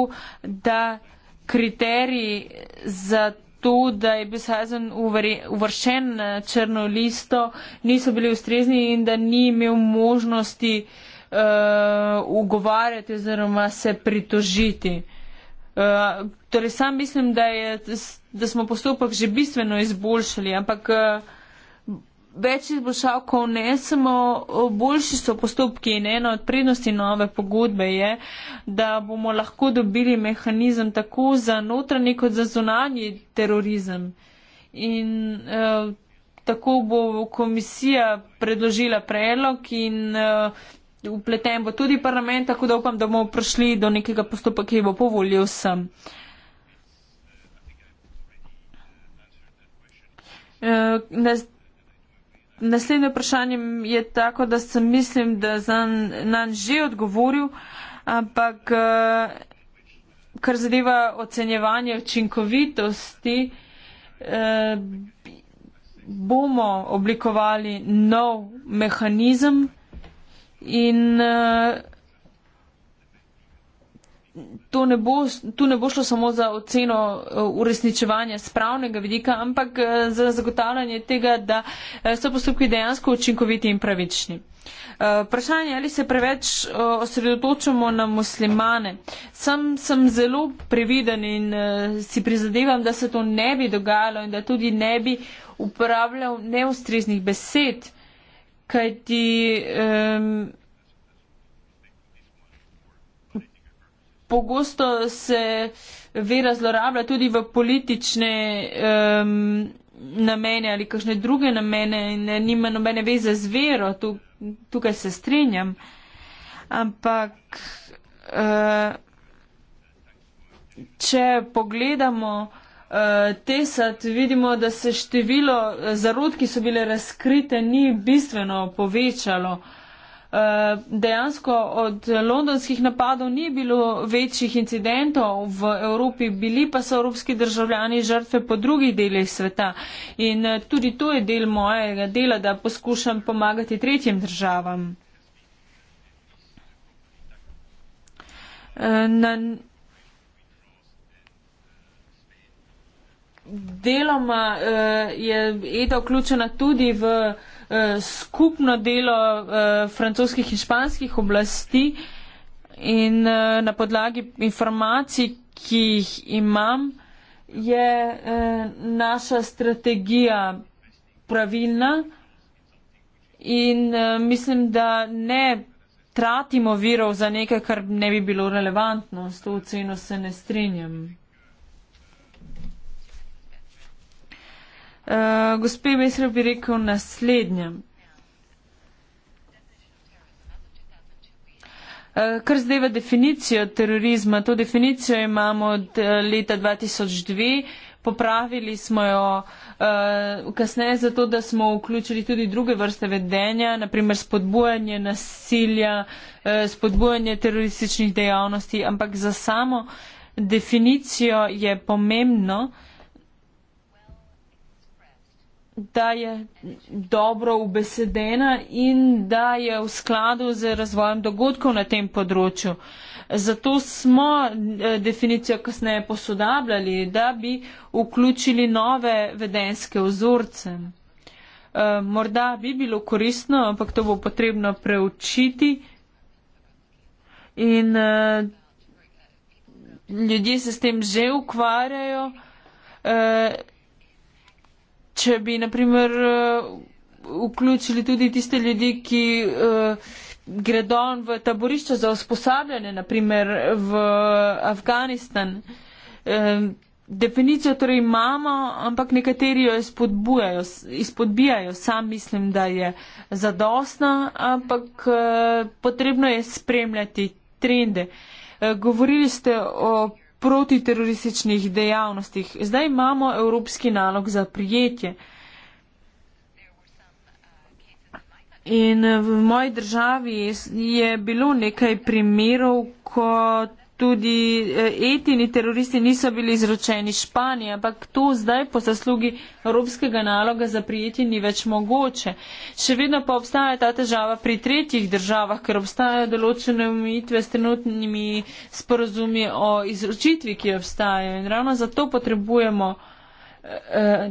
da kriteriji za to, da je bil Sazen uvršen na črno listo, niso bili ustrezni in da ni imel možnosti uh, uh, ugovarjati oziroma se pritožiti. Uh, torej, sam mislim, da, je, da smo postopek že bistveno izboljšali, ampak uh, več izboljšav, ko ne samo boljši so postopki in ena od prednosti nove pogodbe je, da bomo lahko dobili mehanizem tako za notranji kot za zunanji terorizem. In uh, tako bo komisija predložila predlog in uh, upleten bo tudi parlament, tako da upam, da bomo prišli do nekega postopka, ki bo povolil vsem. Eh, naslednje vprašanje je tako, da sem mislim, da sem nam že odgovoril, ampak eh, kar zadeva ocenjevanje učinkovitosti, eh, bomo oblikovali nov mehanizem. In eh, to ne bo, tu ne bo šlo samo za oceno eh, uresničevanja spravnega vidika, ampak eh, za zagotavljanje tega, da so postopki dejansko učinkoviti in pravični. Vprašanje, ali se preveč osredotočamo na muslimane. Sam sem zelo previden in si prizadevam, da se to ne bi dogajalo in da tudi ne bi uporabljal neustreznih besed kajti um, pogosto se vera zlorablja tudi v politične um, namene ali kakšne druge namene in eh, nima nobene veze z vero, tu, tukaj se strinjam. Ampak uh, če pogledamo, tesati, vidimo, da se število eh, zarod, ki so bile razkrite, ni bistveno povečalo. Eh, dejansko od londonskih napadov ni bilo večjih incidentov v Evropi, bili pa so evropski državljani žrtve po drugih delih sveta. In eh, tudi to je del mojega dela, da poskušam pomagati tretjim državam. Na deloma uh, je Eda vključena tudi v uh, skupno delo uh, francoskih in španskih oblasti in uh, na podlagi informacij, ki jih imam, je uh, naša strategija pravilna in uh, mislim, da ne tratimo virov za nekaj, kar ne bi bilo relevantno. S to oceno se ne strinjam. Eh, gospe Mesre bi rekel naslednje. Eh, kar zdajva definicijo terorizma, to definicijo imamo od eh, leta 2002, popravili smo jo kasneje zato, da smo vključili tudi druge vrste vedenja, naprimer spodbujanje nasilja, spodbujanje terorističnih dejavnosti, ampak za samo definicijo je pomembno, da je dobro ubesedena in da je v skladu z razvojem dogodkov na tem področju. Zato smo eh, definicijo kasneje posodabljali, da bi vključili nove vedenske vzorce. Eh, morda bi bilo koristno, ampak to bo potrebno preučiti. In eh, ljudje se s tem že ukvarjajo če bi naprimer eh, vključili tudi tiste ljudi, ki eh, gredo v taborišča za usposabljanje, naprimer v Afganistan. Eh, definicijo torej imamo, ampak nekateri jo izpodbijajo. Sam mislim, da je zadostna, ampak potrebno je spremljati trende. Govorili ste o protiterorističnih dejavnostih. Zdaj imamo evropski nalog za prijetje. In v moji državi je bilo nekaj primerov, kot tudi eh, etini teroristi niso bili izročeni Španiji, ampak to zdaj po zaslugi evropskega naloga za prijetje ni več mogoče. Še vedno pa obstaja ta težava pri tretjih državah, ker obstajajo določene omejitve s trenutnimi sporozumi o izročitvi, ki obstajajo. In ravno zato potrebujemo eh, eh,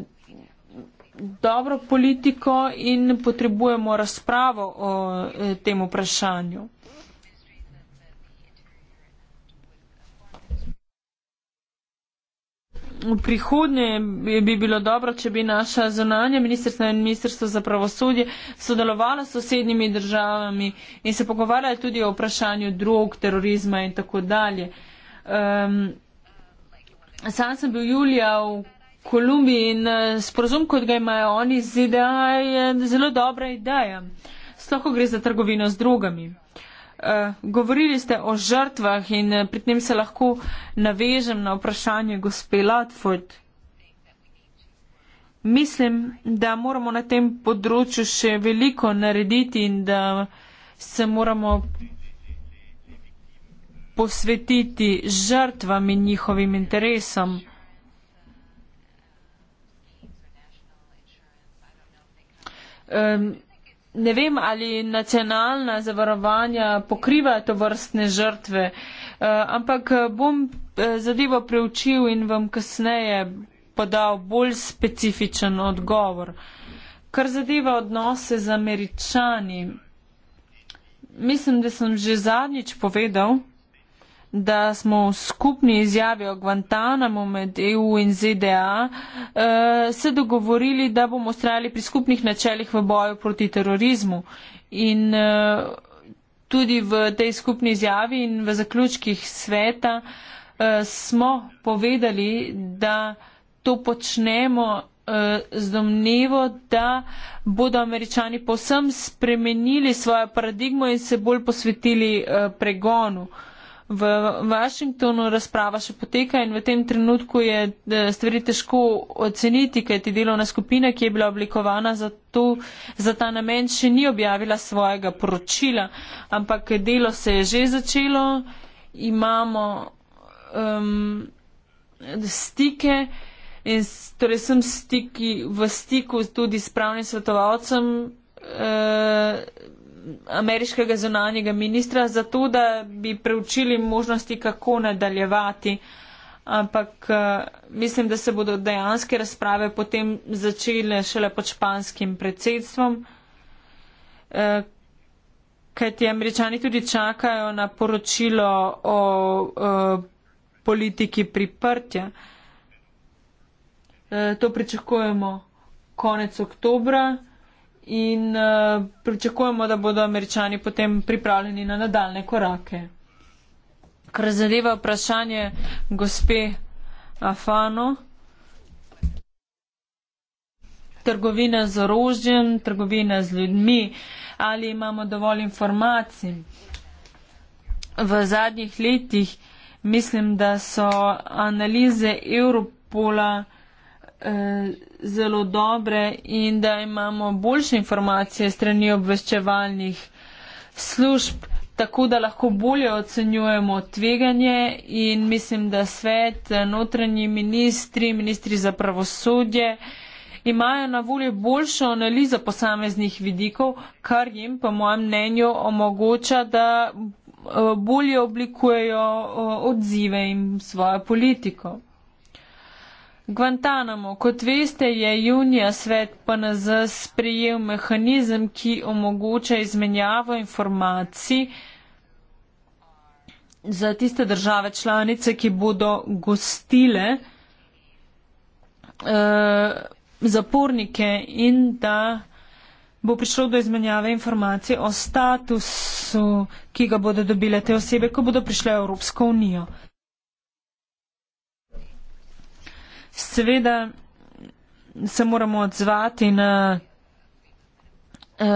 dobro politiko in potrebujemo razpravo o tem vprašanju. v prihodnje bi bilo dobro, če bi naša zunanja ministrstva in ministrstvo za pravosodje sodelovala s sosednjimi državami in se pogovarjala tudi o vprašanju drog, terorizma in tako dalje. Um, sam sem bil julija v Kolumbiji in eh, sporozum, kot ga imajo oni z ZDA, je zelo dobra ideja. Sploh, ko gre za trgovino z drogami. Uh, Eh, govorili ste o žrtvah in eh, pri tem se lahko navežem na vprašanje gospe Latford. Mislim, da moramo na tem področju še veliko narediti in da se moramo posvetiti žrtvam in njihovim interesom. Um, ne vem, ali nacionalna zavarovanja pokrivajo to vrstne žrtve, eh, ampak eh, bom eh, zadevo preučil in vam kasneje podal bolj specifičen odgovor. Kar zadeva odnose z američani, mislim, da sem že zadnjič povedal, da smo v skupni izjavi o Guantanamo med EU in ZDA eh, se dogovorili, da bomo ustrajali pri skupnih načelih v boju proti terorizmu. In eh, tudi v tej skupni izjavi in v zaključkih sveta eh, smo povedali, da to počnemo eh, z domnevo, da bodo američani povsem spremenili svojo paradigmo in se bolj posvetili eh, pregonu v Washingtonu razprava še poteka in v tem trenutku je eh, stvari težko oceniti, kaj ti delovna skupina, ki je bila oblikovana za, to, za ta namen, še ni objavila svojega poročila, ampak delo se je že začelo, imamo um, stike in torej sem stiki, v stiku tudi s pravnim svetovalcem. Uh, ameriškega zunanjega ministra za to, da bi preučili možnosti, kako nadaljevati. Ampak eh, mislim, da se bodo dejanske razprave potem začele šele pod španskim predsedstvom, eh, kajti američani tudi čakajo na poročilo o, o eh, politiki priprtja. To pričakujemo konec oktobra in uh, pričakujemo, da bodo američani potem pripravljeni na nadaljne korake. Kar zadeva vprašanje gospe Afano, trgovina z orožjem, trgovina z ljudmi, ali imamo dovolj informacij. V zadnjih letih mislim, da so analize Evropola eh, zelo dobre in da imamo boljše informacije strani obveščevalnih služb, tako da lahko bolje ocenjujemo tveganje in mislim, da svet, notranji ministri, ministri za pravosodje imajo na voljo boljšo analizo posameznih vidikov, kar jim, po mojem mnenju, omogoča, da eh, bolje oblikujejo eh, odzive in svojo politiko. Guantanamo, kot veste, je junija svet PNZ sprejel mehanizem, ki omogoča izmenjavo informacij za tiste države članice, ki bodo gostile eh, zapornike in da bo prišlo do izmenjave informacij o statusu, ki ga bodo dobile te osebe, ko bodo prišle v Evropsko unijo. Seveda se moramo odzvati na eh,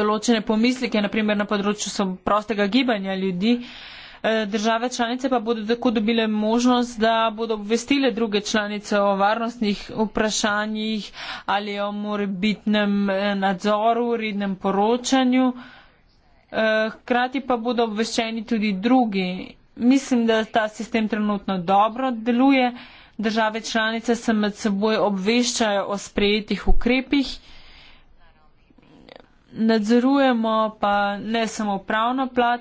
določene pomislike, naprimer na področju prostega gibanja ljudi. Eh, države članice pa bodo tako dobile možnost, da bodo obvestile druge članice o varnostnih vprašanjih ali o morebitnem eh, nadzoru, rednem poročanju. Eh, hkrati pa bodo obveščeni tudi drugi. Mislim, da ta sistem trenutno dobro deluje. Države članice se med seboj obveščajo o sprejetih ukrepih, nadzorujemo pa ne samo pravno plat,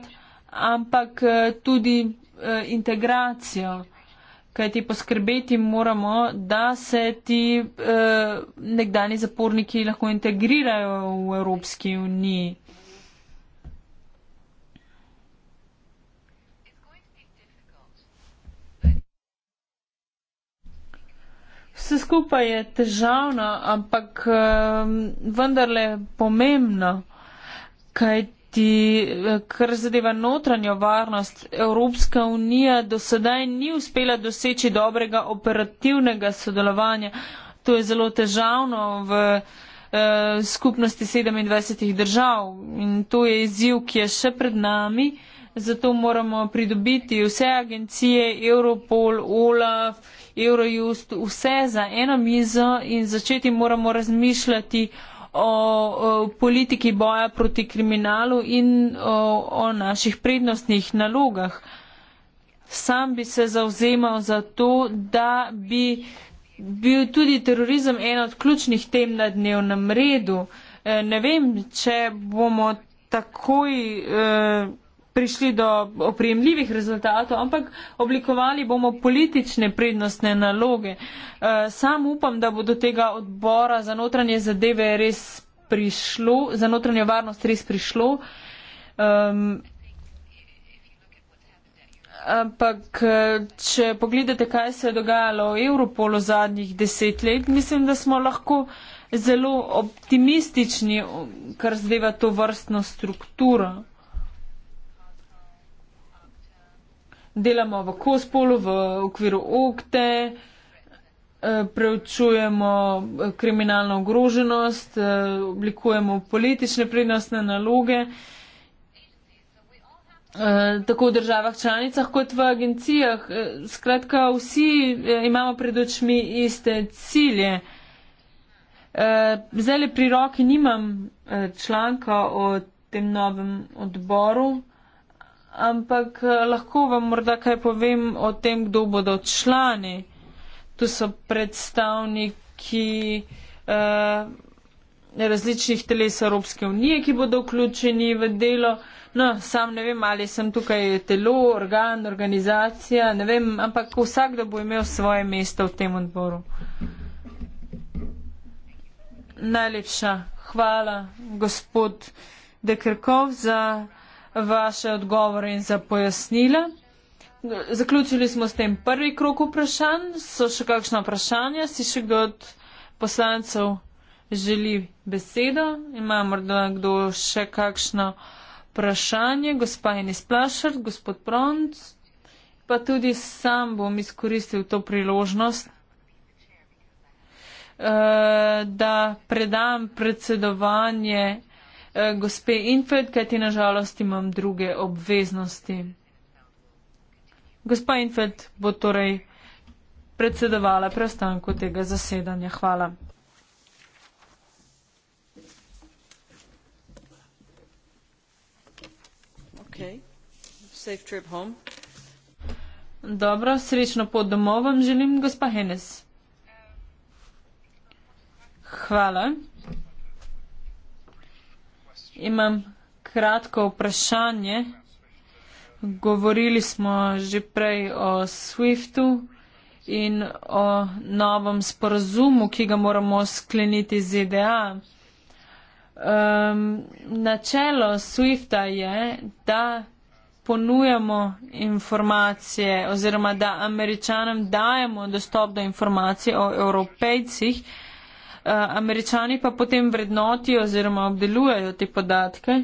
ampak eh, tudi eh, integracijo, kajti poskrbeti moramo, da se ti eh, nekdani zaporniki lahko integrirajo v Evropski uniji. vse skupaj je težavno, ampak ehm, vendarle pomembno, kaj ti, eh, kar zadeva notranjo varnost, Evropska unija do sedaj ni uspela doseči dobrega operativnega sodelovanja. To je zelo težavno v eh, skupnosti 27 držav in to je izziv, ki je še pred nami. Zato moramo pridobiti vse agencije, Europol, OLAF Eurojust, vse za eno mizo in začeti moramo razmišljati o, o politiki boja proti kriminalu in o, o naših prednostnih nalogah. Sam bi se zauzemal za to, da bi bil tudi terorizem ena od ključnih tem na dnevnem redu. E, ne vem, če bomo takoj. Eh, prišli do opremljivih rezultatov, ampak oblikovali bomo politične prednostne naloge. Eh, sam upam, da bo do tega odbora za notranje zadeve res prišlo, za notranjo varnost res prišlo. Um, ampak, eh, če pogledate, kaj se je dogajalo v Evropolu zadnjih deset let, mislim, da smo lahko zelo optimistični, kar zdeva to vrstno strukturo. delamo v kospolu, v okviru okte, eh, preučujemo eh, kriminalno ogroženost, eh, oblikujemo politične prednostne naloge. Tako v državah članicah kot v agencijah. Skratka, vsi imamo pred očmi iste cilje. Zdaj le pri roki nimam članka o tem novem odboru ampak eh, lahko vam morda kaj povem o tem, kdo bodo člani. Tu so predstavniki eh, različnih teles Evropske unije, ki bodo vključeni v delo. No, sam ne vem, ali sem tukaj telo, organ, organizacija, ne vem, ampak vsakdo bo imel svoje mesto v tem odboru. Najlepša hvala, gospod Dekrkov, za vaše odgovore in za pojasnila. Zaključili smo s tem prvi krok vprašanj. So še kakšna vprašanja? Si še kdo od poslancev želi besedo? Ima morda kdo še kakšno vprašanje? Gospa Enis Plašar, gospod Pronc. Pa tudi sam bom izkoristil to priložnost, eh, da predam predsedovanje Eh, gospe Infeld, kajti nažalost imam druge obveznosti. Gospa Infeld bo torej predsedovala preostanku tega zasedanja. Hvala. Okay. Dobro, srečno pot domov vam želim, gospa Henes. Hvala. Imam kratko vprašanje. Govorili smo že prej o SWIFT-u in o novem sporazumu, ki ga moramo skleniti z ZDA. Um, ehm, načelo SWIFT-a je, da ponujamo informacije oziroma da američanem dajemo dostop do informacije o evropejcih, uh, američani pa potem vrednotijo oziroma obdelujejo te podatke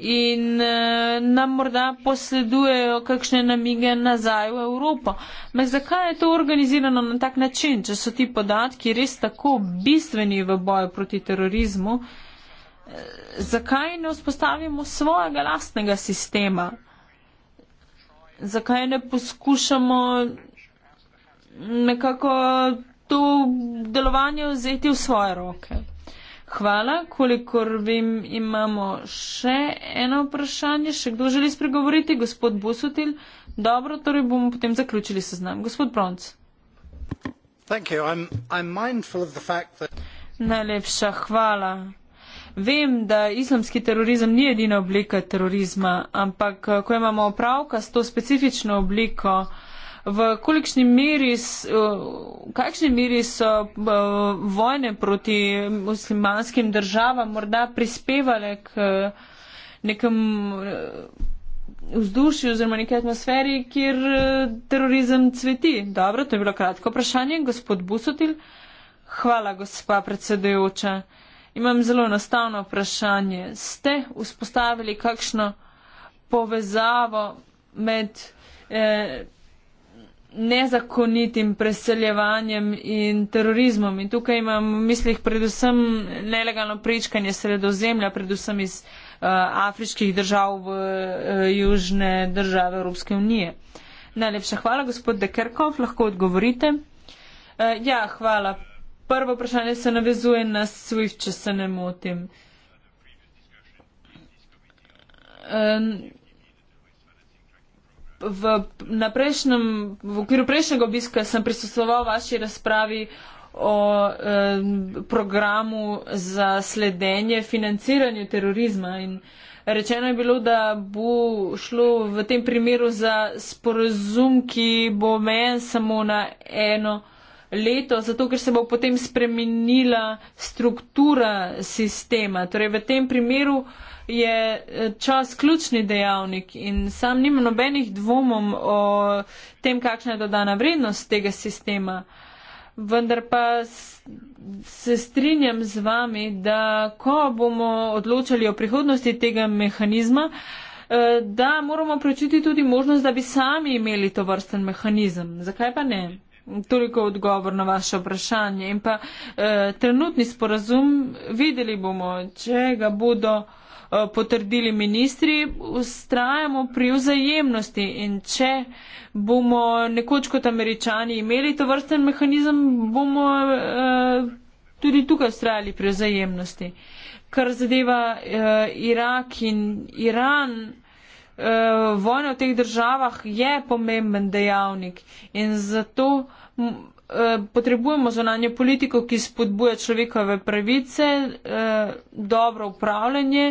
in e, nam morda posledujejo kakšne namige nazaj v Evropo. Me zakaj je to organizirano na tak način, če so ti podatki res tako bistveni v boju proti terorizmu, e, zakaj ne vzpostavimo svojega lastnega sistema? Zakaj ne poskušamo nekako to delovanje vzeti v svoje roke. Hvala, kolikor vem, imamo še eno vprašanje. Še kdo želi spregovoriti? Gospod Busutil. Dobro, torej bomo potem zaključili seznam. Gospod Bronc. Najlepša hvala. Vem, da islamski terorizem ni edina oblika terorizma, ampak eh, ko imamo opravka s to specifično obliko, v kolikšni meri, v kakšni meri so vojne proti muslimanskim državam morda prispevale k nekem e, vzdušju oziroma neki atmosferi, kjer e, terorizem cveti. Dobro, to je bilo kratko vprašanje. Gospod Busotil, hvala, gospa predsedujoča. Imam zelo enostavno vprašanje. Ste vzpostavili kakšno povezavo med. Eh, nezakonitim preseljevanjem in terorizmom. In tukaj imam v mislih predvsem nelegalno prečkanje sredozemlja, predvsem iz uh, afriških držav v uh, južne države Evropske unije. Najlepša hvala, gospod Dekerkov, lahko odgovorite. Uh, ja, hvala. Prvo vprašanje se navezuje na SWIFT, če se ne motim. Uh, v, prejšnjem, v okviru prejšnjega obiska sem prisustoval vaši razpravi o eh, programu za sledenje financiranju terorizma in rečeno je bilo, da bo šlo v tem primeru za sporozum, ki bo omejen samo na eno leto, zato ker se bo potem spremenila struktura sistema. Torej v tem primeru eh, je eh, čas ključni dejavnik in sam nimam nobenih dvomov o tem, kakšna je dodana vrednost tega sistema. Vendar pa se strinjam z vami, da ko bomo odločali o prihodnosti tega mehanizma, eh, da moramo preučiti tudi možnost, da bi sami imeli to vrsten mehanizem. Zakaj pa ne? Toliko odgovor na vaše vprašanje. In pa eh, trenutni sporazum, videli bomo, če ga bodo eh, Eh, potrdili ministri, ustrajamo pri vzajemnosti in če bomo nekoč kot američani imeli to vrsten mehanizem, bomo eh, tudi tukaj ustrajali pri vzajemnosti. Kar zadeva eh, Irak in Iran, vojna v teh državah je pomemben dejavnik in zato Eh, potrebujemo zonanje politiko, ki spodbuja človekove pravice, eh, dobro upravljanje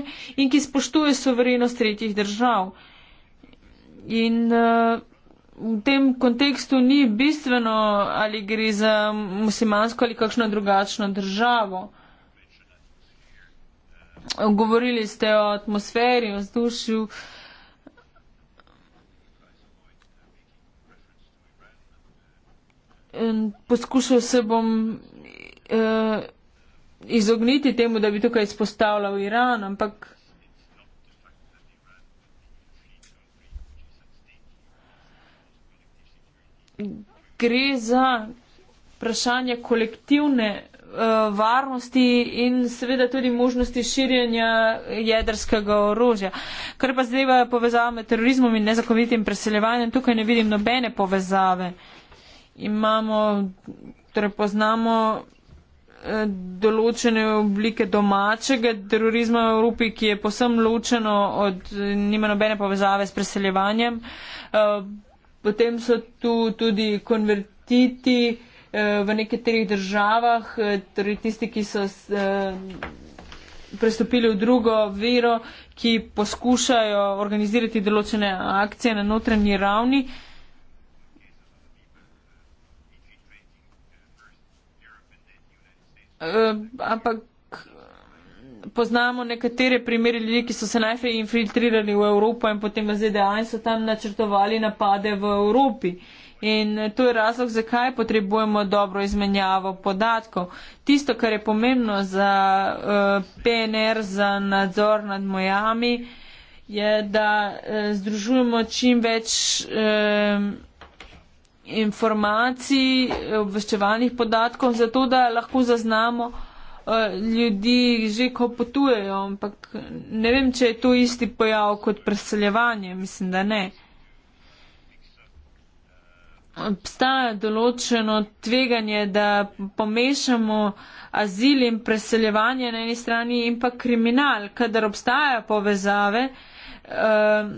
in ki spoštuje soverenost tretjih držav. In eh, v tem kontekstu ni bistveno, ali gre za muslimansko ali kakšno drugačno državo. Govorili ste o atmosferi, o vzdušju. in poskušal se bom uh, izogniti temu, da bi tukaj izpostavljal Iran, ampak. Gre za vprašanje kolektivne uh, varnosti in seveda tudi možnosti širjenja jedrskega orožja. Kar pa zdaj pa povezava med terorizmom in nezakonitim preseljevanjem, tukaj ne vidim nobene povezave. Uh, imamo, torej poznamo eh, določene oblike domačega terorizma v Evropi, ki je posem ločeno od, nima nobene povezave s preseljevanjem. Eh, potem so tu tudi konvertiti eh, v nekaterih državah, torej tisti, ki so prestopili v drugo vero, ki poskušajo organizirati določene akcije na notranji ravni. Eh, ampak poznamo nekatere primere ljudi, ki so se najprej infiltrirali v Evropo in potem v ZDA in so tam načrtovali napade v Evropi. In eh, to je razlog, zakaj potrebujemo dobro izmenjavo podatkov. Tisto, kar je pomembno za uh, eh, PNR, za nadzor nad mojami, je, da uh, združujemo čim več. Uh, informacij, obveščevalnih podatkov, zato da lahko zaznamo eh, ljudi že, ko potujejo, ampak ne vem, če je to isti pojav kot preseljevanje, mislim, da ne. Obstaja določeno tveganje, da pomešamo azil in preseljevanje na eni strani in pa kriminal, kadar obstajajo povezave. Uh,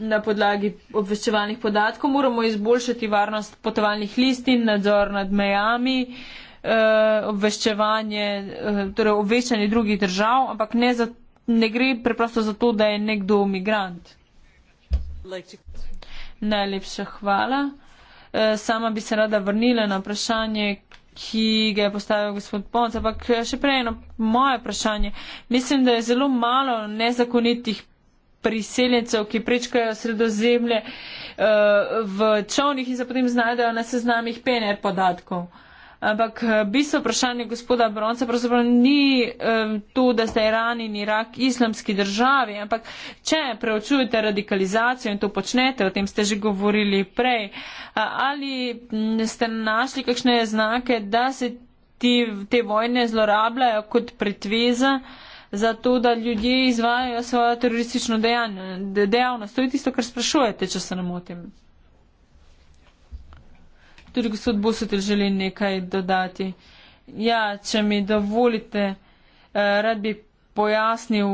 na podlagi obveščevalnih podatkov, moramo izboljšati varnost potovalnih listin, nadzor nad mejami, eh, obveščevanje, eh, torej obveščanje drugih držav, ampak ne, za, ne gre preprosto za to, da je nekdo migrant. Najlepša hvala. Eh, sama bi se rada vrnila na vprašanje, ki ga je postavil gospod Ponc, ampak še prej eno moje vprašanje. Mislim, da je zelo malo nezakonitih priseljencev, ki prečkajo sredozemlje eh, v čovnih in se potem znajdejo na seznamih PNR podatkov. Ampak eh, bistvo vprašanje gospoda Bronca pravzaprav ni eh, to, da ste Iran in Irak islamski državi, ampak če preučujete radikalizacijo in to počnete, o tem ste že govorili prej, ali ste našli kakšne znake, da se ti, te vojne zlorabljajo kot pretveza? za to, da ljudje izvajajo svojo teroristično dejanje, de, dejavnost. To je tisto, kar sprašujete, če se ne motim. Tudi gospod Bosotel želi nekaj dodati. Ja, če mi dovolite, eh, rad bi pojasnil.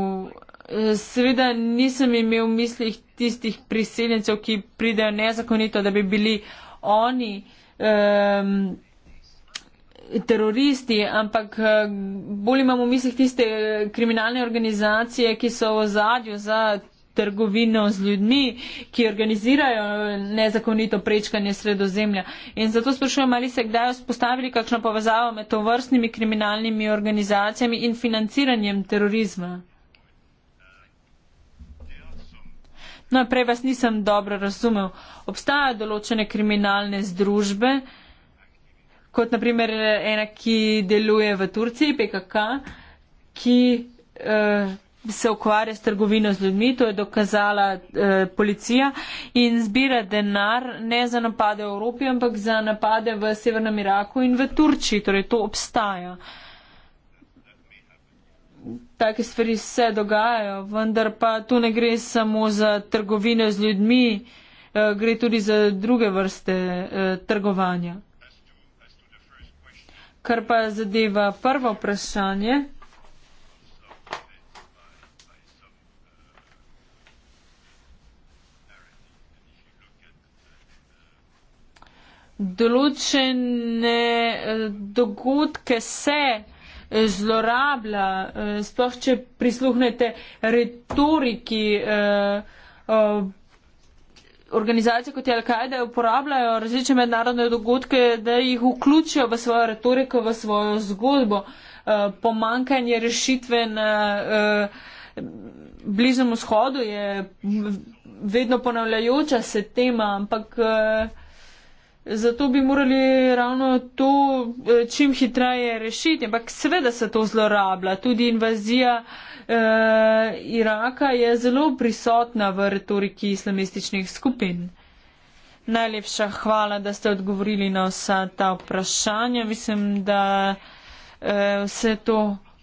Eh, seveda nisem imel v mislih tistih priseljencev, ki pridejo nezakonito, da bi bili oni. Um, teroristi, ampak eh, bolj imamo v mislih tiste kriminalne organizacije, ki so v zadju za trgovino z ljudmi, ki organizirajo nezakonito prečkanje sredozemlja. In zato sprašujem, ali se kdaj vzpostavili kakšno povezavo med tovrstnimi kriminalnimi organizacijami in financiranjem terorizma? No, prej vas nisem dobro razumel. Obstajajo določene kriminalne združbe, kot naprimer eh, ena, ki deluje v Turciji, PKK, ki uh, se ukvarja s trgovino z ljudmi, to je dokazala uh, policija in zbira denar ne za napade v Evropi, ampak za napade v Severnem Iraku in v Turčiji. Torej, to obstaja. Take stvari se dogajajo, vendar pa tu ne gre samo za trgovino z ljudmi, gre tudi za druge vrste trgovanja. Kar pa zadeva prvo vprašanje. Določene eh, dogodke se eh, zlorablja, eh, sploh če prisluhnete retoriki organizacije kot je Al-Kaida uporabljajo različne mednarodne dogodke, da jih vključijo v svojo retoriko, v svojo zgodbo. Eh, pomankanje rešitve na eh, Bližnem vzhodu je vedno ponavljajoča se tema, ampak eh, zato bi morali ravno to čim hitreje rešiti. Ampak seveda se to zlorablja, tudi invazija eh, Iraka je zelo prisotna v retoriki islamističnih skupin. Najlepša hvala, da ste odgovorili na vsa ta vprašanja. Mislim, da eh, vse to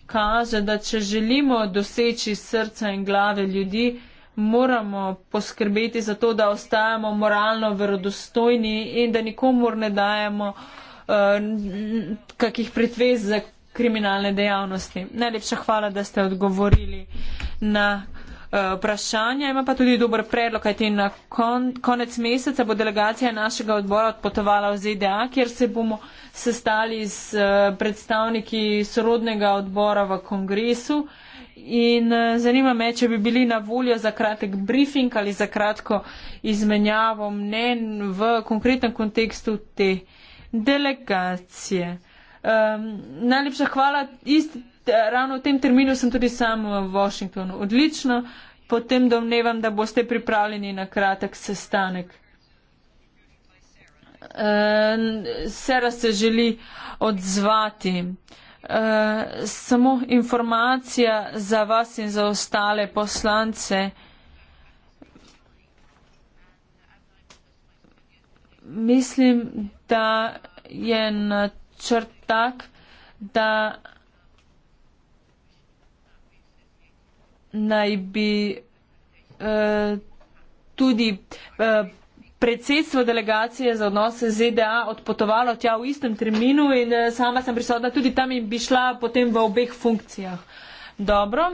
kaže, da če želimo doseči srca in glave ljudi, moramo poskrbeti za to, da ostajamo moralno verodostojni in da nikomu ne dajemo eh, kakih pretvez za kriminalne dejavnosti. Najlepša hvala, da ste odgovorili na eh, vprašanje. Ima pa tudi dober predlog, kajti na kon, konec meseca bo delegacija našega odbora odpotovala v ZDA, kjer se bomo sestali s eh, predstavniki sorodnega odbora v kongresu. In eh, zanima me, če bi bili na voljo za kratek briefing ali za kratko izmenjavo mnen v konkretnem kontekstu te delegacije. Um, najlepša hvala. Ist, ravno v tem terminu sem tudi sam v Washingtonu. Odlično. Potem domnevam, da boste pripravljeni na kratek sestanek. Uh, Sera se želi odzvati. Uh, samo informacija za vas in za ostale poslance. Mislim, da je na črt tak, da naj bi eh, tudi eh, predsedstvo delegacije za odnose z ZDA odpotovalo tja v istem terminu in eh, sama sem prisotna tudi tam in bi šla potem v obeh funkcijah. Dobro.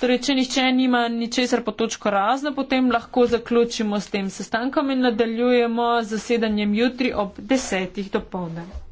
Torej, če nišče nima ničesar po točko razno, potem lahko zaključimo s tem sestankom in nadaljujemo z zasedanjem jutri ob desetih do povdne.